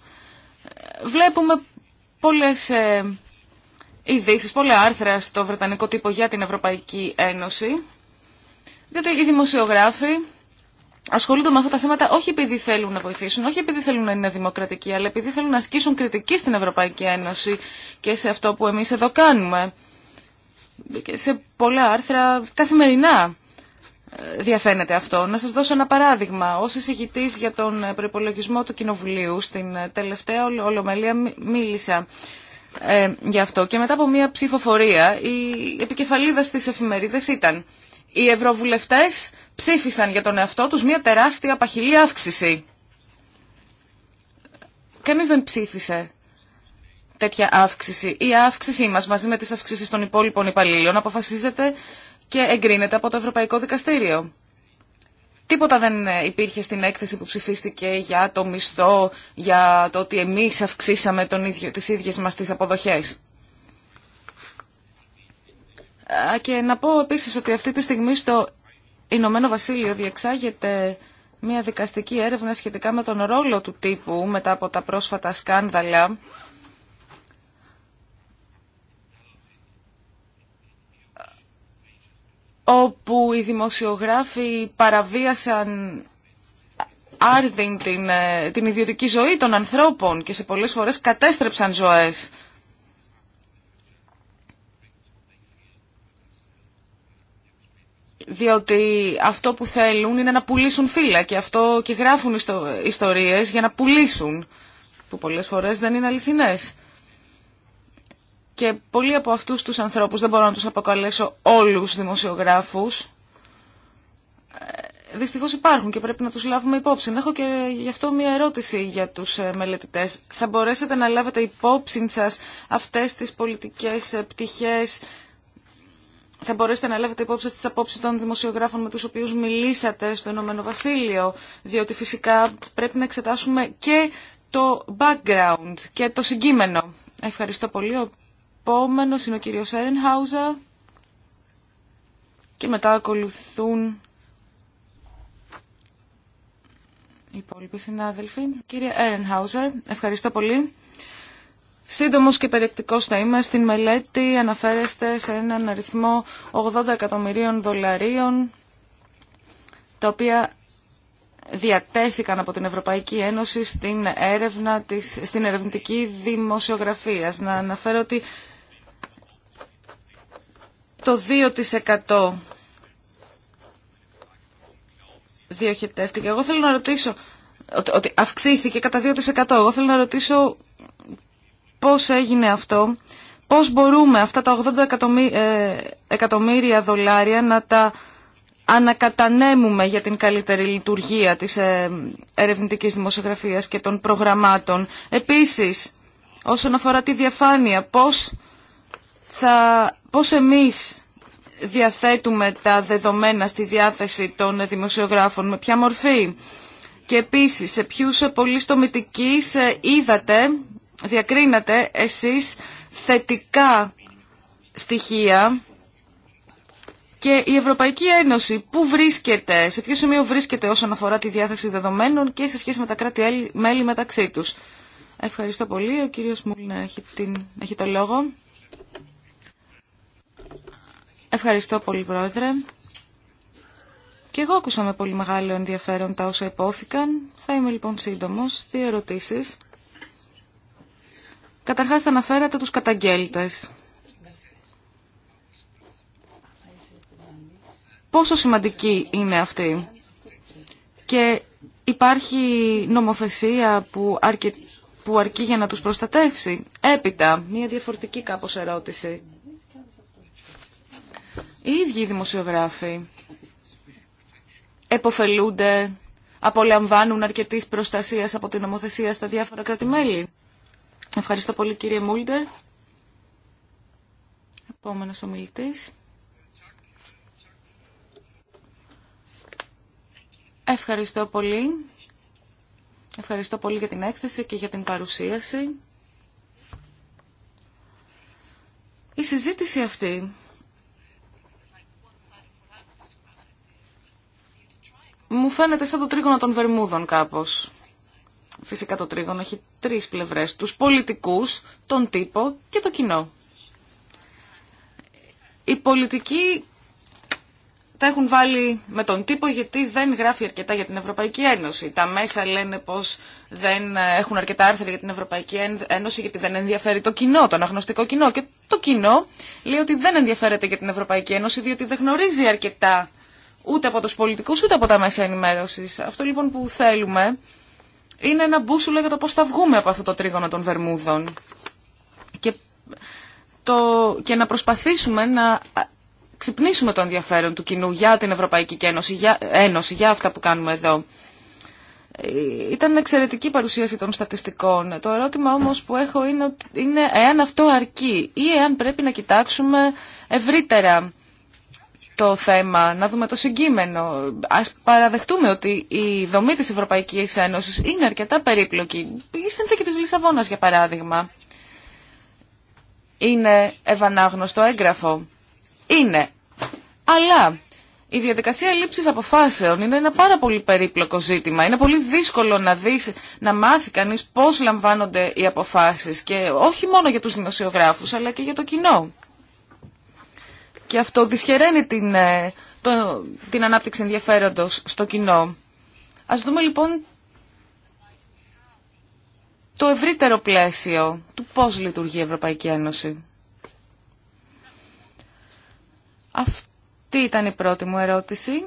ε, βλέπουμε πολλές ε, ειδήσει, πολλά άρθρα στο Βρετανικό τύπο για την Ευρωπαϊκή Ένωση, διότι οι δημοσιογράφοι ασχολούνται με αυτά τα θέματα όχι επειδή θέλουν να βοηθήσουν, όχι επειδή θέλουν να είναι δημοκρατικοί, αλλά επειδή θέλουν να ασκήσουν κριτική στην Ευρωπαϊκή Ένωση και σε αυτό που εμείς εδώ κάνουμε σε πολλά άρθρα καθημερινά ε, διαφαίνεται αυτό. Να σας δώσω ένα παράδειγμα. ω εισηγητής για τον ε, προπολογισμό του Κοινοβουλίου στην ε, τελευταία ολομελία μίλησα ε, για αυτό και μετά από μια ψηφοφορία η επικεφαλίδα στις εφημερίδες ήταν οι ευρωβουλευτές ψήφισαν για τον εαυτό τους μια τεράστια παχυλή αύξηση. Κανείς δεν ψήφισε τέτοια αύξηση. Η αύξησή μας μαζί με τις αυξήσεις των υπόλοιπων υπαλλήλων αποφασίζεται και εγκρίνεται από το Ευρωπαϊκό Δικαστήριο. Τίποτα δεν υπήρχε στην έκθεση που ψηφίστηκε για το μισθό, για το ότι εμείς αυξήσαμε τον ίδιο, τις ίδιες μας τις αποδοχές. Και να πω επίσης ότι αυτή τη στιγμή στο Ηνωμένο Βασίλειο διεξάγεται μια δικαστική έρευνα σχετικά με τον ρόλο του τύπου μετά από τα πρόσφατα σκάνδαλα όπου οι δημοσιογράφοι παραβίασαν άρδιν την, ε, την ιδιωτική ζωή των ανθρώπων και σε πολλές φορές κατέστρεψαν ζωές. διότι αυτό που θέλουν είναι να πουλήσουν φύλλα και, αυτό, και γράφουν ιστορίες για να πουλήσουν, που πολλές φορές δεν είναι αληθινές και πολλοί από αυτούς τους ανθρώπους, δεν μπορώ να τους αποκαλέσω όλους δημοσιογράφους, ε, δυστυχώς υπάρχουν και πρέπει να τους λάβουμε υπόψη. Έχω και γι' αυτό μια ερώτηση για τους ε, μελετητές. Θα μπορέσετε να λάβετε υπόψη σας αυτές τις πολιτικές ε, πτυχές, θα μπορέσετε να λάβετε υπόψη τις απόψεις των δημοσιογράφων με τους οποίους μιλήσατε στο Ηνωμένο Βασίλειο, διότι φυσικά πρέπει να εξετάσουμε και το background και το συγκείμενο. Ευχαριστώ πολύ επόμενος είναι ο κύριος Έρενχάουζα και μετά ακολουθούν οι υπόλοιποι συνάδελφοι. Κύριε Ερενχάουζα, ευχαριστώ πολύ. Σύντομος και περιεκτικός θα είμαι. Στην μελέτη αναφέρεστε σε έναν αριθμό 80 εκατομμυρίων δολαρίων, τα οποία διατέθηκαν από την Ευρωπαϊκή Ένωση στην, έρευνα της, στην ερευνητική δημοσιογραφία. Να αναφέρω ότι το 2% διοχετεύτηκε. Εγώ θέλω να ρωτήσω ότι αυξήθηκε κατά 2%. Εγώ θέλω να ρωτήσω πώς έγινε αυτό, πώς μπορούμε αυτά τα 80 ε, εκατομμύρια δολάρια να τα ανακατανέμουμε για την καλύτερη λειτουργία της ε, ερευνητικής δημοσιογραφίας και των προγραμμάτων. Επίσης, όσον αφορά τη διαφάνεια, πώς θα πώς εμείς διαθέτουμε τα δεδομένα στη διάθεση των δημοσιογράφων, με ποια μορφή. Και επίσης, σε ποιους πολυστομητικείς ε, είδατε, διακρίνατε εσείς θετικά στοιχεία και η Ευρωπαϊκή Ένωση που βρίσκεται, σε ποιο σημείο βρίσκεται όσον αφορά τη διάθεση δεδομένων και σε σχέση με τα κράτη-μέλη μεταξύ τους. Ευχαριστώ πολύ. Ο κύριος Μούλνα την... έχει το λόγο. Ευχαριστώ πολύ, Πρόεδρε. Και εγώ άκουσα με πολύ μεγάλο ενδιαφέρον τα όσα υπόθηκαν. Θα είμαι λοιπόν σύντομος. Δύο ερωτήσεις. Καταρχάς αναφέρατε τους καταγγέλτες. Πόσο σημαντική είναι αυτή. Και υπάρχει νομοθεσία που, που αρκεί για να τους προστατεύσει. Έπειτα, μια διαφορετική κάπως ερώτηση οι ίδιοι οι δημοσιογράφοι εποφελούνται, απολαμβάνουν αρκετής προστασίας από την νομοθεσία στα διάφορα κράτη-μέλη. Ευχαριστώ πολύ κύριε Μούλτερ. Επόμενος ομιλητής. Ευχαριστώ πολύ. Ευχαριστώ πολύ για την έκθεση και για την παρουσίαση. Η συζήτηση αυτή μου φαίνεται σαν το τρίγωνο των Βερμούδων κάπως. Φυσικά το τρίγωνο έχει τρεις πλευρές. Τους πολιτικούς, τον τύπο και το κοινό. Οι πολιτικοί τα έχουν βάλει με τον τύπο γιατί δεν γράφει αρκετά για την Ευρωπαϊκή Ένωση. Τα μέσα λένε πως δεν έχουν αρκετά άρθρα για την Ευρωπαϊκή Ένωση γιατί δεν ενδιαφέρει το κοινό, το αναγνωστικό κοινό. Και το κοινό λέει ότι δεν ενδιαφέρεται για την Ευρωπαϊκή Ένωση διότι δεν γνωρίζει αρκετά ούτε από τους πολιτικούς ούτε από τα μέσα ενημέρωσης. Αυτό λοιπόν που θέλουμε είναι ένα μπούσουλο για το πώς θα βγούμε από αυτό το τρίγωνο των Βερμούδων και, το, και να προσπαθήσουμε να ξυπνήσουμε το ενδιαφέρον του κοινού για την Ευρωπαϊκή Ένωση, για, αυτά που κάνουμε εδώ. Ήταν εξαιρετική παρουσίαση των στατιστικών. Το ερώτημα όμως που έχω είναι, είναι εάν αυτό αρκεί ή εάν πρέπει να κοιτάξουμε ευρύτερα το θέμα, να δούμε το συγκείμενο. Α παραδεχτούμε ότι η δομή της Ευρωπαϊκής Ένωση είναι αρκετά περίπλοκη. Η συνθήκη της Λισαβόνα, για παράδειγμα, είναι ευανάγνωστο έγγραφο. Είναι. Αλλά η διαδικασία λήψη αποφάσεων είναι ένα πάρα πολύ περίπλοκο ζήτημα. Είναι πολύ δύσκολο να να μάθει κανεί πώ λαμβάνονται οι αποφάσει και όχι μόνο για του δημοσιογράφους αλλά και για το κοινό. Και αυτό δυσχεραίνει την, ε, το, την ανάπτυξη ενδιαφέροντος στο κοινό. Ας δούμε λοιπόν το ευρύτερο πλαίσιο του πώς λειτουργεί η Ευρωπαϊκή Ένωση. Αυτή ήταν η πρώτη μου ερώτηση.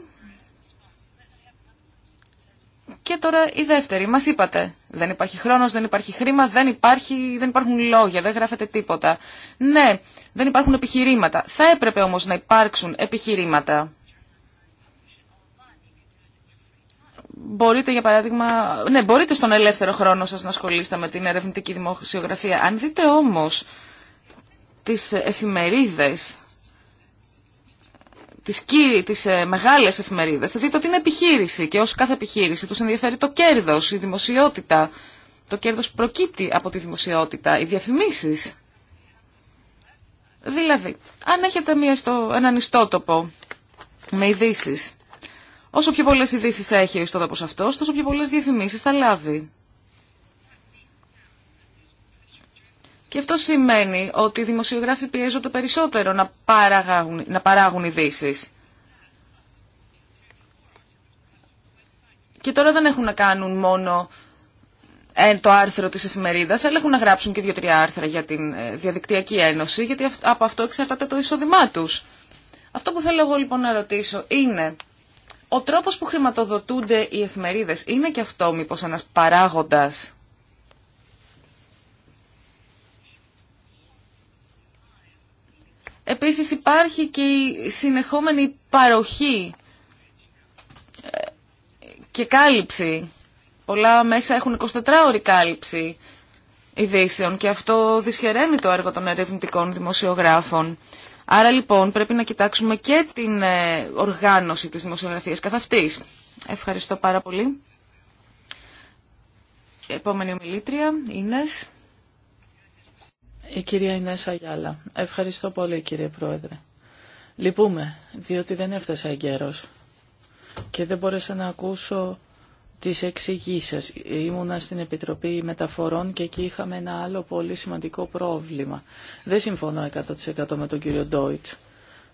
Και τώρα η δεύτερη, μας είπατε, δεν υπάρχει χρόνος, δεν υπάρχει χρήμα, δεν, υπάρχει, δεν υπάρχουν λόγια, δεν γράφεται τίποτα. Ναι, δεν υπάρχουν επιχειρήματα. Θα έπρεπε όμως να υπάρξουν επιχειρήματα. μπορείτε για παράδειγμα, ναι, μπορείτε στον ελεύθερο χρόνο σας να ασχολείστε με την ερευνητική δημοσιογραφία. Αν δείτε όμως τις εφημερίδες τις, κύρι, τις ε, μεγάλες εφημερίδες, θα δείτε ότι είναι επιχείρηση και ως κάθε επιχείρηση τους ενδιαφέρει το κέρδος, η δημοσιότητα. Το κέρδος προκύπτει από τη δημοσιότητα, οι διαφημίσεις. Δηλαδή, αν έχετε μία στο, έναν ιστότοπο με ειδήσει. Όσο πιο πολλές ειδήσει έχει ο ιστότοπος αυτός, τόσο πιο πολλές διαφημίσεις θα λάβει. Και αυτό σημαίνει ότι οι δημοσιογράφοι πιέζονται περισσότερο να παράγουν, να παράγουν ειδήσει. Και τώρα δεν έχουν να κάνουν μόνο ε, το άρθρο της εφημερίδας, αλλά έχουν να γράψουν και δύο-τρία άρθρα για την ε, Διαδικτυακή Ένωση, γιατί από αυτό εξαρτάται το εισόδημά τους. Αυτό που θέλω εγώ λοιπόν να ρωτήσω είναι, ο τρόπος που χρηματοδοτούνται οι εφημερίδες είναι και αυτό μήπως ένας παράγοντας Επίσης υπάρχει και η συνεχόμενη παροχή ε, και κάλυψη. Πολλά μέσα έχουν 24 ώρη κάλυψη ειδήσεων και αυτό δυσχεραίνει το έργο των ερευνητικών δημοσιογράφων. Άρα λοιπόν πρέπει να κοιτάξουμε και την ε, οργάνωση της δημοσιογραφίας καθ' αυτής. Ευχαριστώ πάρα πολύ. Επόμενη ομιλήτρια, Ίνες. Η κυρία Ινέσα Ευχαριστώ πολύ κύριε Πρόεδρε. Λυπούμε, διότι δεν έφτασα εγκαίρος και δεν μπόρεσα να ακούσω τις εξηγήσεις. Ήμουνα στην Επιτροπή Μεταφορών και εκεί είχαμε ένα άλλο πολύ σημαντικό πρόβλημα. Δεν συμφωνώ 100% με τον κύριο Ντόιτς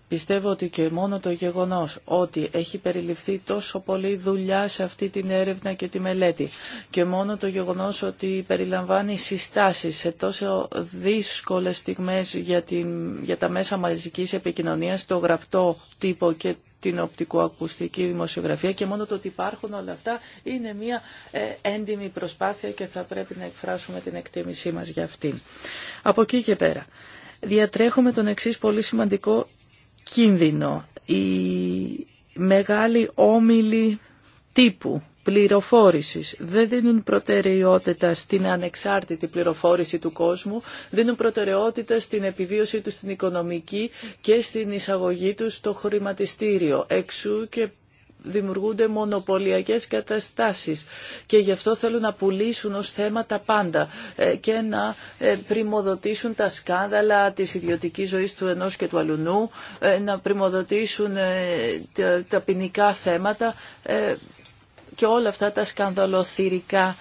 Πιστεύω ότι και μόνο το γεγονός ότι έχει περιληφθεί τόσο πολλή δουλειά σε αυτή την έρευνα και τη μελέτη και μόνο το γεγονός ότι περιλαμβάνει συστάσεις σε τόσο δύσκολες στιγμές για, την, για τα μέσα μαζικής επικοινωνίας, το γραπτό τύπο και την οπτικοακουστική δημοσιογραφία και μόνο το ότι υπάρχουν όλα αυτά είναι μια ε, έντιμη προσπάθεια και θα πρέπει να εκφράσουμε την εκτίμησή μας για αυτή. Από εκεί και πέρα. Διατρέχουμε τον εξής πολύ σημαντικό κίνδυνο. Οι μεγάλοι όμιλοι τύπου πληροφόρησης δεν δίνουν προτεραιότητα στην ανεξάρτητη πληροφόρηση του κόσμου, δίνουν προτεραιότητα στην επιβίωση του στην οικονομική και στην εισαγωγή του στο χρηματιστήριο. Εξού και δημιουργούνται μονοπωλιακές καταστάσεις και γι' αυτό θέλουν να πουλήσουν ως θέμα τα πάντα ε, και να ε, πρημοδοτήσουν τα σκάνδαλα της ιδιωτικής ζωής του ενός και του αλουνού, ε, να πρημοδοτήσουν τα ποινικά θέματα και όλα αυτά τα σκανδαλοθυρικά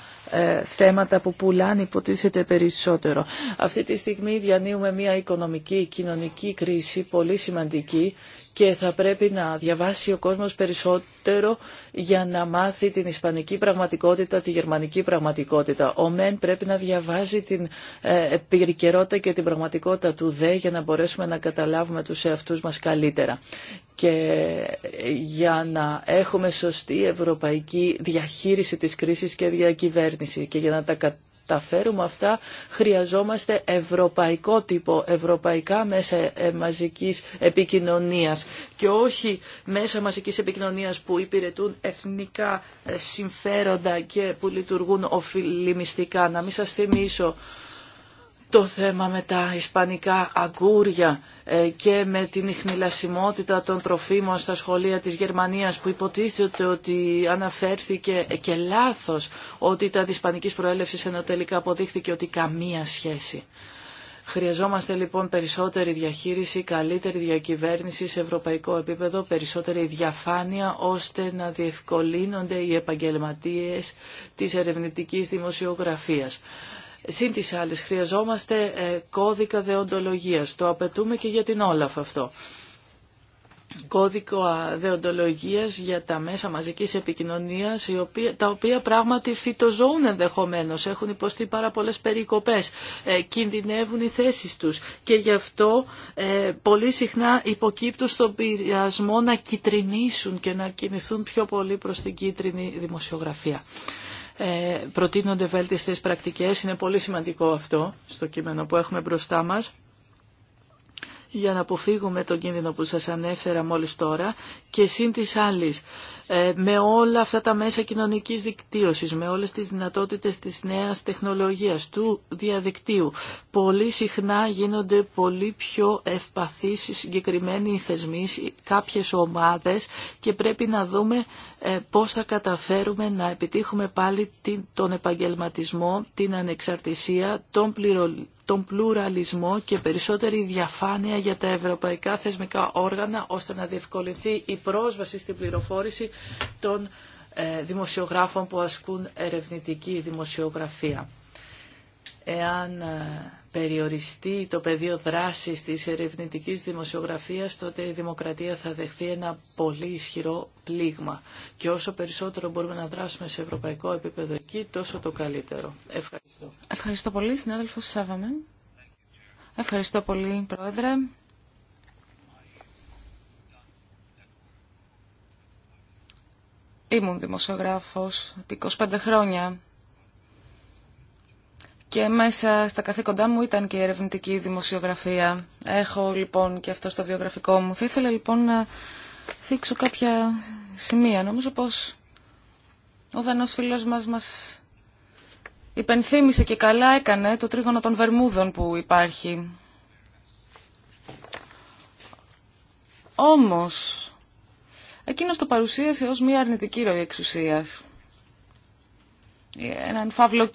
θέματα που πουλάνε υποτίθεται περισσότερο. Αυτή τη στιγμή διανύουμε μια οικονομική, κοινωνική κρίση πολύ σημαντική και θα πρέπει να διαβάσει ο κόσμος περισσότερο για να μάθει την ισπανική πραγματικότητα, τη γερμανική πραγματικότητα. Ο ΜΕΝ πρέπει να διαβάζει την ε, επικαιρότητα και την πραγματικότητα του ΔΕ για να μπορέσουμε να καταλάβουμε τους εαυτούς μας καλύτερα. Και ε, για να έχουμε σωστή ευρωπαϊκή διαχείριση της κρίσης και διακυβέρνηση και για να τα τα φέρουμε αυτά χρειαζόμαστε ευρωπαϊκό τύπο, ευρωπαϊκά μέσα ε, μαζικής επικοινωνίας και όχι μέσα μαζικής επικοινωνίας που υπηρετούν εθνικά ε, συμφέροντα και που λειτουργούν οφειλημιστικά. Να μην σας θυμίσω το θέμα με τα ισπανικά αγκούρια ε, και με την ιχνηλασιμότητα των τροφίμων στα σχολεία της Γερμανίας που υποτίθεται ότι αναφέρθηκε και λάθος ότι ήταν ισπανικής προέλευσης ενώ τελικά αποδείχθηκε ότι καμία σχέση. Χρειαζόμαστε λοιπόν περισσότερη διαχείριση, καλύτερη διακυβέρνηση σε ευρωπαϊκό επίπεδο, περισσότερη διαφάνεια ώστε να διευκολύνονται οι επαγγελματίες της ερευνητικής δημοσιογραφίας. Συν τις άλλες, χρειαζόμαστε ε, κώδικα δεοντολογίας. Το απαιτούμε και για την Όλαφ αυτό. Κώδικο δεοντολογίας για τα μέσα μαζικής επικοινωνίας, τα οποία πράγματι φυτοζωούν ενδεχομένως, έχουν υποστεί πάρα πολλές περικοπές, ε, κινδυνεύουν οι θέσεις τους και γι' αυτό ε, πολύ συχνά υποκύπτουν στον πειρασμό να κυτρινήσουν και να κινηθούν πιο πολύ προς την κίτρινη δημοσιογραφία. Ε, προτείνονται βέλτιστες πρακτικές. Είναι πολύ σημαντικό αυτό στο κείμενο που έχουμε μπροστά μας για να αποφύγουμε τον κίνδυνο που σας ανέφερα μόλις τώρα και σύν της άλλης ε, με όλα αυτά τα μέσα κοινωνικής δικτύωσης, με όλες τις δυνατότητες της νέας τεχνολογίας, του διαδικτύου, πολύ συχνά γίνονται πολύ πιο ευπαθείς συγκεκριμένοι θεσμοί, κάποιες ομάδες και πρέπει να δούμε ε, πώς θα καταφέρουμε να επιτύχουμε πάλι τον επαγγελματισμό, την ανεξαρτησία, τον τον πλουραλισμό και περισσότερη διαφάνεια για τα ευρωπαϊκά θεσμικά όργανα ώστε να διευκολυνθεί η πρόσβαση στην πληροφόρηση των ε, δημοσιογράφων που ασκούν ερευνητική δημοσιογραφία. Εάν ε, περιοριστεί το πεδίο δράσης της ερευνητικής δημοσιογραφίας, τότε η δημοκρατία θα δεχθεί ένα πολύ ισχυρό πλήγμα. Και όσο περισσότερο μπορούμε να δράσουμε σε ευρωπαϊκό επίπεδο εκεί, τόσο το καλύτερο. Ευχαριστώ. Ευχαριστώ πολύ, συνάδελφος Σάβαμεν. Ευχαριστώ πολύ, Πρόεδρε. Ήμουν δημοσιογράφος επί 25 χρόνια και μέσα στα καθήκοντά μου ήταν και η ερευνητική δημοσιογραφία. Έχω λοιπόν και αυτό στο βιογραφικό μου. Θα ήθελα λοιπόν να θίξω κάποια σημεία. Νομίζω πως ο Δανός φίλος μας μας υπενθύμησε και καλά έκανε το τρίγωνο των Βερμούδων που υπάρχει. Όμως, εκείνος το παρουσίασε ως μία αρνητική ροή εξουσίας. Έναν φαύλο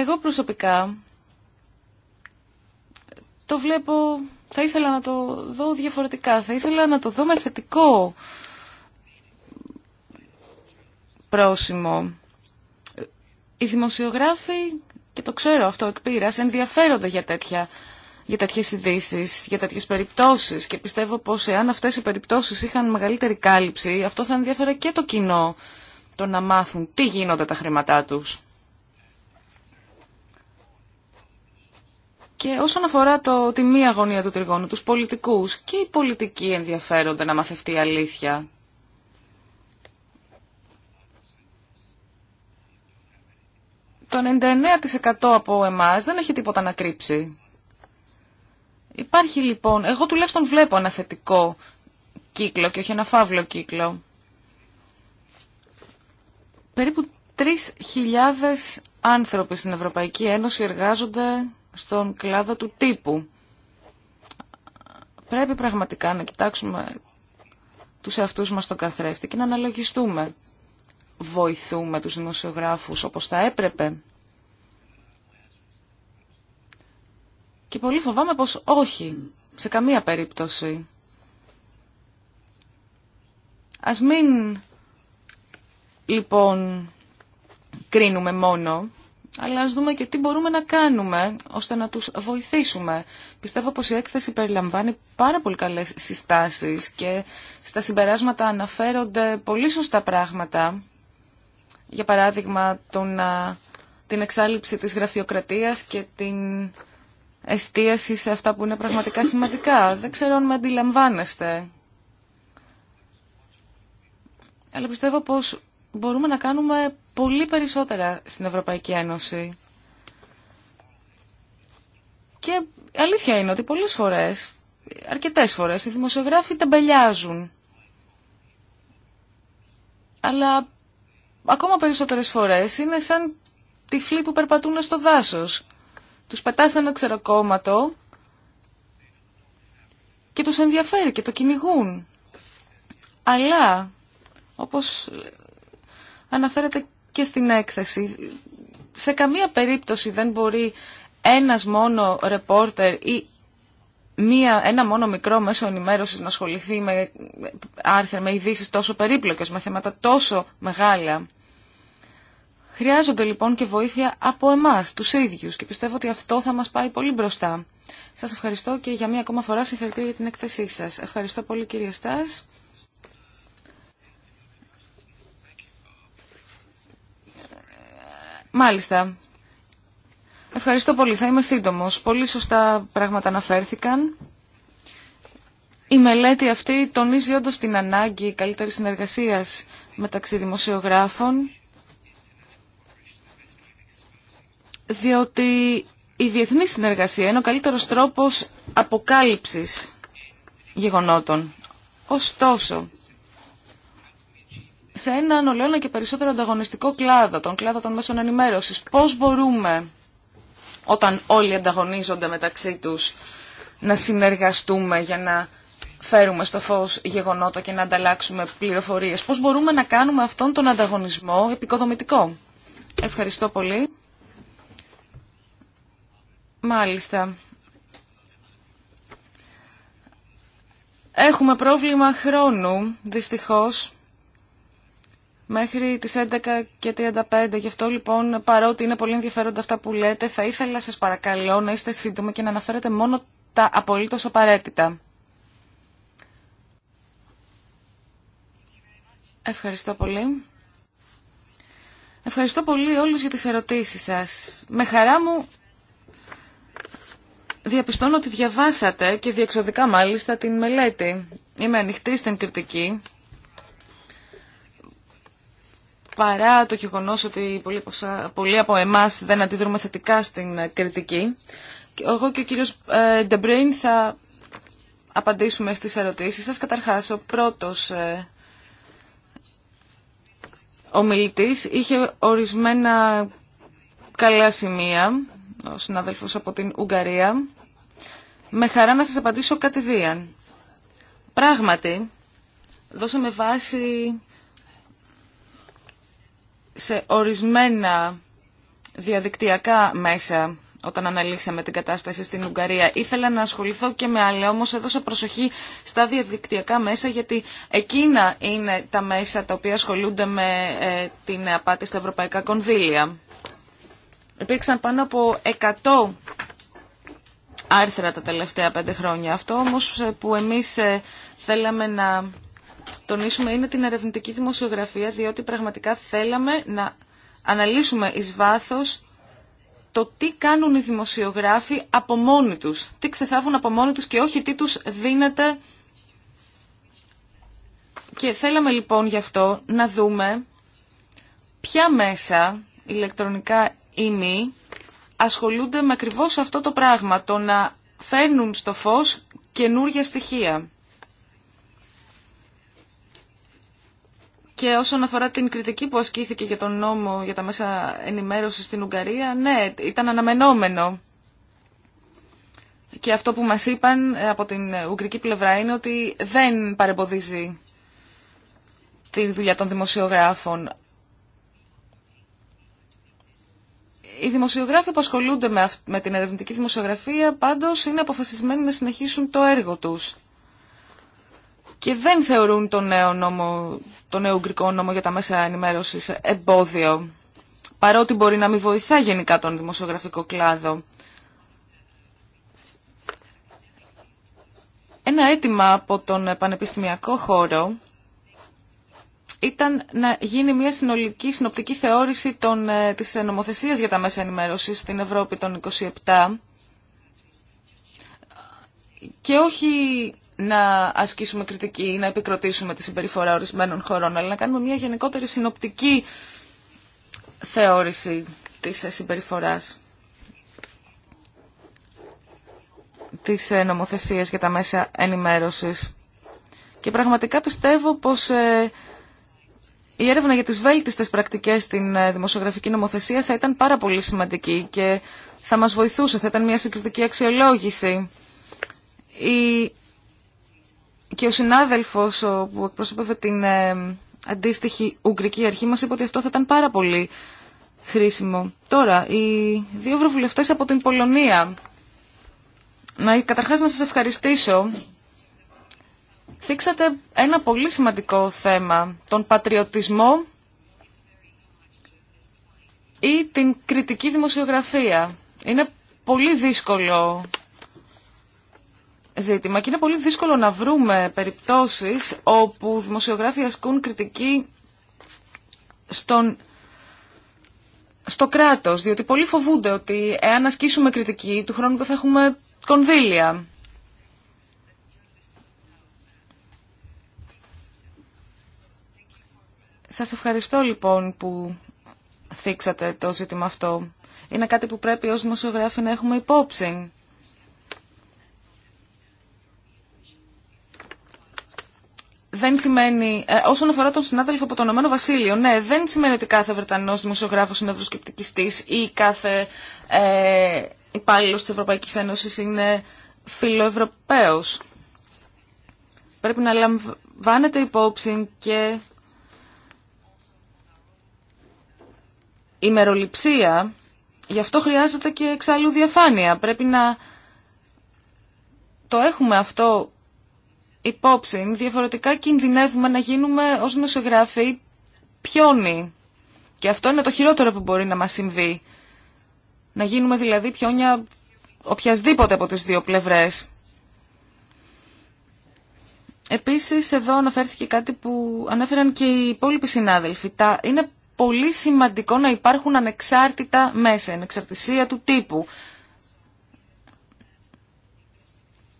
Εγώ προσωπικά το βλέπω, θα ήθελα να το δω διαφορετικά, θα ήθελα να το δω με θετικό πρόσημο. Οι δημοσιογράφοι, και το ξέρω αυτό εκ πείρας, ενδιαφέρονται για τέτοια για τέτοιες ειδήσει, για τέτοιες περιπτώσεις και πιστεύω πως εάν αυτές οι περιπτώσεις είχαν μεγαλύτερη κάλυψη αυτό θα ενδιαφέρε και το κοινό το να μάθουν τι γίνονται τα χρήματά τους. Και όσον αφορά το, τη μία αγωνία του τριγώνου, τους πολιτικούς, και οι πολιτικοί ενδιαφέρονται να μαθευτεί η αλήθεια. Το 99% από εμάς δεν έχει τίποτα να κρύψει. Υπάρχει λοιπόν, εγώ τουλάχιστον βλέπω ένα θετικό κύκλο και όχι ένα φαύλο κύκλο. Περίπου 3.000 άνθρωποι στην Ευρωπαϊκή Ένωση εργάζονται στον κλάδο του τύπου. Πρέπει πραγματικά να κοιτάξουμε τους εαυτούς μας στον καθρέφτη και να αναλογιστούμε. Βοηθούμε τους δημοσιογράφους όπως θα έπρεπε. Και πολύ φοβάμαι πως όχι, σε καμία περίπτωση. Ας μην, λοιπόν, κρίνουμε μόνο αλλά ας δούμε και τι μπορούμε να κάνουμε ώστε να τους βοηθήσουμε. Πιστεύω πως η έκθεση περιλαμβάνει πάρα πολύ καλές συστάσεις και στα συμπεράσματα αναφέρονται πολύ σωστά πράγματα. Για παράδειγμα, τον, την εξάλληψη της γραφειοκρατίας και την εστίαση σε αυτά που είναι πραγματικά σημαντικά. Δεν ξέρω αν με αντιλαμβάνεστε. Αλλά πιστεύω πως μπορούμε να κάνουμε πολύ περισσότερα στην Ευρωπαϊκή Ένωση. Και αλήθεια είναι ότι πολλές φορές, αρκετές φορές, οι δημοσιογράφοι ταμπελιάζουν. Αλλά ακόμα περισσότερες φορές είναι σαν τυφλοί που περπατούν στο δάσος. Τους πετάς ένα ξεροκόμματο και τους ενδιαφέρει και το κυνηγούν. Αλλά, όπως αναφέρεται και στην έκθεση. Σε καμία περίπτωση δεν μπορεί ένας μόνο ρεπόρτερ ή μία, ένα μόνο μικρό μέσο ενημέρωση να ασχοληθεί με άρθρα, με ειδήσει τόσο περίπλοκες, με θέματα τόσο μεγάλα. Χρειάζονται λοιπόν και βοήθεια από εμάς, τους ίδιους, και πιστεύω ότι αυτό θα μας πάει πολύ μπροστά. Σας ευχαριστώ και για μία ακόμα φορά συγχαρητήρια για την έκθεσή σας. Ευχαριστώ πολύ κύριε Στάς. Μάλιστα. Ευχαριστώ πολύ. Θα είμαι σύντομο. Πολύ σωστά πράγματα αναφέρθηκαν. Η μελέτη αυτή τονίζει όντω την ανάγκη καλύτερη συνεργασίας μεταξύ δημοσιογράφων, διότι η διεθνή συνεργασία είναι ο καλύτερος τρόπος αποκάλυψης γεγονότων. Ωστόσο, σε έναν ολόνα και περισσότερο ανταγωνιστικό κλάδο, τον κλάδο των μέσων ενημέρωσης. Πώς μπορούμε όταν όλοι ανταγωνίζονται μεταξύ τους να συνεργαστούμε για να φέρουμε στο φως γεγονότα και να ανταλλάξουμε πληροφορίες. Πώς μπορούμε να κάνουμε αυτόν τον ανταγωνισμό επικοδομητικό. Ευχαριστώ πολύ. Μάλιστα. Έχουμε πρόβλημα χρόνου, δυστυχώς μέχρι τις 11 και 35. Γι' αυτό λοιπόν παρότι είναι πολύ ενδιαφέροντα αυτά που λέτε θα ήθελα σας παρακαλώ να είστε σύντομοι και να αναφέρετε μόνο τα απολύτως απαραίτητα. Ευχαριστώ πολύ. Ευχαριστώ πολύ όλους για τις ερωτήσεις σας. Με χαρά μου διαπιστώνω ότι διαβάσατε και διεξοδικά μάλιστα την μελέτη. Είμαι ανοιχτή στην κριτική παρά το γεγονό ότι πολλοί, από εμάς δεν αντιδρούμε θετικά στην κριτική. Εγώ και ο κύριος Ντεμπρέιν θα απαντήσουμε στις ερωτήσεις σας. Καταρχάς, ο πρώτος ε, ομιλητής είχε ορισμένα καλά σημεία, ο συνάδελφος από την Ουγγαρία. Με χαρά να σας απαντήσω κατηδίαν. Πράγματι, δώσαμε βάση σε ορισμένα διαδικτυακά μέσα όταν αναλύσαμε την κατάσταση στην Ουγγαρία. Ήθελα να ασχοληθώ και με άλλα, όμως έδωσα προσοχή στα διαδικτυακά μέσα, γιατί εκείνα είναι τα μέσα τα οποία ασχολούνται με ε, την απάτη στα ευρωπαϊκά κονδύλια. Υπήρξαν πάνω από 100 άρθρα τα τελευταία πέντε χρόνια. Αυτό όμως ε, που εμείς ε, θέλαμε να τονίσουμε είναι την ερευνητική δημοσιογραφία, διότι πραγματικά θέλαμε να αναλύσουμε εις βάθος το τι κάνουν οι δημοσιογράφοι από μόνοι τους, τι ξεθάβουν από μόνοι τους και όχι τι τους δίνεται. Και θέλαμε λοιπόν γι' αυτό να δούμε ποια μέσα, ηλεκτρονικά ή μη, ασχολούνται με ακριβώς αυτό το πράγμα, το να φέρνουν στο φως καινούργια στοιχεία. Και όσον αφορά την κριτική που ασκήθηκε για τον νόμο για τα μέσα ενημέρωση στην Ουγγαρία, ναι, ήταν αναμενόμενο. Και αυτό που μας είπαν ε, από την ουγγρική πλευρά είναι ότι δεν παρεμποδίζει τη δουλειά των δημοσιογράφων. Οι δημοσιογράφοι που ασχολούνται με την ερευνητική δημοσιογραφία πάντως είναι αποφασισμένοι να συνεχίσουν το έργο τους και δεν θεωρούν τον νέο, νόμο, τον νέο Ουγγρικό νόμο για τα μέσα ενημέρωσης εμπόδιο, παρότι μπορεί να μην βοηθά γενικά τον δημοσιογραφικό κλάδο. Ένα αίτημα από τον πανεπιστημιακό χώρο ήταν να γίνει μια συνολική συνοπτική θεώρηση των, ε, της νομοθεσίας για τα μέσα ενημέρωσης στην Ευρώπη των 27 και όχι να ασκήσουμε κριτική ή να επικροτήσουμε τη συμπεριφορά ορισμένων χωρών, αλλά να κάνουμε μια γενικότερη συνοπτική θεώρηση της συμπεριφοράς της ε, νομοθεσίας για τα μέσα ενημέρωσης. Και πραγματικά πιστεύω πως ε, η έρευνα για τις βέλτιστες πρακτικές στην ε, δημοσιογραφική νομοθεσία θα ήταν πάρα πολύ σημαντική και θα μας βοηθούσε, θα ήταν μια συγκριτική αξιολόγηση. Η και ο συνάδελφο που εκπρόσωπευε την ε, αντίστοιχη Ουγγρική Αρχή μα είπε ότι αυτό θα ήταν πάρα πολύ χρήσιμο. Τώρα, οι δύο ευρωβουλευτέ από την Πολωνία. Να, καταρχάς να σας ευχαριστήσω. Θίξατε ένα πολύ σημαντικό θέμα, τον πατριωτισμό ή την κριτική δημοσιογραφία. Είναι πολύ δύσκολο ζήτημα και είναι πολύ δύσκολο να βρούμε περιπτώσεις όπου δημοσιογράφοι ασκούν κριτική στον στο κράτος, διότι πολλοί φοβούνται ότι εάν ασκήσουμε κριτική, του χρόνου δεν θα έχουμε κονδύλια. Σας ευχαριστώ λοιπόν που θίξατε το ζήτημα αυτό. Είναι κάτι που πρέπει ως δημοσιογράφοι να έχουμε υπόψη. δεν σημαίνει. Ε, όσον αφορά τον συνάδελφο από το Ηνωμένο Βασίλειο, ναι, δεν σημαίνει ότι κάθε Βρετανό δημοσιογράφο είναι ευρωσκεπτικιστή ή κάθε ε, υπάλληλο τη Ευρωπαϊκή Ένωση είναι φιλοευρωπαίο. Πρέπει να λαμβάνεται υπόψη και η μεροληψία. Γι' αυτό χρειάζεται και εξάλλου διαφάνεια. Πρέπει να το έχουμε αυτό υπόψη. Διαφορετικά κινδυνεύουμε να γίνουμε ως νοσογράφοι πιόνι. Και αυτό είναι το χειρότερο που μπορεί να μας συμβεί. Να γίνουμε δηλαδή πιόνια οποιασδήποτε από τις δύο πλευρές. Επίσης εδώ αναφέρθηκε κάτι που ανέφεραν και οι υπόλοιποι συνάδελφοι. Τα, είναι πολύ σημαντικό να υπάρχουν ανεξάρτητα μέσα, ανεξαρτησία του τύπου.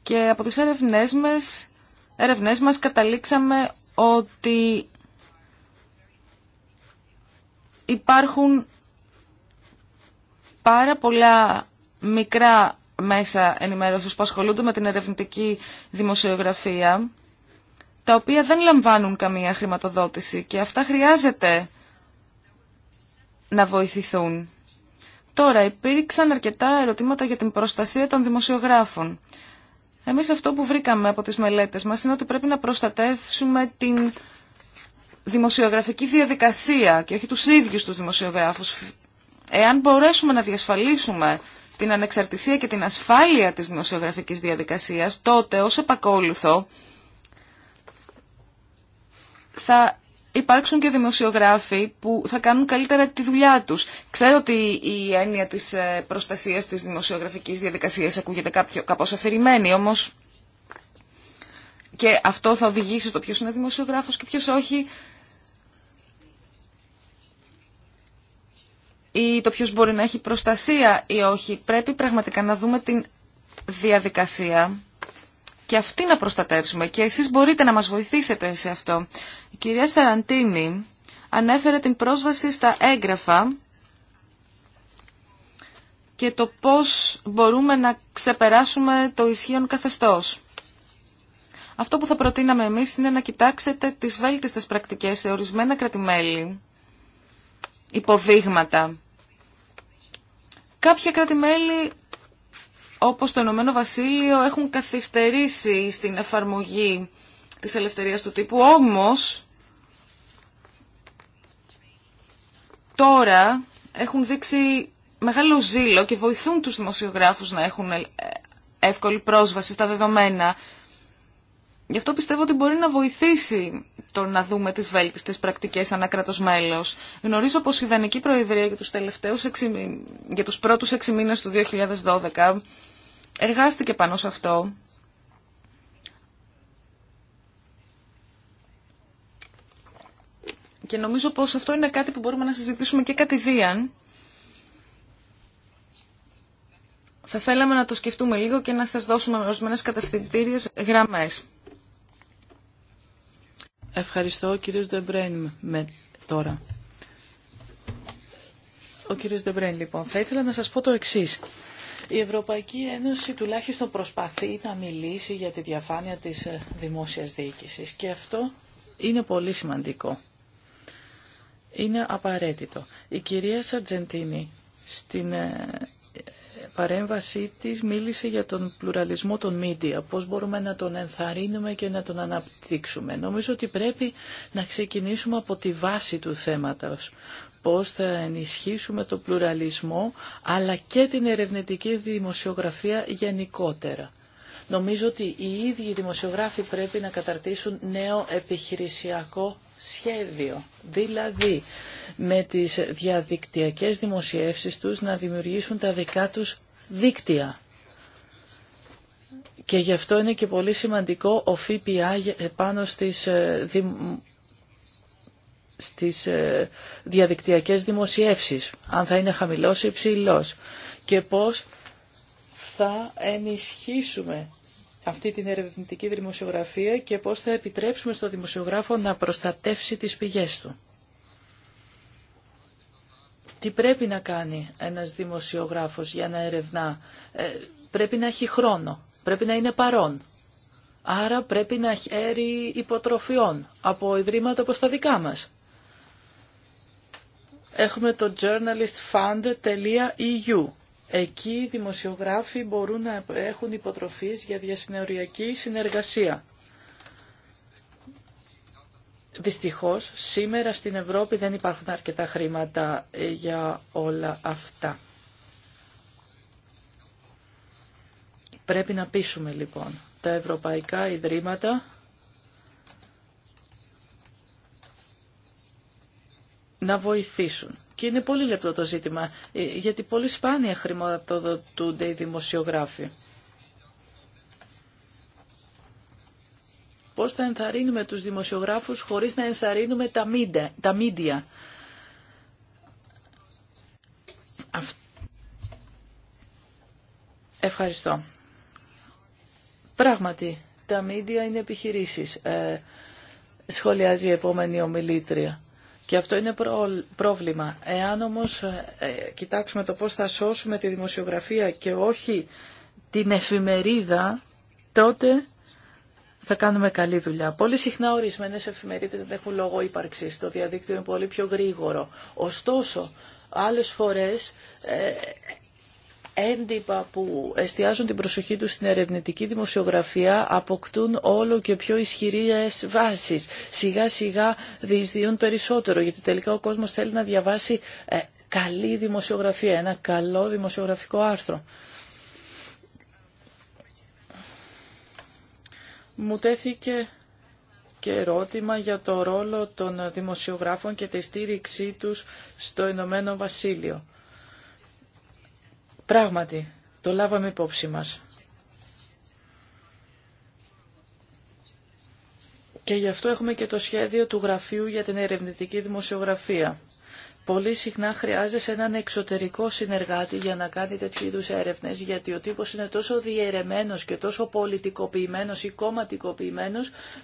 Και από τις έρευνές μας έρευνές μας καταλήξαμε ότι υπάρχουν πάρα πολλά μικρά μέσα ενημέρωσης που ασχολούνται με την ερευνητική δημοσιογραφία, τα οποία δεν λαμβάνουν καμία χρηματοδότηση και αυτά χρειάζεται να βοηθηθούν. Τώρα, υπήρξαν αρκετά ερωτήματα για την προστασία των δημοσιογράφων. Εμείς αυτό που βρήκαμε από τις μελέτες μας είναι ότι πρέπει να προστατεύσουμε την δημοσιογραφική διαδικασία και όχι τους ίδιους τους δημοσιογράφους. Εάν μπορέσουμε να διασφαλίσουμε την ανεξαρτησία και την ασφάλεια της δημοσιογραφικής διαδικασίας, τότε ως επακόλουθο θα υπάρξουν και δημοσιογράφοι που θα κάνουν καλύτερα τη δουλειά τους. Ξέρω ότι η έννοια της ε, προστασίας της δημοσιογραφικής διαδικασίας ακούγεται κάποιο, κάπως αφηρημένη, όμως και αυτό θα οδηγήσει στο ποιος είναι δημοσιογράφος και ποιος όχι. Ή το ποιος μπορεί να έχει προστασία ή όχι. Πρέπει πραγματικά να δούμε την διαδικασία και αυτή να προστατεύσουμε και εσείς μπορείτε να μας βοηθήσετε σε αυτό. Η κυρία Σαραντίνη ανέφερε την πρόσβαση στα έγγραφα και το πώς μπορούμε να ξεπεράσουμε το ισχύον καθεστώς. Αυτό που θα προτείναμε εμείς είναι να κοιτάξετε τις βέλτιστες πρακτικές σε ορισμένα κρατημέλη, υποδείγματα. Κάποια κρατημέλη όπως το Ηνωμένο Βασίλειο έχουν καθυστερήσει στην εφαρμογή της ελευθερίας του τύπου. Όμως, τώρα έχουν δείξει μεγάλο ζήλο και βοηθούν τους δημοσιογράφους να έχουν ε, εύκολη πρόσβαση στα δεδομένα. Γι' αυτό πιστεύω ότι μπορεί να βοηθήσει το να δούμε τις βέλτιστες πρακτικές ανά κράτος μέλος. Γνωρίζω πως η Δανική Προεδρία για τους, τελευταίους 6, για τους πρώτους 6 μήνες του 2012 εργάστηκε πάνω σε αυτό. Και νομίζω πως αυτό είναι κάτι που μπορούμε να συζητήσουμε και κατηδίαν. Θα θέλαμε να το σκεφτούμε λίγο και να σας δώσουμε ορισμένε κατευθυντήριες γραμμές. Ευχαριστώ, ο κύριος Δεμπρέν με τώρα. Ο κύριος Δεμπρέν, λοιπόν, θα ήθελα να σας πω το εξής. Η Ευρωπαϊκή Ένωση τουλάχιστον προσπαθεί να μιλήσει για τη διαφάνεια της ε, δημόσιας διοίκησης και αυτό είναι πολύ σημαντικό. Είναι απαραίτητο. Η κυρία Σαρτζεντίνη στην ε, παρέμβασή της μίλησε για τον πλουραλισμό των μίντια, πώς μπορούμε να τον ενθαρρύνουμε και να τον αναπτύξουμε. Νομίζω ότι πρέπει να ξεκινήσουμε από τη βάση του θέματος πώς θα ενισχύσουμε το πλουραλισμό αλλά και την ερευνητική δημοσιογραφία γενικότερα. Νομίζω ότι οι ίδιοι δημοσιογράφοι πρέπει να καταρτήσουν νέο επιχειρησιακό σχέδιο. Δηλαδή, με τις διαδικτυακές δημοσιεύσεις τους να δημιουργήσουν τα δικά τους δίκτυα. Και γι' αυτό είναι και πολύ σημαντικό ο ΦΠΑ πάνω στις ε, στις ε, διαδικτυακές δημοσιεύσεις, αν θα είναι χαμηλός ή υψηλός και πώς θα ενισχύσουμε αυτή την ερευνητική δημοσιογραφία και πώς θα επιτρέψουμε στο δημοσιογράφο να προστατεύσει τις πηγές του. Τι πρέπει να κάνει ένας δημοσιογράφος για να ερευνά. Ε, πρέπει να έχει χρόνο, πρέπει να είναι παρόν. Άρα πρέπει να χαίρει υποτροφιών από ιδρύματα όπως τα δικά μας έχουμε το journalistfund.eu. Εκεί οι δημοσιογράφοι μπορούν να έχουν υποτροφίες για διασυνεωριακή συνεργασία. Δυστυχώς, σήμερα στην Ευρώπη δεν υπάρχουν αρκετά χρήματα ε, για όλα αυτά. Πρέπει να πείσουμε λοιπόν τα ευρωπαϊκά ιδρύματα να βοηθήσουν. Και είναι πολύ λεπτό το ζήτημα, ε, γιατί πολύ σπάνια χρηματοδοτούνται οι δημοσιογράφοι. Πώς θα ενθαρρύνουμε τους δημοσιογράφους χωρίς να ενθαρρύνουμε τα μίντια. Τα μίντια. Ευχαριστώ. Πράγματι, τα μίντια είναι επιχειρήσεις. Ε, σχολιάζει η επόμενη ομιλήτρια. Και αυτό είναι πρόβλημα. Εάν όμως ε, κοιτάξουμε το πώς θα σώσουμε τη δημοσιογραφία και όχι την εφημερίδα, τότε θα κάνουμε καλή δουλειά. Πολύ συχνά ορισμένες εφημερίδες δεν έχουν λόγο ύπαρξης. Το διαδίκτυο είναι πολύ πιο γρήγορο. Ωστόσο, άλλες φορές ε, έντυπα που εστιάζουν την προσοχή τους στην ερευνητική δημοσιογραφία αποκτούν όλο και πιο ισχυρές βάσεις. Σιγά σιγά διεισδύουν περισσότερο γιατί τελικά ο κόσμος θέλει να διαβάσει ε, καλή δημοσιογραφία, ένα καλό δημοσιογραφικό άρθρο. Μου τέθηκε και ερώτημα για το ρόλο των δημοσιογράφων και τη στήριξή τους στο Ηνωμένο Βασίλειο. Πράγματι, το λάβαμε υπόψη μας. Και γι' αυτό έχουμε και το σχέδιο του Γραφείου για την Ερευνητική Δημοσιογραφία. Πολύ συχνά χρειάζεσαι έναν εξωτερικό συνεργάτη για να κάνει τέτοιου είδου έρευνε, γιατί ο τύπο είναι τόσο διαιρεμένο και τόσο πολιτικοποιημένο ή κομματικοποιημένο,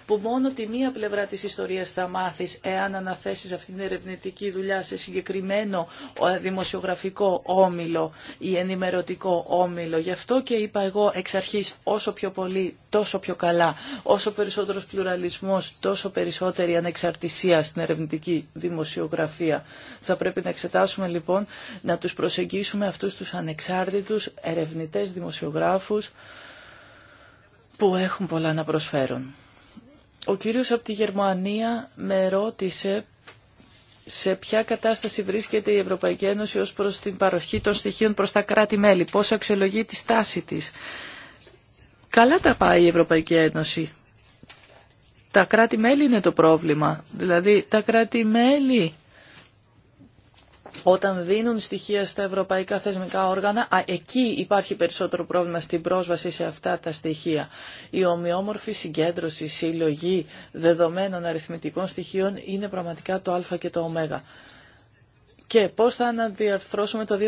που μόνο τη μία πλευρά τη ιστορία θα μάθει εάν αναθέσει αυτήν την ερευνητική δουλειά σε συγκεκριμένο δημοσιογραφικό όμιλο ή ενημερωτικό όμιλο. Γι' αυτό και είπα εγώ εξ αρχή όσο πιο πολύ, τόσο πιο καλά. Όσο περισσότερο πλουραλισμό, τόσο περισσότερη ανεξαρτησία στην ερευνητική δημοσιογραφία πρέπει να εξετάσουμε λοιπόν να τους προσεγγίσουμε αυτούς τους ανεξάρτητους ερευνητές δημοσιογράφους που έχουν πολλά να προσφέρουν. Ο κύριος από τη Γερμανία με ρώτησε σε ποια κατάσταση βρίσκεται η Ευρωπαϊκή Ένωση ως προς την παροχή των στοιχείων προς τα κράτη-μέλη, πώς αξιολογεί τη στάση της. Καλά τα πάει η Ευρωπαϊκή Ένωση. Τα κράτη-μέλη είναι το πρόβλημα. Δηλαδή τα κράτη-μέλη όταν δίνουν στοιχεία στα ευρωπαϊκά θεσμικά όργανα, εκεί υπάρχει περισσότερο πρόβλημα στην πρόσβαση σε αυτά τα στοιχεία. Η ομοιόμορφη συγκέντρωση, η συλλογή δεδομένων αριθμητικών στοιχείων είναι πραγματικά το α και το ω. Και πώς θα αναδιαρθρώσουμε το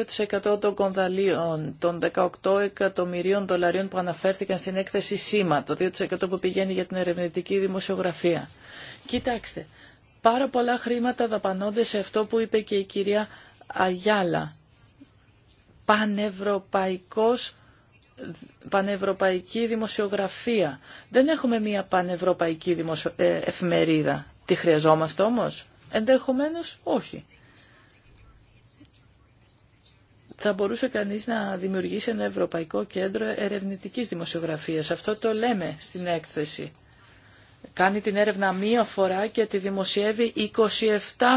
2% των κονδαλίων, των 18 εκατομμυρίων δολαρίων που αναφέρθηκαν στην έκθεση ΣΥΜΑ, το 2% που πηγαίνει για την ερευνητική δημοσιογραφία. Κοιτάξτε, Πάρα πολλά χρήματα δαπανώνται σε αυτό που είπε και η κυρία Αγιάλα. Πανευρωπαϊκός πανευρωπαϊκή δημοσιογραφία. Δεν έχουμε μια πανευρωπαϊκή ε, εφημερίδα. Τη χρειαζόμαστε όμως. Ενδεχομένως όχι. Θα μπορούσε κανείς να δημιουργήσει ένα ευρωπαϊκό κέντρο ερευνητικής δημοσιογραφίας. Αυτό το λέμε στην έκθεση κάνει την έρευνα μία φορά και τη δημοσιεύει 27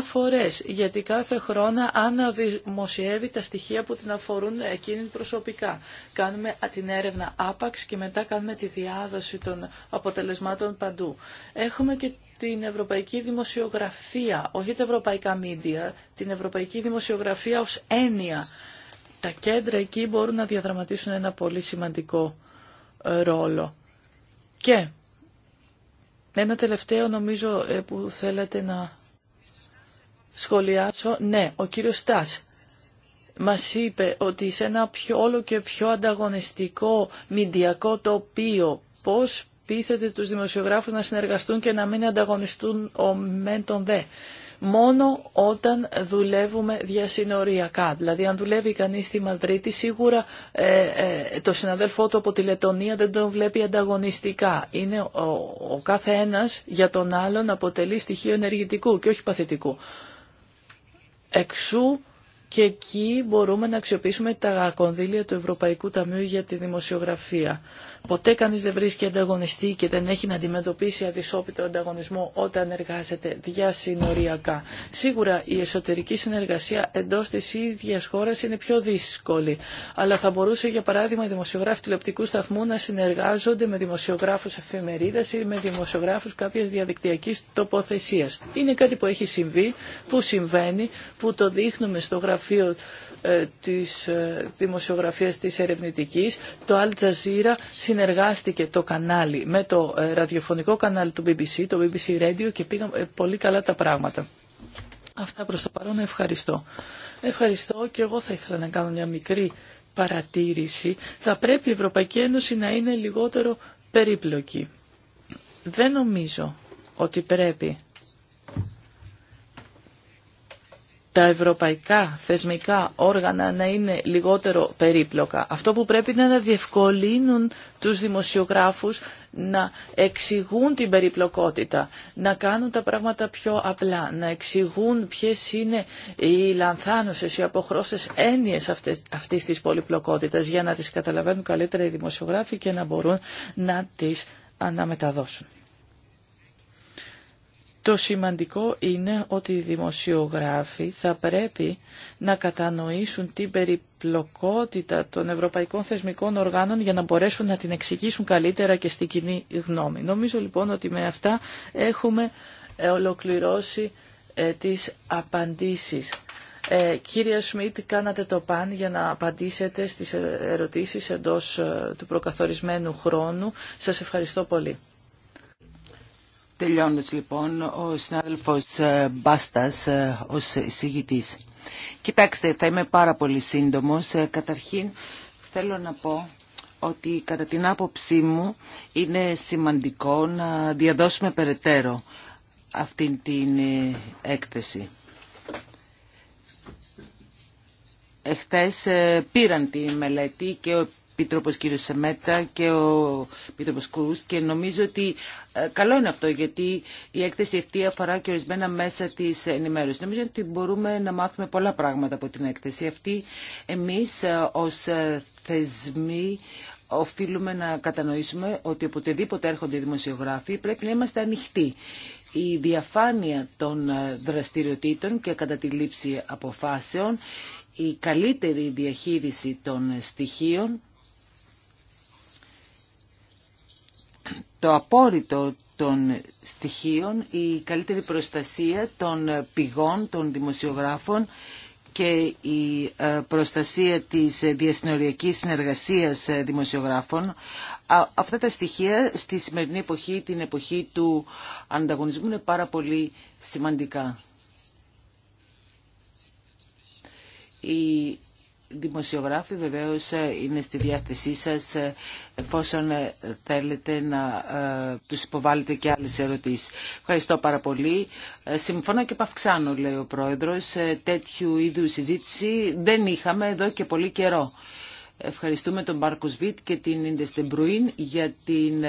φορές, γιατί κάθε χρόνο αναδημοσιεύει τα στοιχεία που την αφορούν εκείνη προσωπικά. Κάνουμε την έρευνα άπαξ και μετά κάνουμε τη διάδοση των αποτελεσμάτων παντού. Έχουμε και την ευρωπαϊκή δημοσιογραφία, όχι τα ευρωπαϊκά μίντια, την ευρωπαϊκή δημοσιογραφία ως έννοια. Τα κέντρα εκεί μπορούν να διαδραματίσουν ένα πολύ σημαντικό ε, ρόλο. Και ένα τελευταίο νομίζω ε, που θέλετε να σχολιάσω. Ναι, ο κύριος Στάς μας είπε ότι σε ένα πιο, όλο και πιο ανταγωνιστικό μηντιακό τοπίο πώς πείθετε τους δημοσιογράφους να συνεργαστούν και να μην ανταγωνιστούν ο μεν τον δε μόνο όταν δουλεύουμε διασυνοριακά. Δηλαδή αν δουλεύει κανείς στη Μαδρίτη σίγουρα ε, ε, το συναδέλφό του από τη Λετωνία δεν τον βλέπει ανταγωνιστικά. Είναι ο, ο κάθε ένας για τον άλλον αποτελεί στοιχείο ενεργητικού και όχι παθητικού. Εξού και εκεί μπορούμε να αξιοποιήσουμε τα κονδύλια του Ευρωπαϊκού Ταμείου για τη Δημοσιογραφία. Ποτέ κανεί δεν βρίσκει ανταγωνιστή και δεν έχει να αντιμετωπίσει αδυσόπιτο ανταγωνισμό όταν εργάζεται διασυνοριακά. Σίγουρα η εσωτερική συνεργασία εντό τη ίδια χώρα είναι πιο δύσκολη. Αλλά θα μπορούσε για παράδειγμα οι δημοσιογράφοι τηλεοπτικού σταθμού να συνεργάζονται με δημοσιογράφου εφημερίδα ή με δημοσιογράφου κάποια διαδικτυακή τοποθεσία. Είναι κάτι που έχει συμβεί, που συμβαίνει, που το δείχνουμε στο γραφείο ε, της ε, δημοσιογραφίας της ερευνητικής. Το Al Jazeera συνεργάστηκε το κανάλι με το ε, ραδιοφωνικό κανάλι του BBC, το BBC Radio και πήγαν πολύ καλά τα πράγματα. Αυτά προς το παρόν ευχαριστώ. Ευχαριστώ και εγώ θα ήθελα να κάνω μια μικρή παρατήρηση. Θα πρέπει η Ευρωπαϊκή Ένωση να είναι λιγότερο περίπλοκη. Δεν νομίζω ότι πρέπει τα ευρωπαϊκά θεσμικά όργανα να είναι λιγότερο περίπλοκα. Αυτό που πρέπει είναι να διευκολύνουν τους δημοσιογράφους να εξηγούν την περιπλοκότητα, να κάνουν τα πράγματα πιο απλά, να εξηγούν ποιες είναι οι λανθάνωσες, οι αποχρώσεις έννοιες αυτές, αυτής της πολυπλοκότητας για να τις καταλαβαίνουν καλύτερα οι δημοσιογράφοι και να μπορούν να τις αναμεταδώσουν. Το σημαντικό είναι ότι οι δημοσιογράφοι θα πρέπει να κατανοήσουν την περιπλοκότητα των ευρωπαϊκών θεσμικών οργάνων για να μπορέσουν να την εξηγήσουν καλύτερα και στην κοινή γνώμη. Νομίζω λοιπόν ότι με αυτά έχουμε ε, ολοκληρώσει ε, τις απαντήσεις. Ε, κύριε Σμιτ, κάνατε το παν για να απαντήσετε στις ερωτήσεις εντός του προκαθορισμένου χρόνου. Σας ευχαριστώ πολύ. Τελειώνω, λοιπόν ο συνάδελφος ε, Μπάστας ε, ως εισηγητής. Κοιτάξτε, θα είμαι πάρα πολύ σύντομος. Ε, καταρχήν θέλω να πω ότι κατά την άποψή μου είναι σημαντικό να διαδώσουμε περαιτέρω αυτή την έκθεση. Εχθές πήραν τη μελέτη και Επίτροπος κ. Σεμέτα και ο Επίτροπος Κρούς και νομίζω ότι ε, καλό είναι αυτό γιατί η έκθεση αυτή αφορά και ορισμένα μέσα της ενημέρωσης. Νομίζω ότι μπορούμε να μάθουμε πολλά πράγματα από την έκθεση αυτή. Εμείς ε, ως ε, θεσμοί οφείλουμε να κατανοήσουμε ότι οποτεδήποτε έρχονται οι δημοσιογράφοι πρέπει να είμαστε ανοιχτοί. Η διαφάνεια των δραστηριοτήτων και κατά τη λήψη αποφάσεων, η καλύτερη διαχείριση των στοιχείων το απόρριτο των στοιχείων, η καλύτερη προστασία των πηγών, των δημοσιογράφων και η ε, προστασία της διασυνοριακής συνεργασίας ε, δημοσιογράφων. Αυτά τα στοιχεία στη σημερινή εποχή, την εποχή του ανταγωνισμού, είναι πάρα πολύ σημαντικά δημοσιογράφοι βεβαίως ε, είναι στη διάθεσή σας ε, εφόσον ε, θέλετε να τους υποβάλλετε και άλλες ερωτήσεις. Ευχαριστώ πάρα πολύ. Συμφωνώ και παυξάνω, λέει ο Πρόεδρος. Τέτοιου είδου συζήτηση δεν είχαμε εδώ και πολύ καιρό. Ευχαριστούμε τον Μάρκο Βίτ και την Ίντεστε Μπρουίν για την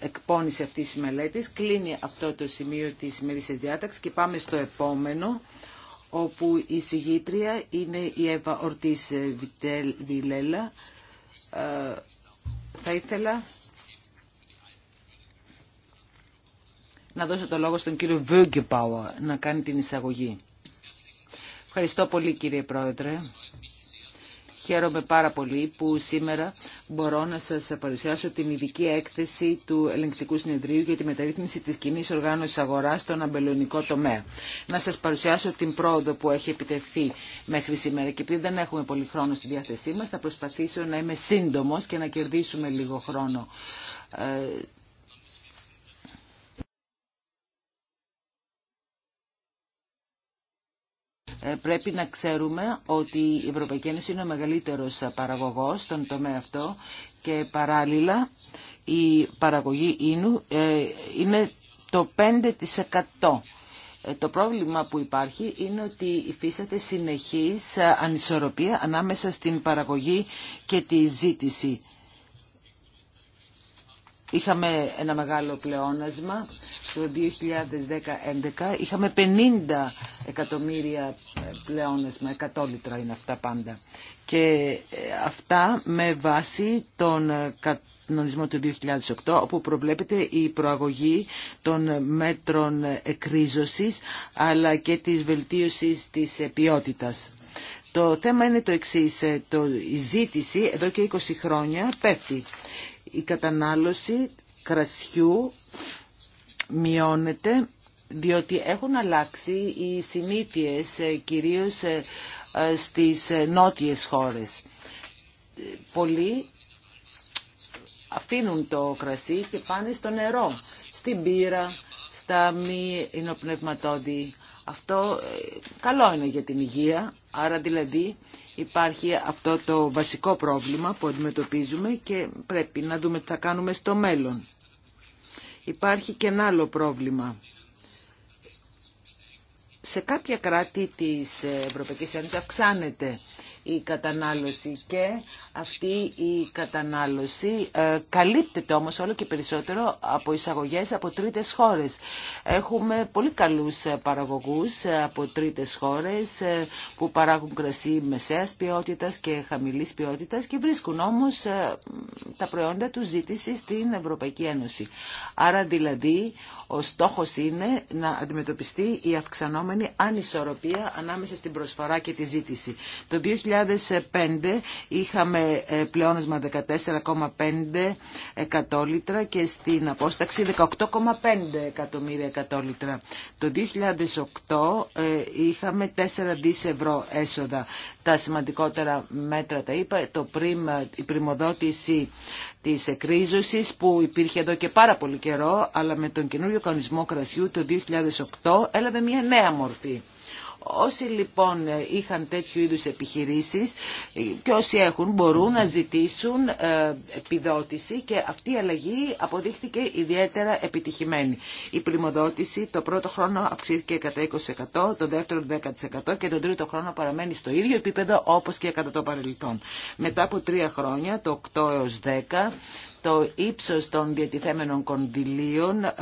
εκπόνηση αυτής της μελέτης. Κλείνει αυτό το σημείο της σημερινής διάταξης και πάμε στο επόμενο όπου η συγγήτρια είναι η Εύα Ορτής Βιλέλα. Ε, θα ήθελα να δώσω το λόγο στον κύριο Βούγκεπάουα να κάνει την εισαγωγή. Ευχαριστώ πολύ κύριε Πρόεδρε. Χαίρομαι πάρα πολύ που σήμερα μπορώ να σας παρουσιάσω την ειδική έκθεση του Ελεγκτικού Συνεδρίου για τη μεταρρύθμιση της κοινή οργάνωσης αγοράς στον αμπελονικό τομέα. Να σας παρουσιάσω την πρόοδο που έχει επιτευχθεί μέχρι σήμερα και επειδή δεν έχουμε πολύ χρόνο στη διάθεσή μας θα προσπαθήσω να είμαι σύντομος και να κερδίσουμε λίγο χρόνο ε, Ε, πρέπει να ξέρουμε ότι η Ευρωπαϊκή Ένωση είναι ο μεγαλύτερος παραγωγός στον τομέα αυτό και παράλληλα η παραγωγή ίνου ε, είναι το 5%. Ε, το πρόβλημα που υπάρχει είναι ότι υφίσταται συνεχής ανισορροπία ανάμεσα στην παραγωγή και τη ζήτηση. Είχαμε ένα μεγάλο πλεόνασμα. Το 2011 είχαμε 50 εκατομμύρια ε, πλεόνασμα, λίτρα είναι αυτά πάντα. Και ε, αυτά με βάση τον ε, κανονισμό του 2008, όπου προβλέπεται η προαγωγή των μέτρων εκρίζωσης, αλλά και της βελτίωσης της ποιότητας. Το θέμα είναι το εξής, το, η ζήτηση εδώ και 20 χρόνια πέφτει η κατανάλωση κρασιού μειώνεται διότι έχουν αλλάξει οι συνήθειες ε, κυρίως ε, ε, στις νότιες χώρες. Πολλοί αφήνουν το κρασί και πάνε στο νερό, στην πύρα, στα μη εινοπνευματώδη Αυτό καλό είναι για την υγεία, Άρα δηλαδή υπάρχει αυτό το βασικό πρόβλημα που αντιμετωπίζουμε και πρέπει να δούμε τι θα κάνουμε στο μέλλον. Υπάρχει και ένα άλλο πρόβλημα. Σε κάποια κράτη της Ευρωπαϊκής Ένωσης αυξάνεται η κατανάλωση και αυτή η κατανάλωση ε, καλύπτεται όμως όλο και περισσότερο από εισαγωγές από τρίτες χώρες. Έχουμε πολύ καλούς ε, παραγωγούς ε, από τρίτες χώρες που παράγουν κρασί μεσαίας ποιότητας και χαμηλής ποιότητας και βρίσκουν όμως τα προϊόντα του ζήτηση στην Ευρωπαϊκή Ένωση. Άρα δηλαδή ο στόχος είναι να αντιμετωπιστεί η αυξανόμενη ανισορροπία ανάμεσα στην προσφορά και τη ζήτηση. Το 2005 είχαμε ε, πλεόνασμα 14,5 εκατόλιτρα και στην απόσταξη 18,5 εκατομμύρια εκατόλιτρα. Το 2008 ε, είχαμε 4 δις ευρώ έσοδα. Τα σημαντικότερα μέτρα τα είπα, το πριμ, η πριμοδότηση της εκρίζωσης που υπήρχε εδώ και πάρα πολύ καιρό, αλλά με τον καινούριο κανονισμό κρασιού το 2008 έλαβε μια νέα μορφή. Όσοι λοιπόν είχαν τέτοιου είδους επιχειρήσεις και όσοι έχουν μπορούν να ζητήσουν ε, επιδότηση και αυτή η αλλαγή αποδείχθηκε ιδιαίτερα επιτυχημένη. Η πλημοδότηση το πρώτο χρόνο αυξήθηκε κατά 20%, το δεύτερο 10% και τον τρίτο χρόνο παραμένει στο ίδιο επίπεδο όπως και κατά το παρελθόν. Μετά από τρία χρόνια, το 8 έως 10, το ύψος των διατηθέμενων κονδυλίων ε,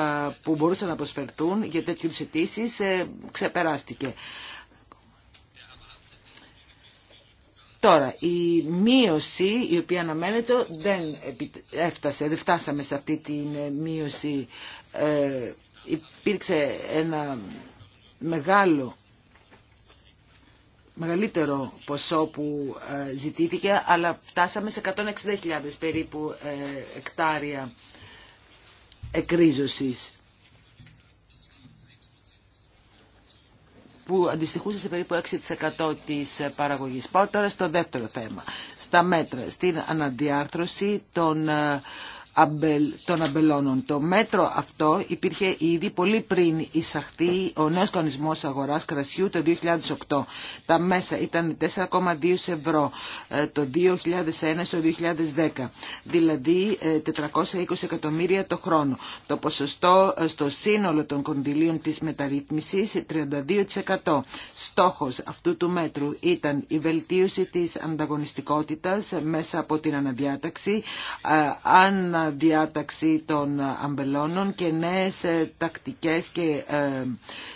που μπορούσαν να προσφερθούν για τέτοιου αιτήσει ε, ξεπεράστηκε. Τώρα, η μείωση η οποία αναμένεται δεν έφτασε, δεν φτάσαμε σε αυτή τη ε, μείωση. Ε, υπήρξε ένα μεγάλο μεγαλύτερο ποσό που ε, ζητήθηκε, αλλά φτάσαμε σε 160.000 περίπου ε, εκτάρια εκρίζωσης. που αντιστοιχούσε σε περίπου 6% της ε, παραγωγής. Πάω τώρα στο δεύτερο θέμα, στα μέτρα, στην αναδιάρθρωση των ε, των αμπελώνων. Το μέτρο αυτό υπήρχε ήδη πολύ πριν εισαχθεί ο νέος κανονισμός αγοράς κρασιού το 2008. Τα μέσα ήταν 4,2 ευρώ ε, το 2001 στο 2010, δηλαδή 420 ε, εκατομμύρια το χρόνο. Το ποσοστό ε, στο σύνολο των κονδυλίων της μεταρρύθμισης 32%. Στόχος αυτού του μέτρου ήταν η βελτίωση της ανταγωνιστικότητας μέσα από την αναδιάταξη, αν διάταξη των αμπελώνων και νέες ε, τακτικές και ε,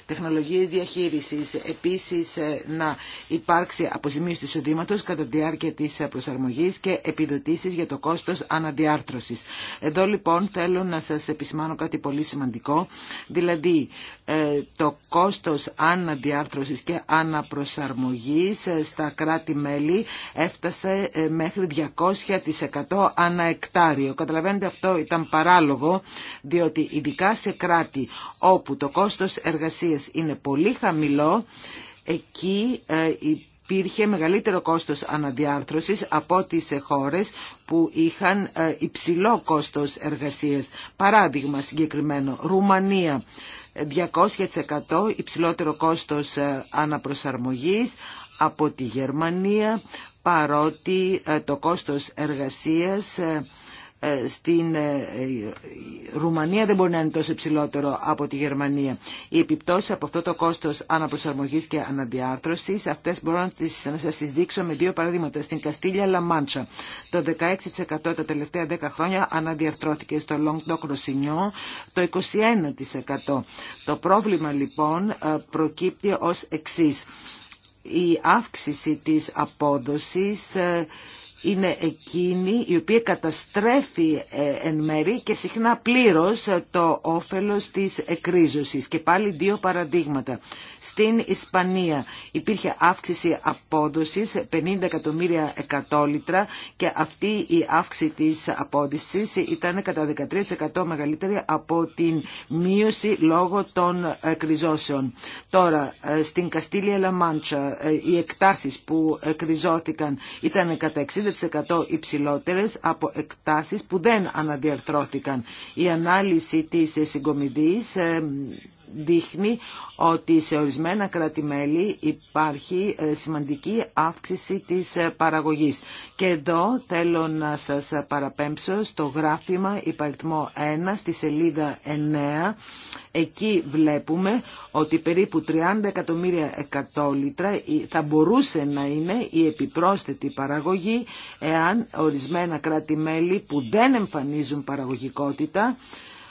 τεχνολογίες διαχείρισης. Επίσης ε, να υπάρξει αποζημίωση του εισοδήματος κατά τη διάρκεια της προσαρμογής και επιδοτήσεις για το κόστος αναδιάρθρωσης. Εδώ λοιπόν θέλω να σας επισημάνω κάτι πολύ σημαντικό, δηλαδή ε, το κόστος αναδιάρθρωσης και αναπροσαρμογής ε, στα κράτη-μέλη έφτασε ε, μέχρι 200% ανά εκτάριο. Καταλαβαίνετε αυτό ήταν παράλογο διότι ειδικά σε κράτη όπου το κόστος εργασίας είναι πολύ χαμηλό εκεί η υπήρχε μεγαλύτερο κόστος αναδιάρθρωσης από τις σε χώρες που είχαν ε, υψηλό κόστος εργασίας. Παράδειγμα συγκεκριμένο, Ρουμανία. 200% υψηλότερο κόστος ε, αναπροσαρμογής από τη Γερμανία, παρότι ε, το κόστος εργασίας ε, στην ε, Ρουμανία δεν μπορεί να είναι τόσο υψηλότερο από τη Γερμανία. Οι επιπτώσει από αυτό το κόστος αναπροσαρμογής και αναδιάρθρωσης, αυτές μπορώ να, σα να σας δείξω με δύο παραδείγματα. Στην Καστήλια Λαμάντσα, το 16% τα τελευταία 10 χρόνια αναδιαρθρώθηκε στο Λόγκτο Κροσινιό, το 21%. Το πρόβλημα λοιπόν ε, προκύπτει ω εξή. Η αύξηση της απόδοσης είναι εκείνη η οποία καταστρέφει ε, εν μέρη και συχνά πλήρως ε, το όφελος της εκρίζωσης. Και πάλι δύο παραδείγματα. Στην Ισπανία υπήρχε αύξηση απόδοσης 50 εκατομμύρια εκατόλιτρα και αυτή η αύξηση της απόδοσης ήταν κατά 13% μεγαλύτερη από την μείωση λόγω των εκριζώσεων. Τώρα, ε, στην Καστήλια Λαμάντσα οι εκτάσεις που εκρυζώθηκαν ήταν κατά 60% 40% υψηλότερες από εκτάσεις που δεν αναδιαρθρώθηκαν. Η ανάλυση της συγκομιδής ε, δείχνει ότι σε ορισμένα κράτη-μέλη υπάρχει ε, σημαντική αύξηση της ε, παραγωγής. Και εδώ θέλω να σας παραπέμψω στο γράφημα υπαριθμό 1 στη σελίδα 9. Εκεί βλέπουμε ότι περίπου 30 εκατομμύρια εκατόλιτρα θα μπορούσε να είναι η επιπρόσθετη παραγωγή εάν ορισμένα κράτη-μέλη που δεν εμφανίζουν παραγωγικότητα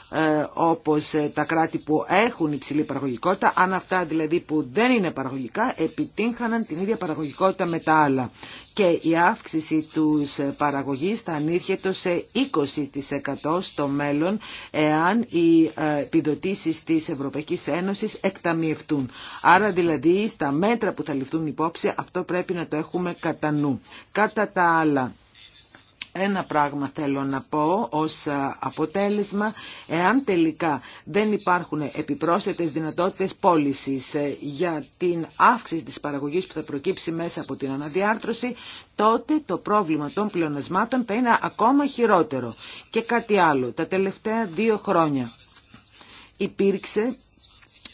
ε, όπως ε, τα κράτη που έχουν υψηλή παραγωγικότητα, αν αυτά δηλαδή που δεν είναι παραγωγικά επιτύχαναν την ίδια παραγωγικότητα με τα άλλα. Και η αύξηση τους ε, παραγωγής θα ανήρχεται σε 20% στο μέλλον εάν οι επιδοτήσεις της Ευρωπαϊκής Ένωσης εκταμιευτούν. Άρα δηλαδή στα μέτρα που θα ληφθούν υπόψη αυτό πρέπει να το έχουμε κατά νου. Κατά τα άλλα, ένα πράγμα θέλω να πω ως αποτέλεσμα, εάν τελικά δεν υπάρχουν επιπρόσθετες δυνατότητες πώληση ε, για την αύξηση της παραγωγής που θα προκύψει μέσα από την αναδιάρθρωση, τότε το πρόβλημα των πλεονασμάτων θα είναι ακόμα χειρότερο. Και κάτι άλλο, τα τελευταία δύο χρόνια υπήρξε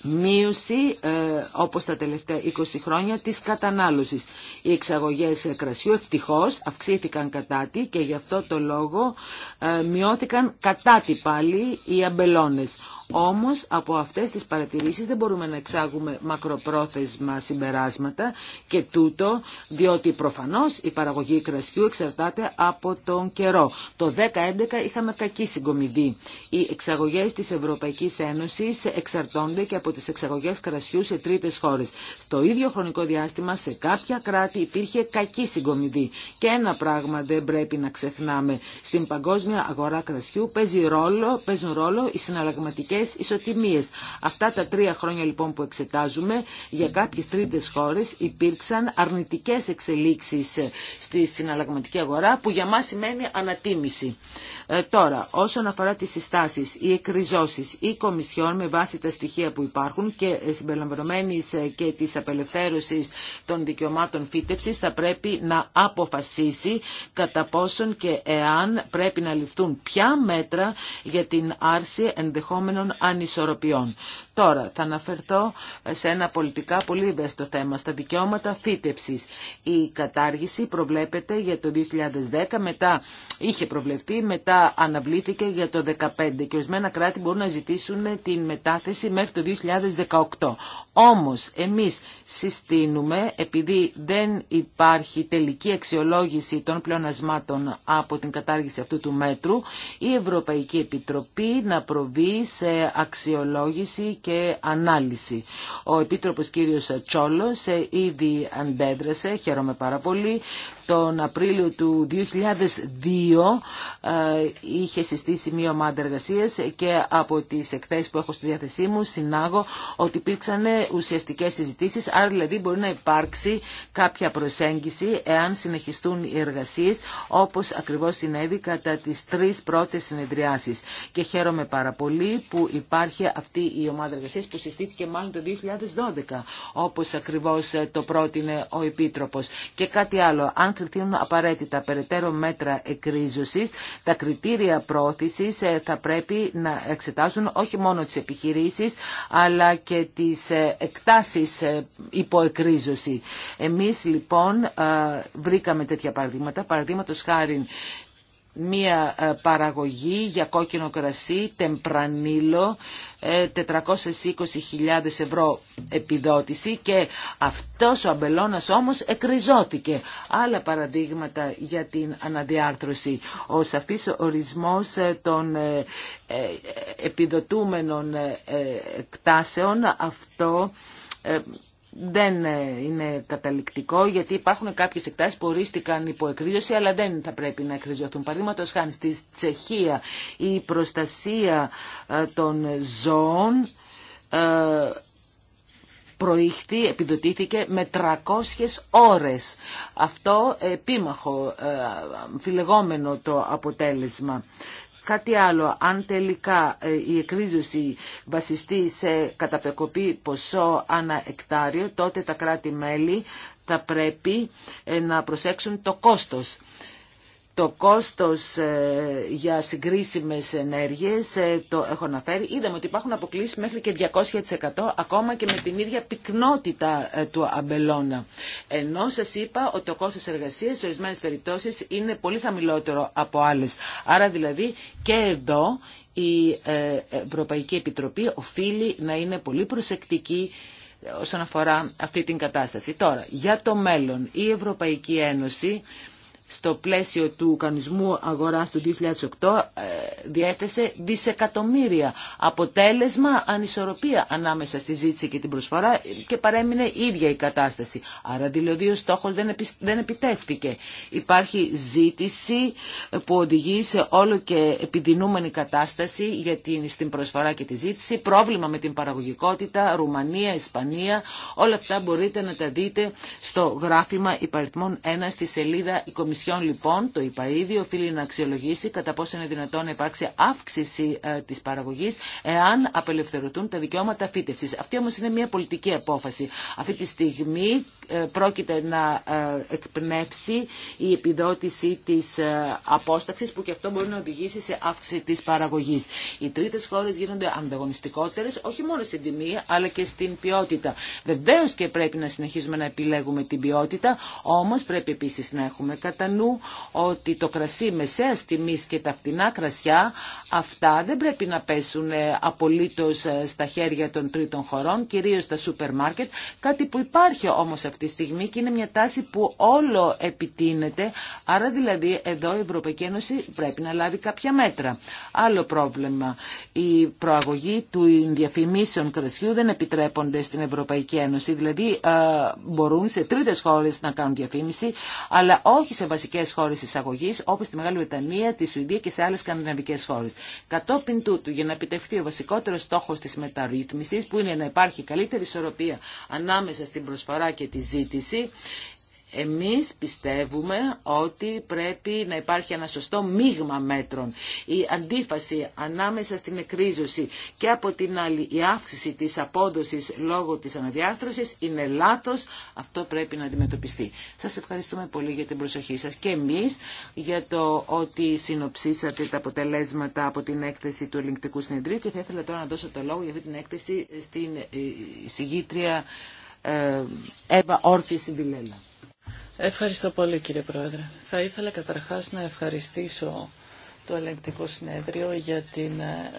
μείωση, ε, όπως τα τελευταία 20 χρόνια, της κατανάλωσης. Οι εξαγωγές κρασιού ευτυχώς αυξήθηκαν κατά τη και γι' αυτό το λόγο ε, μειώθηκαν κατά τη πάλι οι αμπελώνες. Όμως από αυτές τις παρατηρήσεις δεν μπορούμε να εξάγουμε μακροπρόθεσμα συμπεράσματα και τούτο διότι προφανώς η παραγωγή κρασιού εξαρτάται από τον καιρό. Το 2011 είχαμε κακή συγκομιδή. Οι εξαγωγές της Ευρωπαϊκής Ένωσης εξαρτώνται και από τις εξαγωγές κρασιού σε τρίτες χώρες. Στο ίδιο χρονικό διάστημα σε κάποια κράτη υπήρχε κακή συγκομιδή. Και ένα πράγμα δεν πρέπει να ξεχνάμε. Στην παγκόσμια αγορά κρασιού ρόλο, ρόλο οι ισοτιμίες. Αυτά τα τρία χρόνια λοιπόν που εξετάζουμε για κάποιες τρίτες χώρες υπήρξαν αρνητικές εξελίξεις στη συναλλαγματική αγορά που για μας σημαίνει ανατίμηση. Ε, τώρα, όσον αφορά τις συστάσεις, οι εκριζώσεις, η Κομισιόν με βάση τα στοιχεία που υπάρχουν και ε, συμπεριλαμβανομένης ε, και της απελευθέρωσης των δικαιωμάτων φύτευσης θα πρέπει να αποφασίσει κατά πόσον και εάν πρέπει να ληφθούν ποια μέτρα για την άρση ενδεχόμενων ανισορροπιών. Τώρα θα αναφερθώ σε ένα πολιτικά πολύ ευαίσθητο θέμα, στα δικαιώματα φύτευσης. Η κατάργηση προβλέπεται για το 2010, μετά είχε προβλεφτεί, μετά αναβλήθηκε για το 2015 και ορισμένα κράτη μπορούν να ζητήσουν την μετάθεση μέχρι το 2018. Όμως εμείς συστήνουμε, επειδή δεν υπάρχει τελική αξιολόγηση των πλεονασμάτων από την κατάργηση αυτού του μέτρου, η Ευρωπαϊκή Επιτροπή να προβεί σε αξιολόγηση ανάλυση. Ο Επίτροπος κύριος Τσόλος ε, ήδη αντέδρασε, χαίρομαι πάρα πολύ τον Απρίλιο του 2002 ε, είχε συστήσει μια ομάδα εργασία και από τις εκθέσεις που έχω στη διάθεσή μου συνάγω ότι υπήρξαν ουσιαστικές συζητήσεις, άρα δηλαδή μπορεί να υπάρξει κάποια προσέγγιση εάν συνεχιστούν οι εργασίες όπως ακριβώς συνέβη κατά τις τρει πρώτες συνεδριάσεις. Και χαίρομαι πάρα πολύ που υπάρχει αυτή η ομάδα εργασία που συστήθηκε μάλλον το 2012 όπως ακριβώς το πρότεινε ο Επίτροπος. Και κάτι άλλο, αν κρυθούν απαραίτητα. Περαιτέρω μέτρα εκρίζωσης, τα κριτήρια πρόθεσης ε, θα πρέπει να εξετάσουν όχι μόνο τις επιχειρήσεις, αλλά και τις ε, εκτάσεις ε, υποεκρίζωση. Εμείς λοιπόν βρήκαμε τέτοια παραδείγματα, παραδείγματος χάρη μία ε, παραγωγή για κόκκινο κρασί, τεμπρανίλο, 420.000 ε, ευρώ επιδότηση και αυτός ο αμπελώνας όμως εκριζώθηκε. Άλλα παραδείγματα για την αναδιάρθρωση. Ο σαφής ορισμός ε, των επιδοτούμενων εκτάσεων, αυτό δεν ε, είναι καταληκτικό γιατί υπάρχουν κάποιες εκτάσεις που ορίστηκαν υπό αλλά δεν θα πρέπει να εκριζωθούν. Παραδείγματο χάνει στη Τσεχία η προστασία ε, των ζώων ε, προήχθη, επιδοτήθηκε με 300 ώρες. Αυτό επίμαχο, φιλεγόμενο το αποτέλεσμα. Κάτι άλλο, αν τελικά ε, η εκρίζωση βασιστεί σε καταπεκοπή ποσό ανά εκτάριο, τότε τα κράτη-μέλη θα πρέπει ε, να προσέξουν το κόστος το κόστος ε, για συγκρίσιμες ενέργειες ε, το έχω αναφέρει. Είδαμε ότι υπάρχουν αποκλήσεις μέχρι και 200% ακόμα και με την ίδια πυκνότητα ε, του αμπελώνα. Ενώ σας είπα ότι το κόστος εργασίας σε ορισμένες περιπτώσεις είναι πολύ χαμηλότερο από άλλες. Άρα δηλαδή και εδώ η Ευρωπαϊκή Επιτροπή οφείλει να είναι πολύ προσεκτική όσον αφορά αυτή την κατάσταση. Τώρα, για το μέλλον, η Ευρωπαϊκή Ένωση στο πλαίσιο του κανονισμού αγοράς του 2008 ε, διέθεσε δισεκατομμύρια. Αποτέλεσμα ανισορροπία ανάμεσα στη ζήτηση και την προσφορά και παρέμεινε ίδια η κατάσταση. Άρα δηλαδή ο στόχος δεν, επι, δεν επιτεύχθηκε. Υπάρχει ζήτηση που οδηγεί σε όλο και επιδεινούμενη κατάσταση για την, στην προσφορά και τη ζήτηση, πρόβλημα με την παραγωγικότητα, Ρουμανία, Ισπανία, όλα αυτά μπορείτε να τα δείτε στο γράφημα υπαριθμών 1 στη σελίδα 20 λοιπόν, το είπα ήδη, οφείλει να αξιολογήσει κατά πόσο είναι δυνατόν να υπάρξει αύξηση ε, της παραγωγής εάν απελευθερωθούν τα δικαιώματα φύτευσης. Αυτή όμως είναι μια πολιτική απόφαση. Αυτή τη στιγμή ε, πρόκειται να ε, εκπνεύσει η επιδότηση της απόσταξης που και αυτό μπορεί να οδηγήσει σε αύξηση της παραγωγής. Οι τρίτες χώρες γίνονται ανταγωνιστικότερες όχι μόνο στην τιμή αλλά και στην ποιότητα. Βεβαίως και πρέπει να συνεχίζουμε να επιλέγουμε την ποιότητα όμως πρέπει επίσης να έχουμε κατά νου ότι το κρασί μεσαία τιμής και τα φτηνά κρασιά αυτά δεν πρέπει να πέσουν ε, απολύτω ε, στα χέρια των τρίτων χωρών, κυρίω στα σούπερ μάρκετ, κάτι που υπάρχει όμω αυτή τη στιγμή και είναι μια τάση που όλο επιτείνεται, άρα δηλαδή εδώ η Ευρωπαϊκή Ένωση πρέπει να λάβει κάποια μέτρα. Άλλο πρόβλημα, η προαγωγή του διαφημίσεων κρασιού δεν επιτρέπονται στην Ευρωπαϊκή Ένωση, δηλαδή ε, μπορούν σε τρίτε χώρε να κάνουν διαφήμιση, αλλά όχι σε βασικά βασικές χώρε εισαγωγή, όπω τη Μεγάλη Βρετανία, τη Σουηδία και σε άλλε σκανδιναβικέ χώρε. Κατόπιν τούτου, για να επιτευχθεί ο βασικότερος στόχο τη μεταρρύθμισης, που είναι να υπάρχει καλύτερη ισορροπία ανάμεσα στην προσφορά και τη ζήτηση, εμείς πιστεύουμε ότι πρέπει να υπάρχει ένα σωστό μείγμα μέτρων. Η αντίφαση ανάμεσα στην εκρίζωση και από την άλλη η αύξηση της απόδοσης λόγω της αναδιάρθρωσης είναι λάθος. Αυτό πρέπει να αντιμετωπιστεί. Σας ευχαριστούμε πολύ για την προσοχή σας και εμείς για το ότι συνοψίσατε τα αποτελέσματα από την έκθεση του Ελληνικτικού Συνεδρίου και θα ήθελα τώρα να δώσω το λόγο για αυτή την έκθεση στην ε, συγγήτρια ε, Εύα Όρτη Σιμπιλέλα. Ευχαριστώ πολύ κύριε Πρόεδρε. Θα ήθελα καταρχάς να ευχαριστήσω το ελεγκτικό συνέδριο για την ε,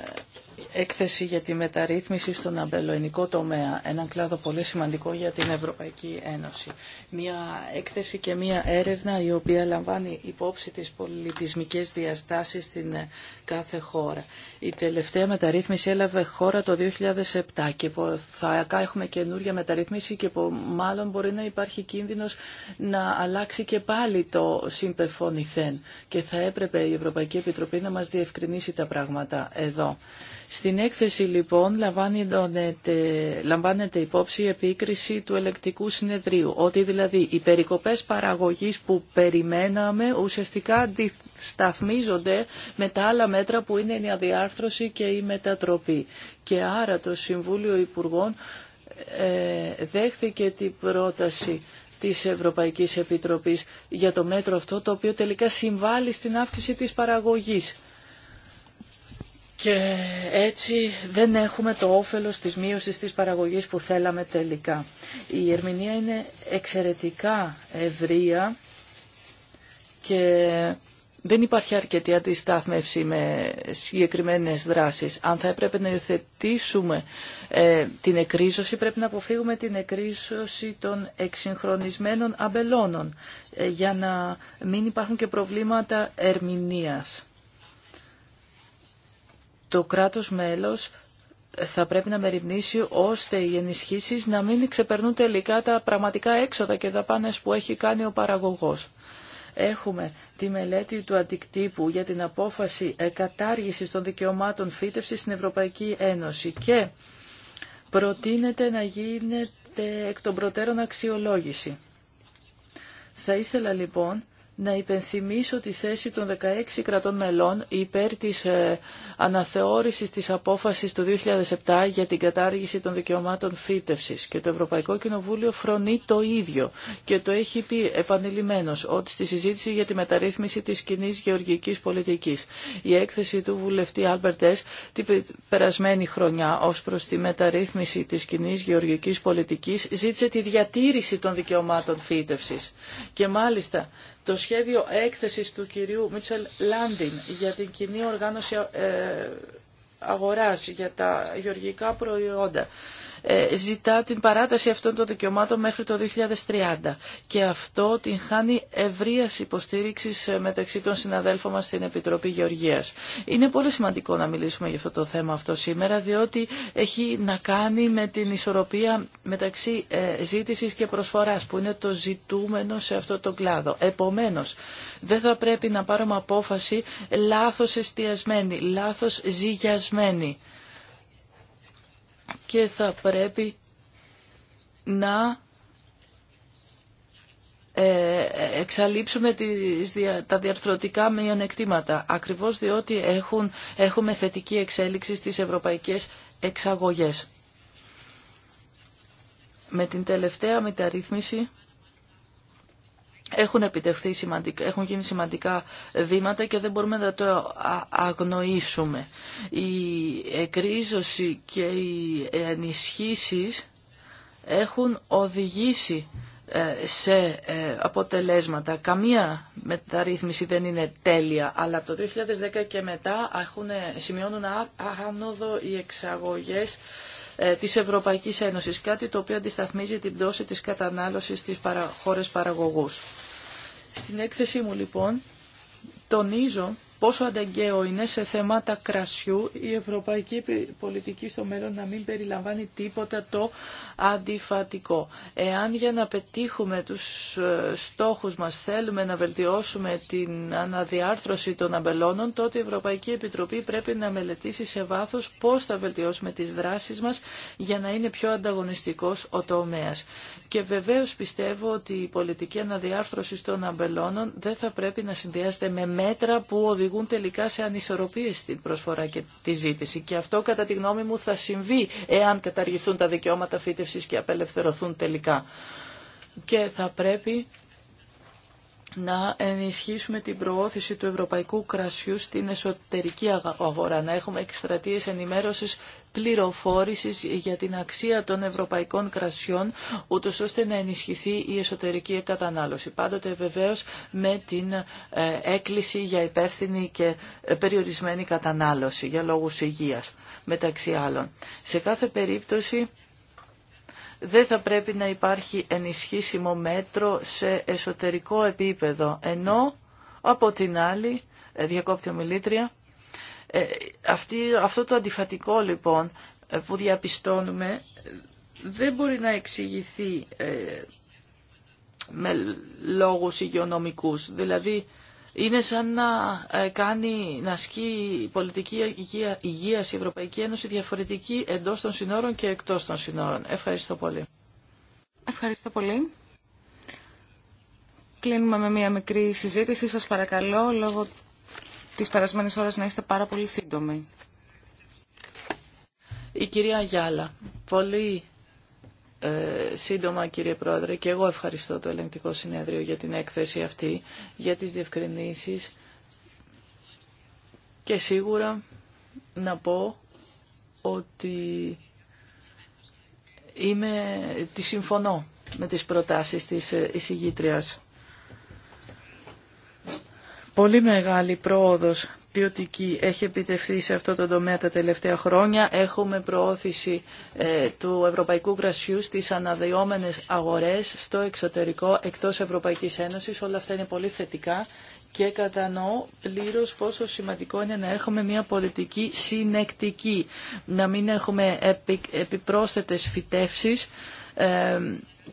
έκθεση για τη μεταρρύθμιση στον αμπελοενικό τομέα, έναν κλάδο πολύ σημαντικό για την Ευρωπαϊκή Ένωση. Μια έκθεση και μια έρευνα η οποία λαμβάνει υπόψη τις πολιτισμικές διαστάσεις στην κάθε χώρα. Η τελευταία μεταρρύθμιση έλαβε χώρα το 2007 και θα έχουμε καινούργια μεταρρύθμιση και που μάλλον μπορεί να υπάρχει κίνδυνος να αλλάξει και πάλι το συμπεφωνηθέν και θα έπρεπε η Ευρωπαϊκή Επιτροπή να μας διευκρινίσει τα πράγματα εδώ. Στην έκθεση λοιπόν λαμβάνεται υπόψη η επίκριση του ελεκτικού συνεδρίου, ότι δηλαδή οι περικοπές παραγωγής που περιμέναμε ουσιαστικά αντισταθμίζονται με τα άλλα μέτρα που είναι η αδιάρθρωση και η μετατροπή. Και άρα το Συμβούλιο Υπουργών ε, δέχθηκε την πρόταση της Ευρωπαϊκής Επιτροπής για το μέτρο αυτό, το οποίο τελικά συμβάλλει στην αύξηση της παραγωγής και έτσι δεν έχουμε το όφελος της μείωσης της παραγωγής που θέλαμε τελικά. Η ερμηνεία είναι εξαιρετικά ευρεία και δεν υπάρχει αρκετή αντιστάθμευση με συγκεκριμένες δράσεις. Αν θα έπρεπε να υιοθετήσουμε ε, την εκρίζωση, πρέπει να αποφύγουμε την εκρίζωση των εξυγχρονισμένων αμπελώνων, ε, για να μην υπάρχουν και προβλήματα ερμηνείας το κράτος μέλος θα πρέπει να μεριμνήσει ώστε οι ενισχύσεις να μην ξεπερνούν τελικά τα πραγματικά έξοδα και δαπάνες που έχει κάνει ο παραγωγός. Έχουμε τη μελέτη του αντικτύπου για την απόφαση κατάργηση των δικαιωμάτων φύτευσης στην Ευρωπαϊκή Ένωση και προτείνεται να γίνεται εκ των προτέρων αξιολόγηση. Θα ήθελα λοιπόν να υπενθυμίσω τη θέση των 16 κρατών μελών υπέρ της ε, αναθεώρησης της απόφασης του 2007 για την κατάργηση των δικαιωμάτων φύτευσης και το Ευρωπαϊκό Κοινοβούλιο φρονεί το ίδιο και το έχει πει επανειλημμένος ότι στη συζήτηση για τη μεταρρύθμιση της κοινή γεωργικής πολιτικής η έκθεση του βουλευτή Άλμπερτες την περασμένη χρονιά ως προς τη μεταρρύθμιση της κοινή γεωργικής πολιτικής ζήτησε τη διατήρηση των δικαιωμάτων φύτευσης και μάλιστα το σχέδιο έκθεσης του κυρίου Μίτσελ Λάντιν για την κοινή οργάνωση ε, αγοράς για τα γεωργικά προϊόντα ε, ζητά την παράταση αυτών των δικαιωμάτων μέχρι το 2030. Και αυτό την χάνει ευρεία υποστήριξη ε, μεταξύ των συναδέλφων μα στην Επιτροπή Γεωργία. Είναι πολύ σημαντικό να μιλήσουμε για αυτό το θέμα αυτό σήμερα, διότι έχει να κάνει με την ισορροπία μεταξύ ε, ζήτηση και προσφορά, που είναι το ζητούμενο σε αυτό το κλάδο. Επομένω, δεν θα πρέπει να πάρουμε απόφαση λάθο εστιασμένη, λάθο ζυγιασμένη και θα πρέπει να ε, εξαλείψουμε τα διαρθρωτικά μειονεκτήματα, ακριβώς διότι έχουν, έχουμε θετική εξέλιξη στις ευρωπαϊκές εξαγωγές. Με την τελευταία μεταρρύθμιση έχουν επιτευχθεί σημαντικά, έχουν γίνει σημαντικά βήματα και δεν μπορούμε να το αγνοήσουμε. Η εκρίζωση και οι ενισχύσεις έχουν οδηγήσει ε, σε ε, αποτελέσματα. Καμία μεταρρύθμιση δεν είναι τέλεια, αλλά από το 2010 και μετά έχουν, ε, σημειώνουν άνοδο οι εξαγωγές της Ευρωπαϊκής Ένωσης, κάτι το οποίο αντισταθμίζει την πτώση της κατανάλωσης στις χώρες παραγωγούς. Στην έκθεσή μου λοιπόν τονίζω πόσο ανταγκαίο είναι σε θέματα κρασιού η ευρωπαϊκή πολιτική στο μέλλον να μην περιλαμβάνει τίποτα το αντιφατικό. Εάν για να πετύχουμε τους ε, στόχους μας θέλουμε να βελτιώσουμε την αναδιάρθρωση των αμπελώνων, τότε η Ευρωπαϊκή Επιτροπή πρέπει να μελετήσει σε βάθος πώς θα βελτιώσουμε τις δράσεις μας για να είναι πιο ανταγωνιστικός ο τομέας. Και βεβαίως πιστεύω ότι η πολιτική αναδιάρθρωση των αμπελώνων δεν θα πρέπει να συνδυάζεται με μέτρα που οδηγούν οδηγούν τελικά σε ανισορροπίες στην προσφορά και τη ζήτηση. Και αυτό κατά τη γνώμη μου θα συμβεί εάν καταργηθούν τα δικαιώματα φύτευσης και απελευθερωθούν τελικά. Και θα πρέπει να ενισχύσουμε την προώθηση του ευρωπαϊκού κρασιού στην εσωτερική αγορά, να έχουμε εκστρατείες ενημέρωσης πληροφόρησης για την αξία των ευρωπαϊκών κρασιών, ούτω ώστε να ενισχυθεί η εσωτερική κατανάλωση. Πάντοτε βεβαίως με την ε, έκκληση για υπεύθυνη και ε, περιορισμένη κατανάλωση για λόγους υγείας, μεταξύ άλλων. Σε κάθε περίπτωση δεν θα πρέπει να υπάρχει ενισχύσιμο μέτρο σε εσωτερικό επίπεδο, ενώ από την άλλη, ε, διακόπτει ομιλήτρια, ε, αυτή, αυτό το αντιφατικό λοιπόν ε, που διαπιστώνουμε δεν μπορεί να εξηγηθεί με λόγους υγειονομικούς. Δηλαδή είναι σαν να ε, κάνει, να ασκεί πολιτική υγεία, υγείας Ευρωπαϊκή Ένωση διαφορετική εντός των συνόρων και εκτός των συνόρων. Ευχαριστώ πολύ. Ευχαριστώ πολύ. Κλείνουμε με μία μικρή συζήτηση. Σας παρακαλώ, λόγω της περασμένης ώρας, να είστε πάρα πολύ σύντομοι. Η κυρία Γιάλα, πολύ ε, σύντομα κύριε Πρόεδρε και εγώ ευχαριστώ το ελεγκτικό συνέδριο για την έκθεση αυτή, για τις διευκρινήσεις και σίγουρα να πω ότι είμαι, τη συμφωνώ με τις προτάσεις της ε, εισηγήτριας. Πολύ μεγάλη πρόοδος ποιοτική έχει επιτευχθεί σε αυτό το τομέα τα τελευταία χρόνια. Έχουμε προώθηση ε, του ευρωπαϊκού κρασιού στις αναδειόμενες αγορές στο εξωτερικό εκτός Ευρωπαϊκής Ένωσης. Όλα αυτά είναι πολύ θετικά και κατανοώ πλήρως πόσο σημαντικό είναι να έχουμε μια πολιτική συνεκτική, να μην έχουμε επιπρόσθετες φυτεύσεις ε,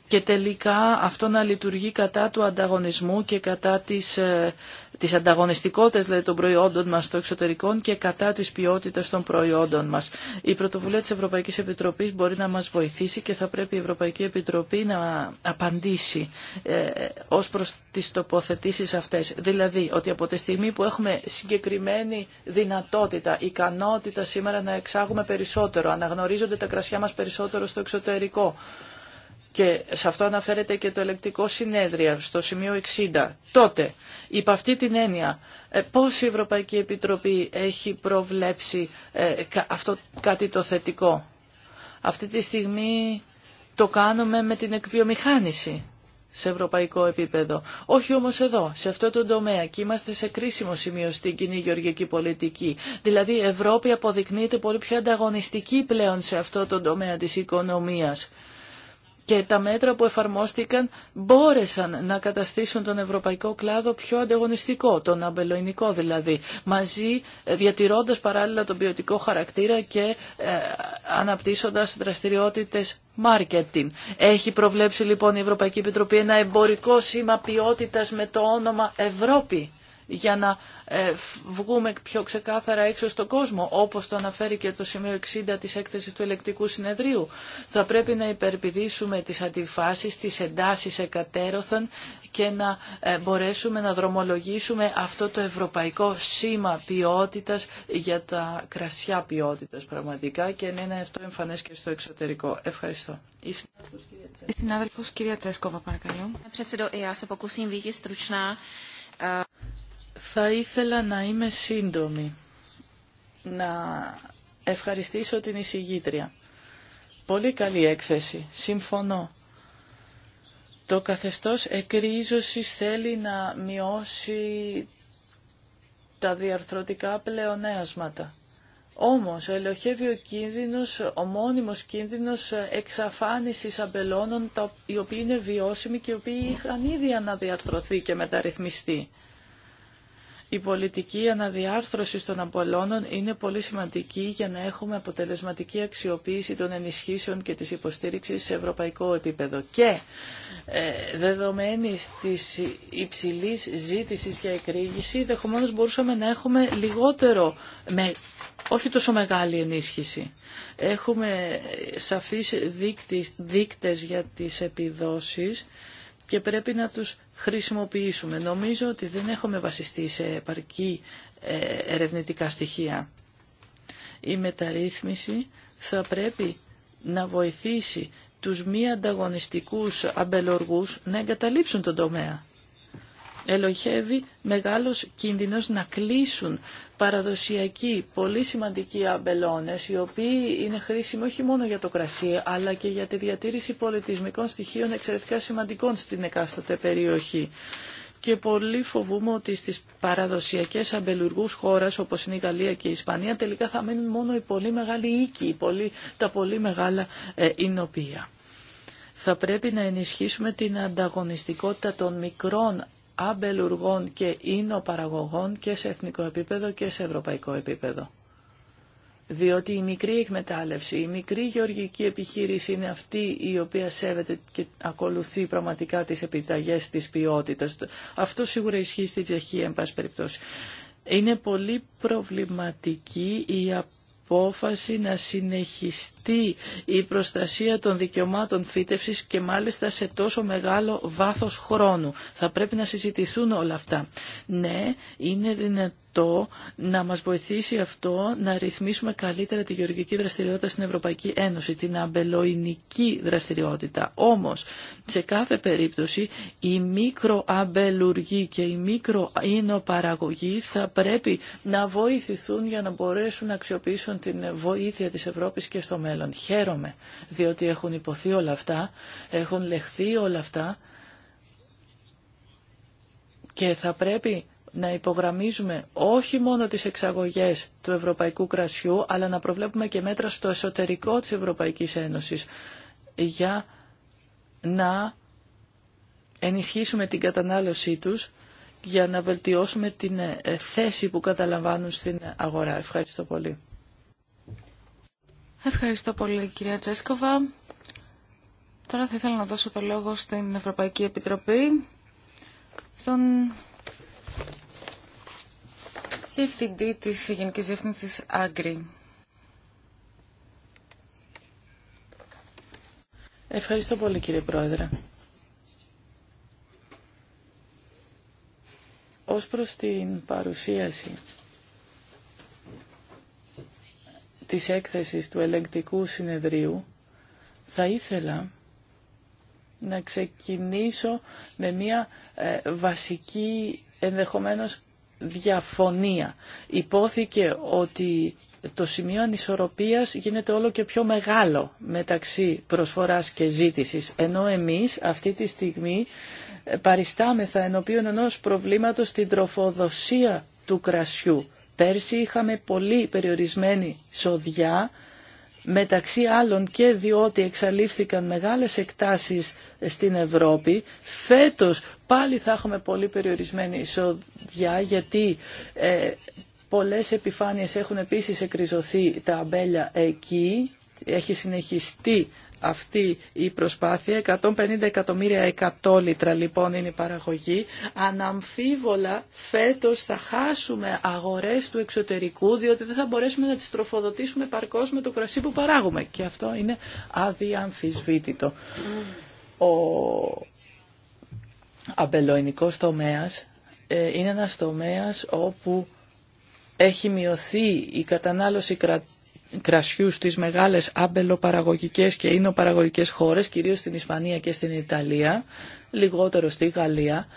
και τελικά αυτό να λειτουργεί κατά του ανταγωνισμού και κατά της, ε, της ανταγωνιστικότητας δηλαδή, των προϊόντων μας στο εξωτερικό και κατά της ποιότητας των προϊόντων μας. Η πρωτοβουλία της Ευρωπαϊκής Επιτροπής μπορεί να μας βοηθήσει και θα πρέπει η Ευρωπαϊκή Επιτροπή να απαντήσει ε, ως προς τις τοποθετήσεις αυτές. Δηλαδή ότι από τη στιγμή που έχουμε συγκεκριμένη δυνατότητα, ικανότητα σήμερα να εξάγουμε περισσότερο, αναγνωρίζονται τα κρασιά μας περισσότερο στο εξωτερικό, και σε αυτό αναφέρεται και το ελεκτικό συνέδριο στο σημείο 60. Τότε, υπ' αυτή την έννοια, ε, πώς η Ευρωπαϊκή Επιτροπή έχει προβλέψει ε, αυτό κάτι το θετικό. Αυτή τη στιγμή το κάνουμε με την εκβιομηχάνηση σε ευρωπαϊκό επίπεδο. Όχι όμως εδώ, σε αυτό το τομέα και είμαστε σε κρίσιμο σημείο στην κοινή γεωργική πολιτική. Δηλαδή η Ευρώπη αποδεικνύεται πολύ πιο ανταγωνιστική πλέον σε αυτό το τομέα της οικονομίας και τα μέτρα που εφαρμόστηκαν μπόρεσαν να καταστήσουν τον ευρωπαϊκό κλάδο πιο ανταγωνιστικό, τον αμπελοϊνικό δηλαδή, μαζί ε, διατηρώντας παράλληλα τον ποιοτικό χαρακτήρα και ε, αναπτύσσοντας δραστηριότητες marketing. Έχει προβλέψει λοιπόν η Ευρωπαϊκή Επιτροπή ένα εμπορικό σήμα ποιότητας με το όνομα Ευρώπη για να βγούμε πιο ξεκάθαρα έξω στον κόσμο, όπως το αναφέρει και το σημείο 60 της έκθεσης του ελεκτικού συνεδρίου. Θα πρέπει να υπερπηδήσουμε τις αντιφάσεις, τις εντάσεις εκατέρωθαν και να μπορέσουμε να δρομολογήσουμε αυτό το ευρωπαϊκό σήμα ποιότητας για τα κρασιά ποιότητας πραγματικά και να είναι αυτό εμφανές και στο εξωτερικό. Ευχαριστώ. Θα ήθελα να είμαι σύντομη, να ευχαριστήσω την εισηγήτρια. Πολύ καλή έκθεση, συμφωνώ. Το καθεστώς εκρίζωσης θέλει να μειώσει τα διαρθρωτικά πλεονέασματα. Όμως, ελοχεύει ο κίνδυνος, ο μόνιμος κίνδυνος εξαφάνισης αμπελώνων, οι οποίοι είναι βιώσιμοι και οι οποίοι είχαν ήδη αναδιαρθρωθεί και μεταρρυθμιστεί. Η πολιτική αναδιάρθρωση των απολώνων είναι πολύ σημαντική για να έχουμε αποτελεσματική αξιοποίηση των ενισχύσεων και της υποστήριξης σε ευρωπαϊκό επίπεδο. Και ε, δεδομένης της υψηλής ζήτησης για εκρήγηση, δεχομένως μπορούσαμε να έχουμε λιγότερο, με, όχι τόσο μεγάλη ενίσχυση. Έχουμε σαφείς δείκτες, για τις επιδόσεις και πρέπει να τους χρησιμοποιήσουμε. Νομίζω ότι δεν έχουμε βασιστεί σε επαρκή ε, ερευνητικά στοιχεία. Η μεταρρύθμιση θα πρέπει να βοηθήσει τους μη ανταγωνιστικούς αμπελοργούς να εγκαταλείψουν τον τομέα ελοχεύει μεγάλος κίνδυνος να κλείσουν παραδοσιακοί, πολύ σημαντικοί αμπελώνες, οι οποίοι είναι χρήσιμοι όχι μόνο για το κρασί, αλλά και για τη διατήρηση πολιτισμικών στοιχείων εξαιρετικά σημαντικών στην εκάστοτε περιοχή. Και πολύ φοβούμαι ότι στις παραδοσιακές αμπελουργούς χώρας, όπως είναι η Γαλλία και η Ισπανία, τελικά θα μείνουν μόνο οι πολύ μεγάλοι οίκοι, οι πολύ, τα πολύ μεγάλα ε, εινοπία θα πρέπει να ενισχύσουμε την ανταγωνιστικότητα των μικρών αμπελουργών και παραγωγών και σε εθνικό επίπεδο και σε ευρωπαϊκό επίπεδο. Διότι η μικρή εκμετάλλευση, η μικρή γεωργική επιχείρηση είναι αυτή η οποία σέβεται και ακολουθεί πραγματικά τις επιταγές της ποιότητας. Αυτό σίγουρα ισχύει στη Τσεχία, εν πάση περιπτώσει. Είναι πολύ προβληματική η απόφαση να συνεχιστεί η προστασία των δικαιωμάτων φύτευσης και μάλιστα σε τόσο μεγάλο βάθος χρόνου. Θα πρέπει να συζητηθούν όλα αυτά. Ναι, είναι δυνατό να μας βοηθήσει αυτό να ρυθμίσουμε καλύτερα τη γεωργική δραστηριότητα στην Ευρωπαϊκή Ένωση, την αμπελοϊνική δραστηριότητα. Όμως, σε κάθε περίπτωση, η μικροαμπελουργή και η μικροϊνοπαραγωγή θα πρέπει να βοηθηθούν για να μπορέσουν να αξιοποιήσουν την βοήθεια της Ευρώπης και στο μέλλον. Χαίρομαι, διότι έχουν υποθεί όλα αυτά, έχουν λεχθεί όλα αυτά και θα πρέπει να υπογραμμίζουμε όχι μόνο τις εξαγωγές του ευρωπαϊκού κρασιού, αλλά να προβλέπουμε και μέτρα στο εσωτερικό της Ευρωπαϊκής Ένωσης για να ενισχύσουμε την κατανάλωσή τους για να βελτιώσουμε την ε, θέση που καταλαμβάνουν στην αγορά. Ευχαριστώ πολύ. Ευχαριστώ πολύ κυρία Τσέσκοβα. Τώρα θα ήθελα να δώσω το λόγο στην Ευρωπαϊκή Επιτροπή, στον Διευθυντή της Γενικής Διεύθυνσης Ευχαριστώ πολύ κύριε Πρόεδρε. Ως προς την παρουσίαση της έκθεσης του ελεγκτικού συνεδρίου, θα ήθελα να ξεκινήσω με μια ε, βασική ενδεχομένως διαφωνία. Υπόθηκε ότι το σημείο ανισορροπίας γίνεται όλο και πιο μεγάλο μεταξύ προσφοράς και ζήτησης, ενώ εμείς αυτή τη στιγμή παριστάμεθα ενώπιον ενός προβλήματος στην τροφοδοσία του κρασιού. Πέρσι είχαμε πολύ περιορισμένη σοδιά, μεταξύ άλλων και διότι εξαλείφθηκαν μεγάλες εκτάσεις στην Ευρώπη. Φέτος πάλι θα έχουμε πολύ περιορισμένη εισόδια γιατί ε, πολλές επιφάνειες έχουν επίσης εκριζωθεί τα αμπέλια εκεί. Έχει συνεχιστεί αυτή η προσπάθεια. 150 εκατομμύρια εκατόλιτρα λοιπόν είναι η παραγωγή. Αναμφίβολα φέτος θα χάσουμε αγορές του εξωτερικού διότι δεν θα μπορέσουμε να τις τροφοδοτήσουμε παρκώς με το κρασί που παράγουμε. Και αυτό είναι αδιαμφισβήτητο. Ο αμπελοϊνικός τομέας ε, είναι ένας τομέας όπου έχει μειωθεί η κατανάλωση κρασιού στις μεγάλες αμπελοπαραγωγικές και ίνοπαραγωγικές χώρες, κυρίως στην Ισπανία και στην Ιταλία, λιγότερο στη Γαλλία.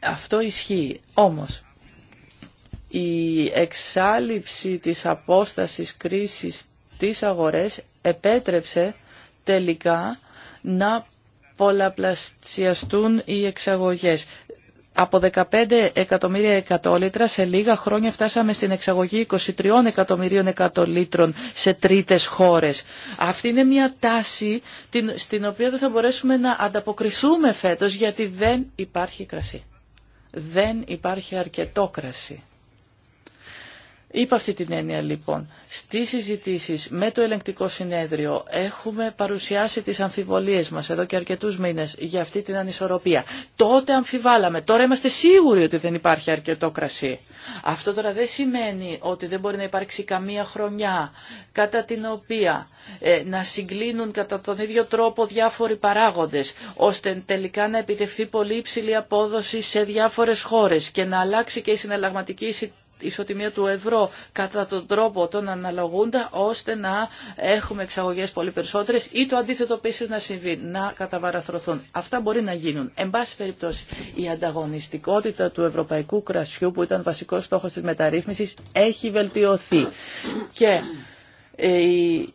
Αυτό ισχύει. Όμως, η εξάλληψη της απόστασης κρίσης της αγορές επέτρεψε τελικά να πολλαπλασιαστούν οι εξαγωγές. Από 15 εκατομμύρια εκατόλιτρα σε λίγα χρόνια φτάσαμε στην εξαγωγή 23 εκατομμυρίων εκατολίτρων σε τρίτες χώρες. Αυτή είναι μια τάση στην οποία δεν θα μπορέσουμε να ανταποκριθούμε φέτος γιατί δεν υπάρχει κρασί. Δεν υπάρχει αρκετό κρασί. Είπα αυτή την έννοια λοιπόν. στι συζητήσει με το ελεγκτικό συνέδριο έχουμε παρουσιάσει τι αμφιβολίε μα εδώ και αρκετού μήνε για αυτή την ανισορροπία. Τότε αμφιβάλαμε, τώρα είμαστε σίγουροι ότι δεν υπάρχει αρκετό κρασί. Αυτό τώρα δεν σημαίνει ότι δεν μπορεί να υπάρξει καμία χρονιά κατά την οποία ε, να συγκλίνουν κατά τον ίδιο τρόπο διάφοροι παράγοντε, ώστε τελικά να επιτευχθεί πολύ υψηλή απόδοση σε διάφορε χώρε και να αλλάξει και η συναλλαγματική ισοτιμία του ευρώ κατά τον τρόπο των αναλογούντα ώστε να έχουμε εξαγωγές πολύ περισσότερες ή το αντίθετο επίσης να συμβεί, να καταβαραθρωθούν. Αυτά μπορεί να γίνουν. Εν πάση περιπτώσει, η το αντιθετο πίσω να συμβει να καταβαραθρωθουν αυτα μπορει να γινουν εν παση περιπτωσει η ανταγωνιστικοτητα του ευρωπαϊκού κρασιού που ήταν βασικός στόχος της μεταρρύθμισης έχει βελτιωθεί. Και ε, η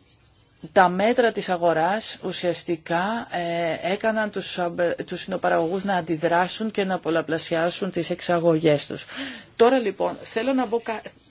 τα μέτρα της αγοράς ουσιαστικά ε, έκαναν τους, τους συνοπαραγωγούς να αντιδράσουν και να πολλαπλασιάσουν τις εξαγωγές τους. Τώρα λοιπόν θέλω να πω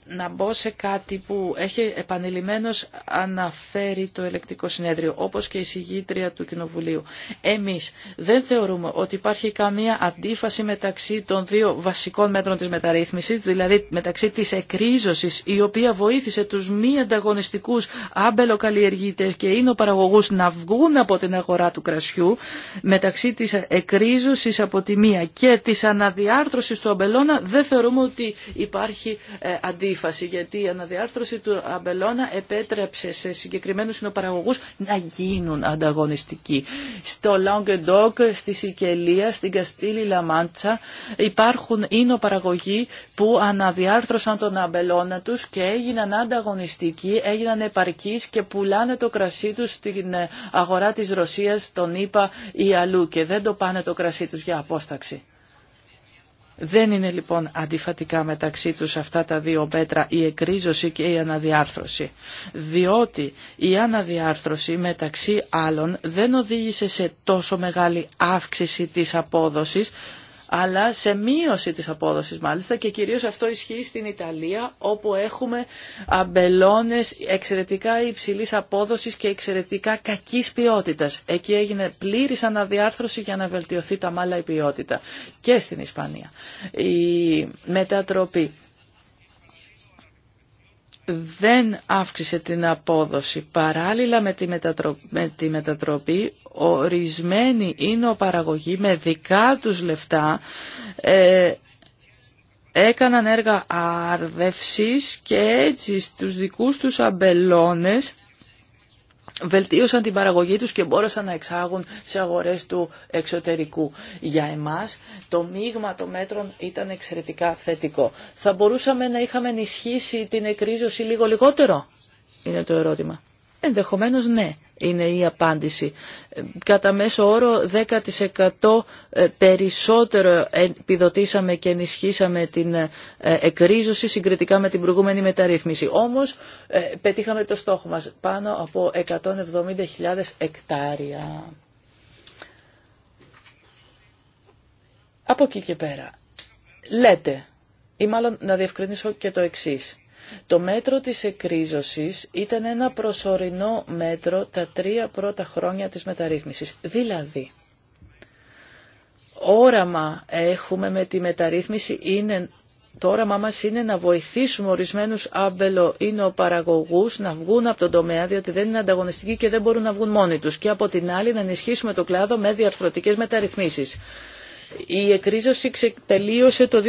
να μπω σε κάτι που έχει επανειλημμένως αναφέρει το ελεκτικό συνέδριο, όπως και η συγγήτρια του Κοινοβουλίου. Εμείς δεν θεωρούμε ότι υπάρχει καμία αντίφαση μεταξύ των δύο βασικών μέτρων της μεταρρύθμισης, δηλαδή μεταξύ της εκρίζωσης, η οποία βοήθησε τους μη ανταγωνιστικούς άμπελοκαλλιεργητές και παραγωγού να βγουν από την αγορά του κρασιού, μεταξύ της εκρίζωσης από τη μία και της αναδιάρθρωσης του αμπελώνα, δεν θεωρούμε ότι υπάρχει ε, αντίφαση γιατί η αναδιάρθρωση του αμπελώνα επέτρεψε σε συγκεκριμένους συνοπαραγωγούς να γίνουν ανταγωνιστικοί. Στο Languedoc, στη Σικελία, στην Καστήλη Λαμάντσα υπάρχουν ίνοπαραγωγοί που αναδιάρθρωσαν τον αμπελώνα τους και έγιναν ανταγωνιστικοί, έγιναν επαρκείς και πουλάνε το κρασί τους στην αγορά της Ρωσίας, τον είπα ή αλλού και δεν το πάνε το κρασί τους για απόσταξη. Δεν είναι λοιπόν αντιφατικά μεταξύ τους αυτά τα δύο μέτρα η εκρίζωση και η αναδιάρθρωση. Διότι η αναδιάρθρωση μεταξύ άλλων δεν οδήγησε σε τόσο μεγάλη αύξηση της απόδοσης αλλά σε μείωση της απόδοσης μάλιστα και κυρίως αυτό ισχύει στην Ιταλία όπου έχουμε αμπελώνες εξαιρετικά υψηλής απόδοσης και εξαιρετικά κακής ποιότητας. Εκεί έγινε πλήρης αναδιάρθρωση για να βελτιωθεί τα μάλα η ποιότητα και στην Ισπανία. Η μετατροπή δεν αύξησε την απόδοση. Παράλληλα με τη, μετατροπή, με τη ορισμένοι είναι ο παραγωγή με δικά τους λεφτά ε, έκαναν έργα άρδευσης και έτσι στους δικούς τους αμπελώνες βελτίωσαν την παραγωγή τους και μπόρεσαν να εξάγουν σε αγορές του εξωτερικού. Για εμάς το μείγμα των μέτρων ήταν εξαιρετικά θετικό. Θα μπορούσαμε να είχαμε ενισχύσει την εκρίζωση λίγο λιγότερο, είναι το ερώτημα. Ενδεχομένως ναι είναι η απάντηση. Ε, κατά μέσο όρο 10% ε, περισσότερο επιδοτήσαμε και ενισχύσαμε την ε, εκρίζωση συγκριτικά με την προηγούμενη μεταρρύθμιση. Όμως πετύχαμε το στόχο μας πάνω από 170.000 εκτάρια. Από εκεί και πέρα. Λέτε, ή μάλλον να διευκρινίσω και το εξής το μέτρο της εκρίζωσης ήταν ένα προσωρινό μέτρο τα τρία πρώτα χρόνια της μεταρρύθμισης. Δηλαδή, όραμα έχουμε με τη μεταρρύθμιση είναι το όραμά μας είναι να βοηθήσουμε ορισμένους άμπελο παραγωγούς να βγουν από τον τομέα διότι δεν είναι ανταγωνιστικοί και δεν μπορούν να βγουν μόνοι τους και από την άλλη να ενισχύσουμε το κλάδο με διαρθρωτικές μεταρρυθμίσεις. Η εκρίζωση τελείωσε το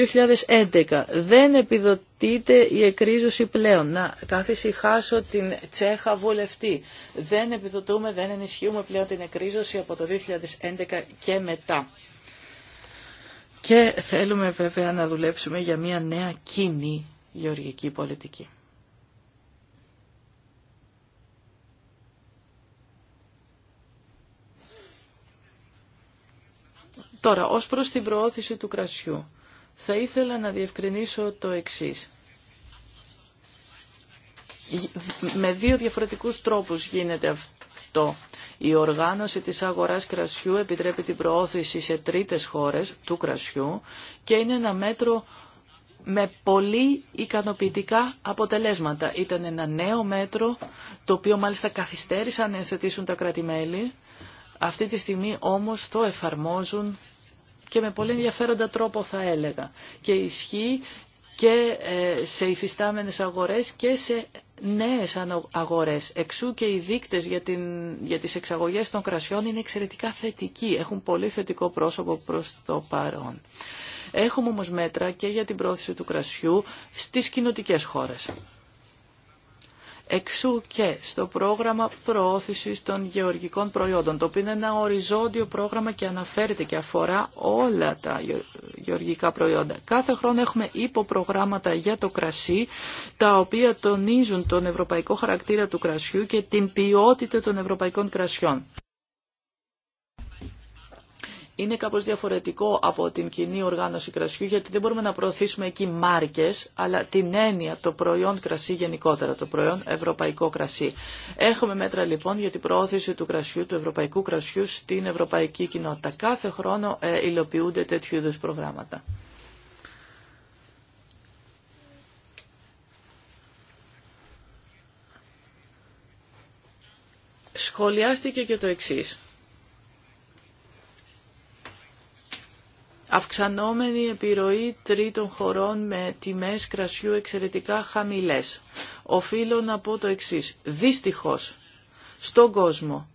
2011. Δεν επιδοτείται η εκρίζωση πλέον. Να, κάθε χάσω την Τσέχα βουλευτή. Δεν επιδοτούμε, δεν ενισχύουμε πλέον την εκρίζωση από το 2011 και μετά. Και θέλουμε βέβαια να δουλέψουμε για μια νέα κοινή γεωργική πολιτική. Τώρα, ως προς την προώθηση του κρασιού, θα ήθελα να διευκρινίσω το εξής. Με δύο διαφορετικούς τρόπους γίνεται αυτό. Η οργάνωση της αγοράς κρασιού επιτρέπει την προώθηση σε τρίτες χώρες του κρασιού και είναι ένα μέτρο με πολύ ικανοποιητικά αποτελέσματα. Ήταν ένα νέο μέτρο, το οποίο μάλιστα καθυστέρησαν να εθετήσουν τα κρατη αυτή τη στιγμή όμως το εφαρμόζουν και με πολύ ενδιαφέροντα τρόπο θα έλεγα. Και ισχύει και ε, σε υφιστάμενες αγορές και σε νέες αγορές. Εξού και οι δείκτες για, την, για τις εξαγωγές των κρασιών είναι εξαιρετικά θετικοί. Έχουν πολύ θετικό πρόσωπο προς το παρόν. Έχουμε όμως μέτρα και για την πρόθεση του κρασιού στις κοινοτικές χώρες. Εξού και στο πρόγραμμα προώθησης των γεωργικών προϊόντων, το οποίο είναι ένα οριζόντιο πρόγραμμα και αναφέρεται και αφορά όλα τα γεωργικά προϊόντα. Κάθε χρόνο έχουμε υποπρογράμματα για το κρασί, τα οποία τονίζουν τον ευρωπαϊκό χαρακτήρα του κρασιού και την ποιότητα των ευρωπαϊκών κρασιών είναι κάπως διαφορετικό από την κοινή οργάνωση κρασιού, γιατί δεν μπορούμε να προωθήσουμε εκεί μάρκες, αλλά την έννοια, το προϊόν κρασί γενικότερα, το προϊόν ευρωπαϊκό κρασί. Έχουμε μέτρα λοιπόν για την προώθηση του κρασιού, του ευρωπαϊκού κρασιού στην ευρωπαϊκή κοινότητα. Κάθε χρόνο ε, υλοποιούνται τέτοιου είδους προγράμματα. Σχολιάστηκε και το εξής αυξανόμενη επιρροή τρίτων χωρών με τιμές κρασιού εξαιρετικά χαμηλές. Οφείλω να πω το εξής. Δυστυχώς, στον κόσμο,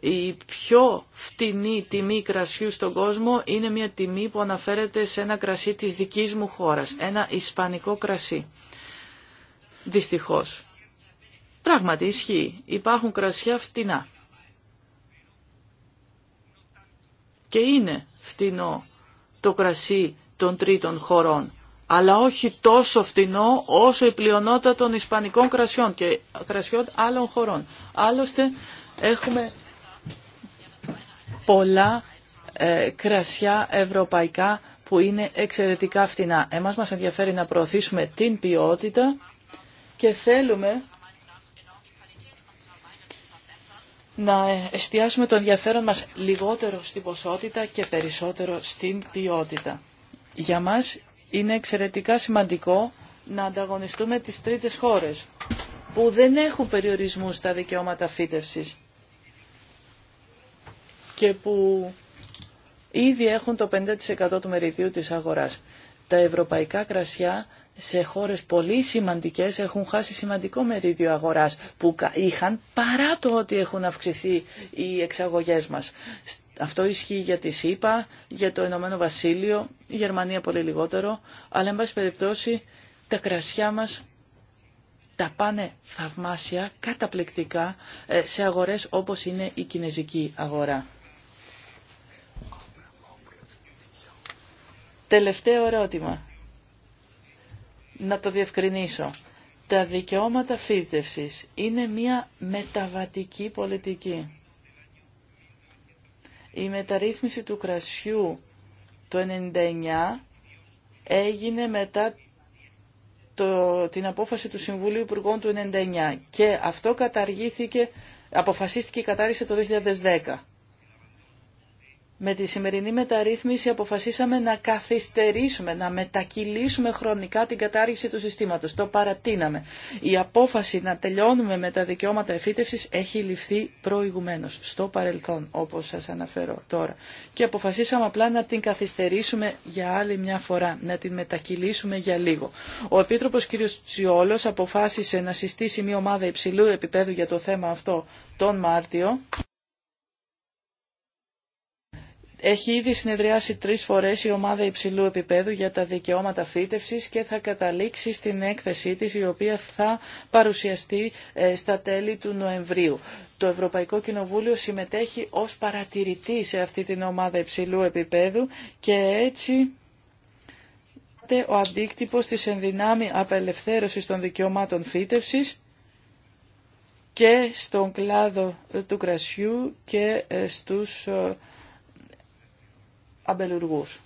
η πιο φτηνή τιμή κρασιού στον κόσμο είναι μια τιμή που αναφέρεται σε ένα κρασί της δικής μου χώρας, ένα ισπανικό κρασί. Δυστυχώς. Πράγματι ισχύει. Υπάρχουν κρασιά φτηνά και είναι φτηνό το κρασί των τρίτων χωρών αλλά όχι τόσο φτηνό όσο η πλειονότητα των ισπανικών κρασιών και κρασιών άλλων χωρών. Άλλωστε έχουμε πολλά ε, κρασιά ευρωπαϊκά που είναι εξαιρετικά φτηνά. Εμάς μας ενδιαφέρει να προωθήσουμε την ποιότητα και θέλουμε να εστιάσουμε το ενδιαφέρον μας λιγότερο στην ποσότητα και περισσότερο στην ποιότητα. Για μας είναι εξαιρετικά σημαντικό να ανταγωνιστούμε τις τρίτες χώρες που δεν έχουν περιορισμού στα δικαιώματα φύτευσης και που ήδη έχουν το 50% του μεριδίου της αγοράς. Τα ευρωπαϊκά κρασιά σε χώρες πολύ σημαντικές έχουν χάσει σημαντικό μερίδιο αγοράς που είχαν παρά το ότι έχουν αυξηθεί οι εξαγωγές μας. Αυτό ισχύει για τη ΣΥΠΑ, για το Ηνωμένο Βασίλειο, η Γερμανία πολύ λιγότερο, αλλά εν πάση περιπτώσει τα κρασιά μας τα πάνε θαυμάσια, καταπληκτικά, ε, σε αγορές όπως είναι η κινέζικη αγορά. Τελευταίο ερώτημα να το διευκρινίσω. Τα δικαιώματα φύστευσης είναι μια μεταβατική πολιτική. Η μεταρρύθμιση του κρασιού το 1999 έγινε μετά την απόφαση του Συμβουλίου Υπουργών του 1999 και αυτό καταργήθηκε, αποφασίστηκε η κατάργηση το 2010. Με τη σημερινή μεταρρύθμιση αποφασίσαμε να καθυστερήσουμε, να μετακυλήσουμε χρονικά την κατάργηση του συστήματος. Το παρατείναμε. Η απόφαση να τελειώνουμε με τα δικαιώματα εφήτευσης έχει ληφθεί προηγουμένως, στο παρελθόν, όπως σας αναφέρω τώρα. Και αποφασίσαμε απλά να την καθυστερήσουμε για άλλη μια φορά, να την μετακυλήσουμε για λίγο. Ο Επίτροπος κ. Τσιόλος αποφάσισε να συστήσει μια ομάδα υψηλού επίπεδου για το θέμα αυτό τον Μάρτιο. Έχει ήδη συνεδριάσει τρεις φορές η ομάδα υψηλού επίπεδου για τα δικαιώματα φύτευσης και θα καταλήξει στην έκθεσή της η οποία θα παρουσιαστεί ε, στα τέλη του Νοεμβρίου. Το Ευρωπαϊκό Κοινοβούλιο συμμετέχει ως παρατηρητή σε αυτή την ομάδα υψηλού επίπεδου και έτσι ο αντίκτυπο της ενδυνάμει απελευθέρωσης των δικαιωμάτων φύτευσης και στον κλάδο του κρασιού και ε, στους ε, αμπελουργούς.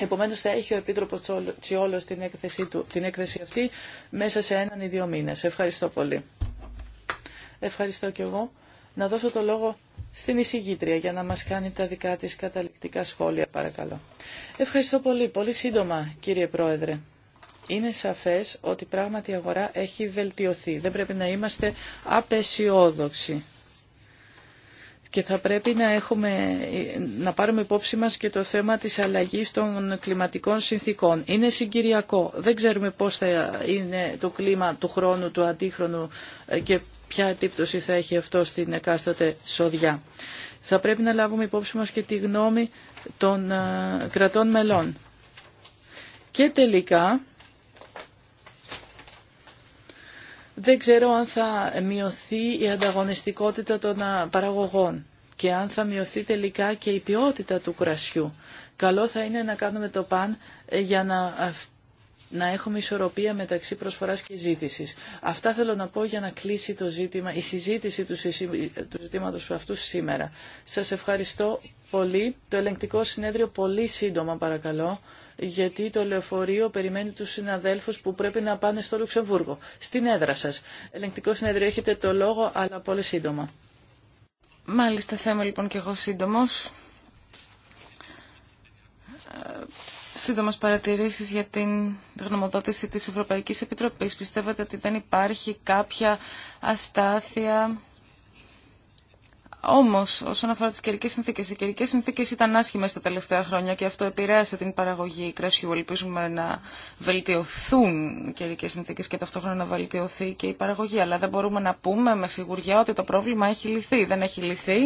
Επομένως θα έχει ο Επίτροπος Τσιόλος την έκθεση, του, την έκθεση αυτή μέσα σε έναν ή δύο μήνες. Ευχαριστώ πολύ. Ευχαριστώ και εγώ. Να δώσω το λόγο στην εισηγήτρια για να μας κάνει τα δικά της καταληκτικά σχόλια, παρακαλώ. Ευχαριστώ πολύ. Πολύ σύντομα, κύριε Πρόεδρε. Είναι σαφές ότι πράγματι η αγορά έχει βελτιωθεί. Δεν πρέπει να είμαστε απεσιόδοξοι και θα πρέπει να, έχουμε, να πάρουμε υπόψη μας και το θέμα της αλλαγής των κλιματικών συνθήκων. Είναι συγκυριακό. Δεν ξέρουμε πώς θα είναι το κλίμα του χρόνου, του αντίχρονου ε, και ποια επίπτωση θα έχει αυτό στην εκάστοτε σοδιά. Θα πρέπει να λάβουμε υπόψη μας και τη γνώμη των ε, κρατών μελών. Και τελικά Δεν ξέρω αν θα μειωθεί η ανταγωνιστικότητα των παραγωγών και αν θα μειωθεί τελικά και η ποιότητα του κρασιού. Καλό θα είναι να κάνουμε το παν ε, για να, να έχουμε ισορροπία μεταξύ προσφοράς και ζήτησης. Αυτά θέλω να πω για να κλείσει το ζήτημα, η συζήτηση του, του ζητήματος αυτού σήμερα. Σας ευχαριστώ πολύ. Το ελεγκτικό συνέδριο πολύ σύντομα παρακαλώ γιατί το λεωφορείο περιμένει τους συναδέλφους που πρέπει να πάνε στο Λουξεμβούργο. Στην έδρα σας. Ελεγκτικό συνέδριο έχετε το λόγο, αλλά πολύ σύντομα. Μάλιστα, θέμα λοιπόν και εγώ σύντομος. Ε, σύντομες παρατηρήσεις για την γνωμοδότηση της Ευρωπαϊκής Επιτροπής. Πιστεύετε ότι δεν υπάρχει κάποια αστάθεια Όμω, όσον αφορά τι καιρικέ συνθήκε, οι καιρικέ συνθήκε ήταν άσχημε τα τελευταία χρόνια και αυτό επηρέασε την παραγωγή κρασιού. Ελπίζουμε να βελτιωθούν οι καιρικέ συνθήκε και ταυτόχρονα να βελτιωθεί και η παραγωγή. Αλλά δεν μπορούμε να πούμε με σιγουριά ότι το πρόβλημα έχει λυθεί. Δεν έχει λυθεί.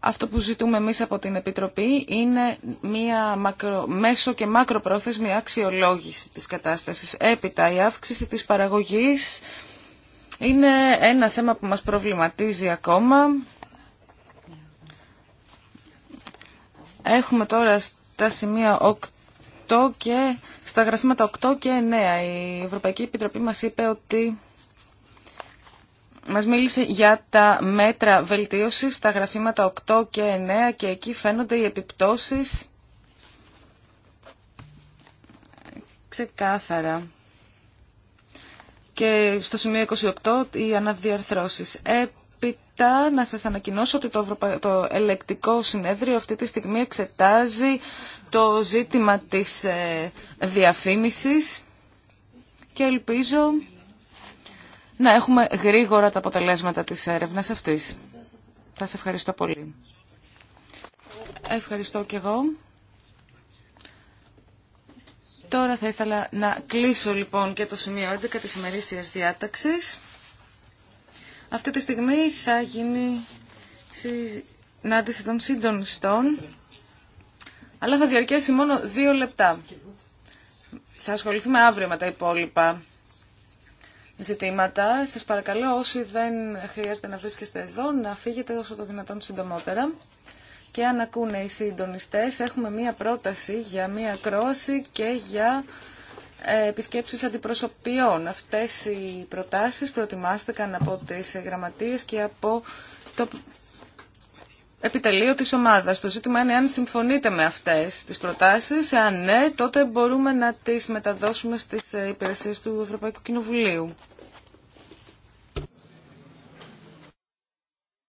Αυτό που ζητούμε εμείς από την Επιτροπή είναι μία μακρο, μέσο και μακροπρόθεσμη αξιολόγηση της κατάστασης. Έπειτα η αύξηση της παραγωγής είναι ένα θέμα που μας προβληματίζει ακόμα. Έχουμε τώρα στα σημεία 8 και στα γραφήματα 8 και 9. Η Ευρωπαϊκή Επιτροπή μας είπε ότι μας μίλησε για τα μέτρα βελτίωσης στα γραφήματα 8 και 9 και εκεί φαίνονται οι επιπτώσεις ξεκάθαρα και στο σημείο 28 οι αναδιαρθρώσεις. Έπειτα να σας ανακοινώσω ότι το, ελεκτικό συνέδριο αυτή τη στιγμή εξετάζει το ζήτημα της ε, διαφήμισης και ελπίζω να έχουμε γρήγορα τα αποτελέσματα της έρευνας αυτής. Θα σας ευχαριστώ πολύ. Ευχαριστώ και εγώ. Τώρα θα ήθελα να κλείσω λοιπόν και το σημείο 11 της ημερήσιας διάταξης. Αυτή τη στιγμή θα γίνει συνάντηση των συντονιστών, αλλά θα διαρκέσει μόνο δύο λεπτά. Θα ασχοληθούμε αύριο με τα υπόλοιπα ζητήματα. Σας παρακαλώ όσοι δεν χρειάζεται να βρίσκεστε εδώ να φύγετε όσο το δυνατόν συντομότερα και αν ακούνε οι συντονιστές έχουμε μία πρόταση για μία κρόση και για ε, επισκέψεις αντιπροσωπιών. Αυτές οι προτάσεις προετοιμάστηκαν από τις γραμματείες και από το επιτελείο της ομάδας. Το ζήτημα είναι αν συμφωνείτε με αυτές τις προτάσεις. Αν ναι, τότε μπορούμε να τις μεταδώσουμε στις ε, υπηρεσίες του Ευρωπαϊκού Κοινοβουλίου.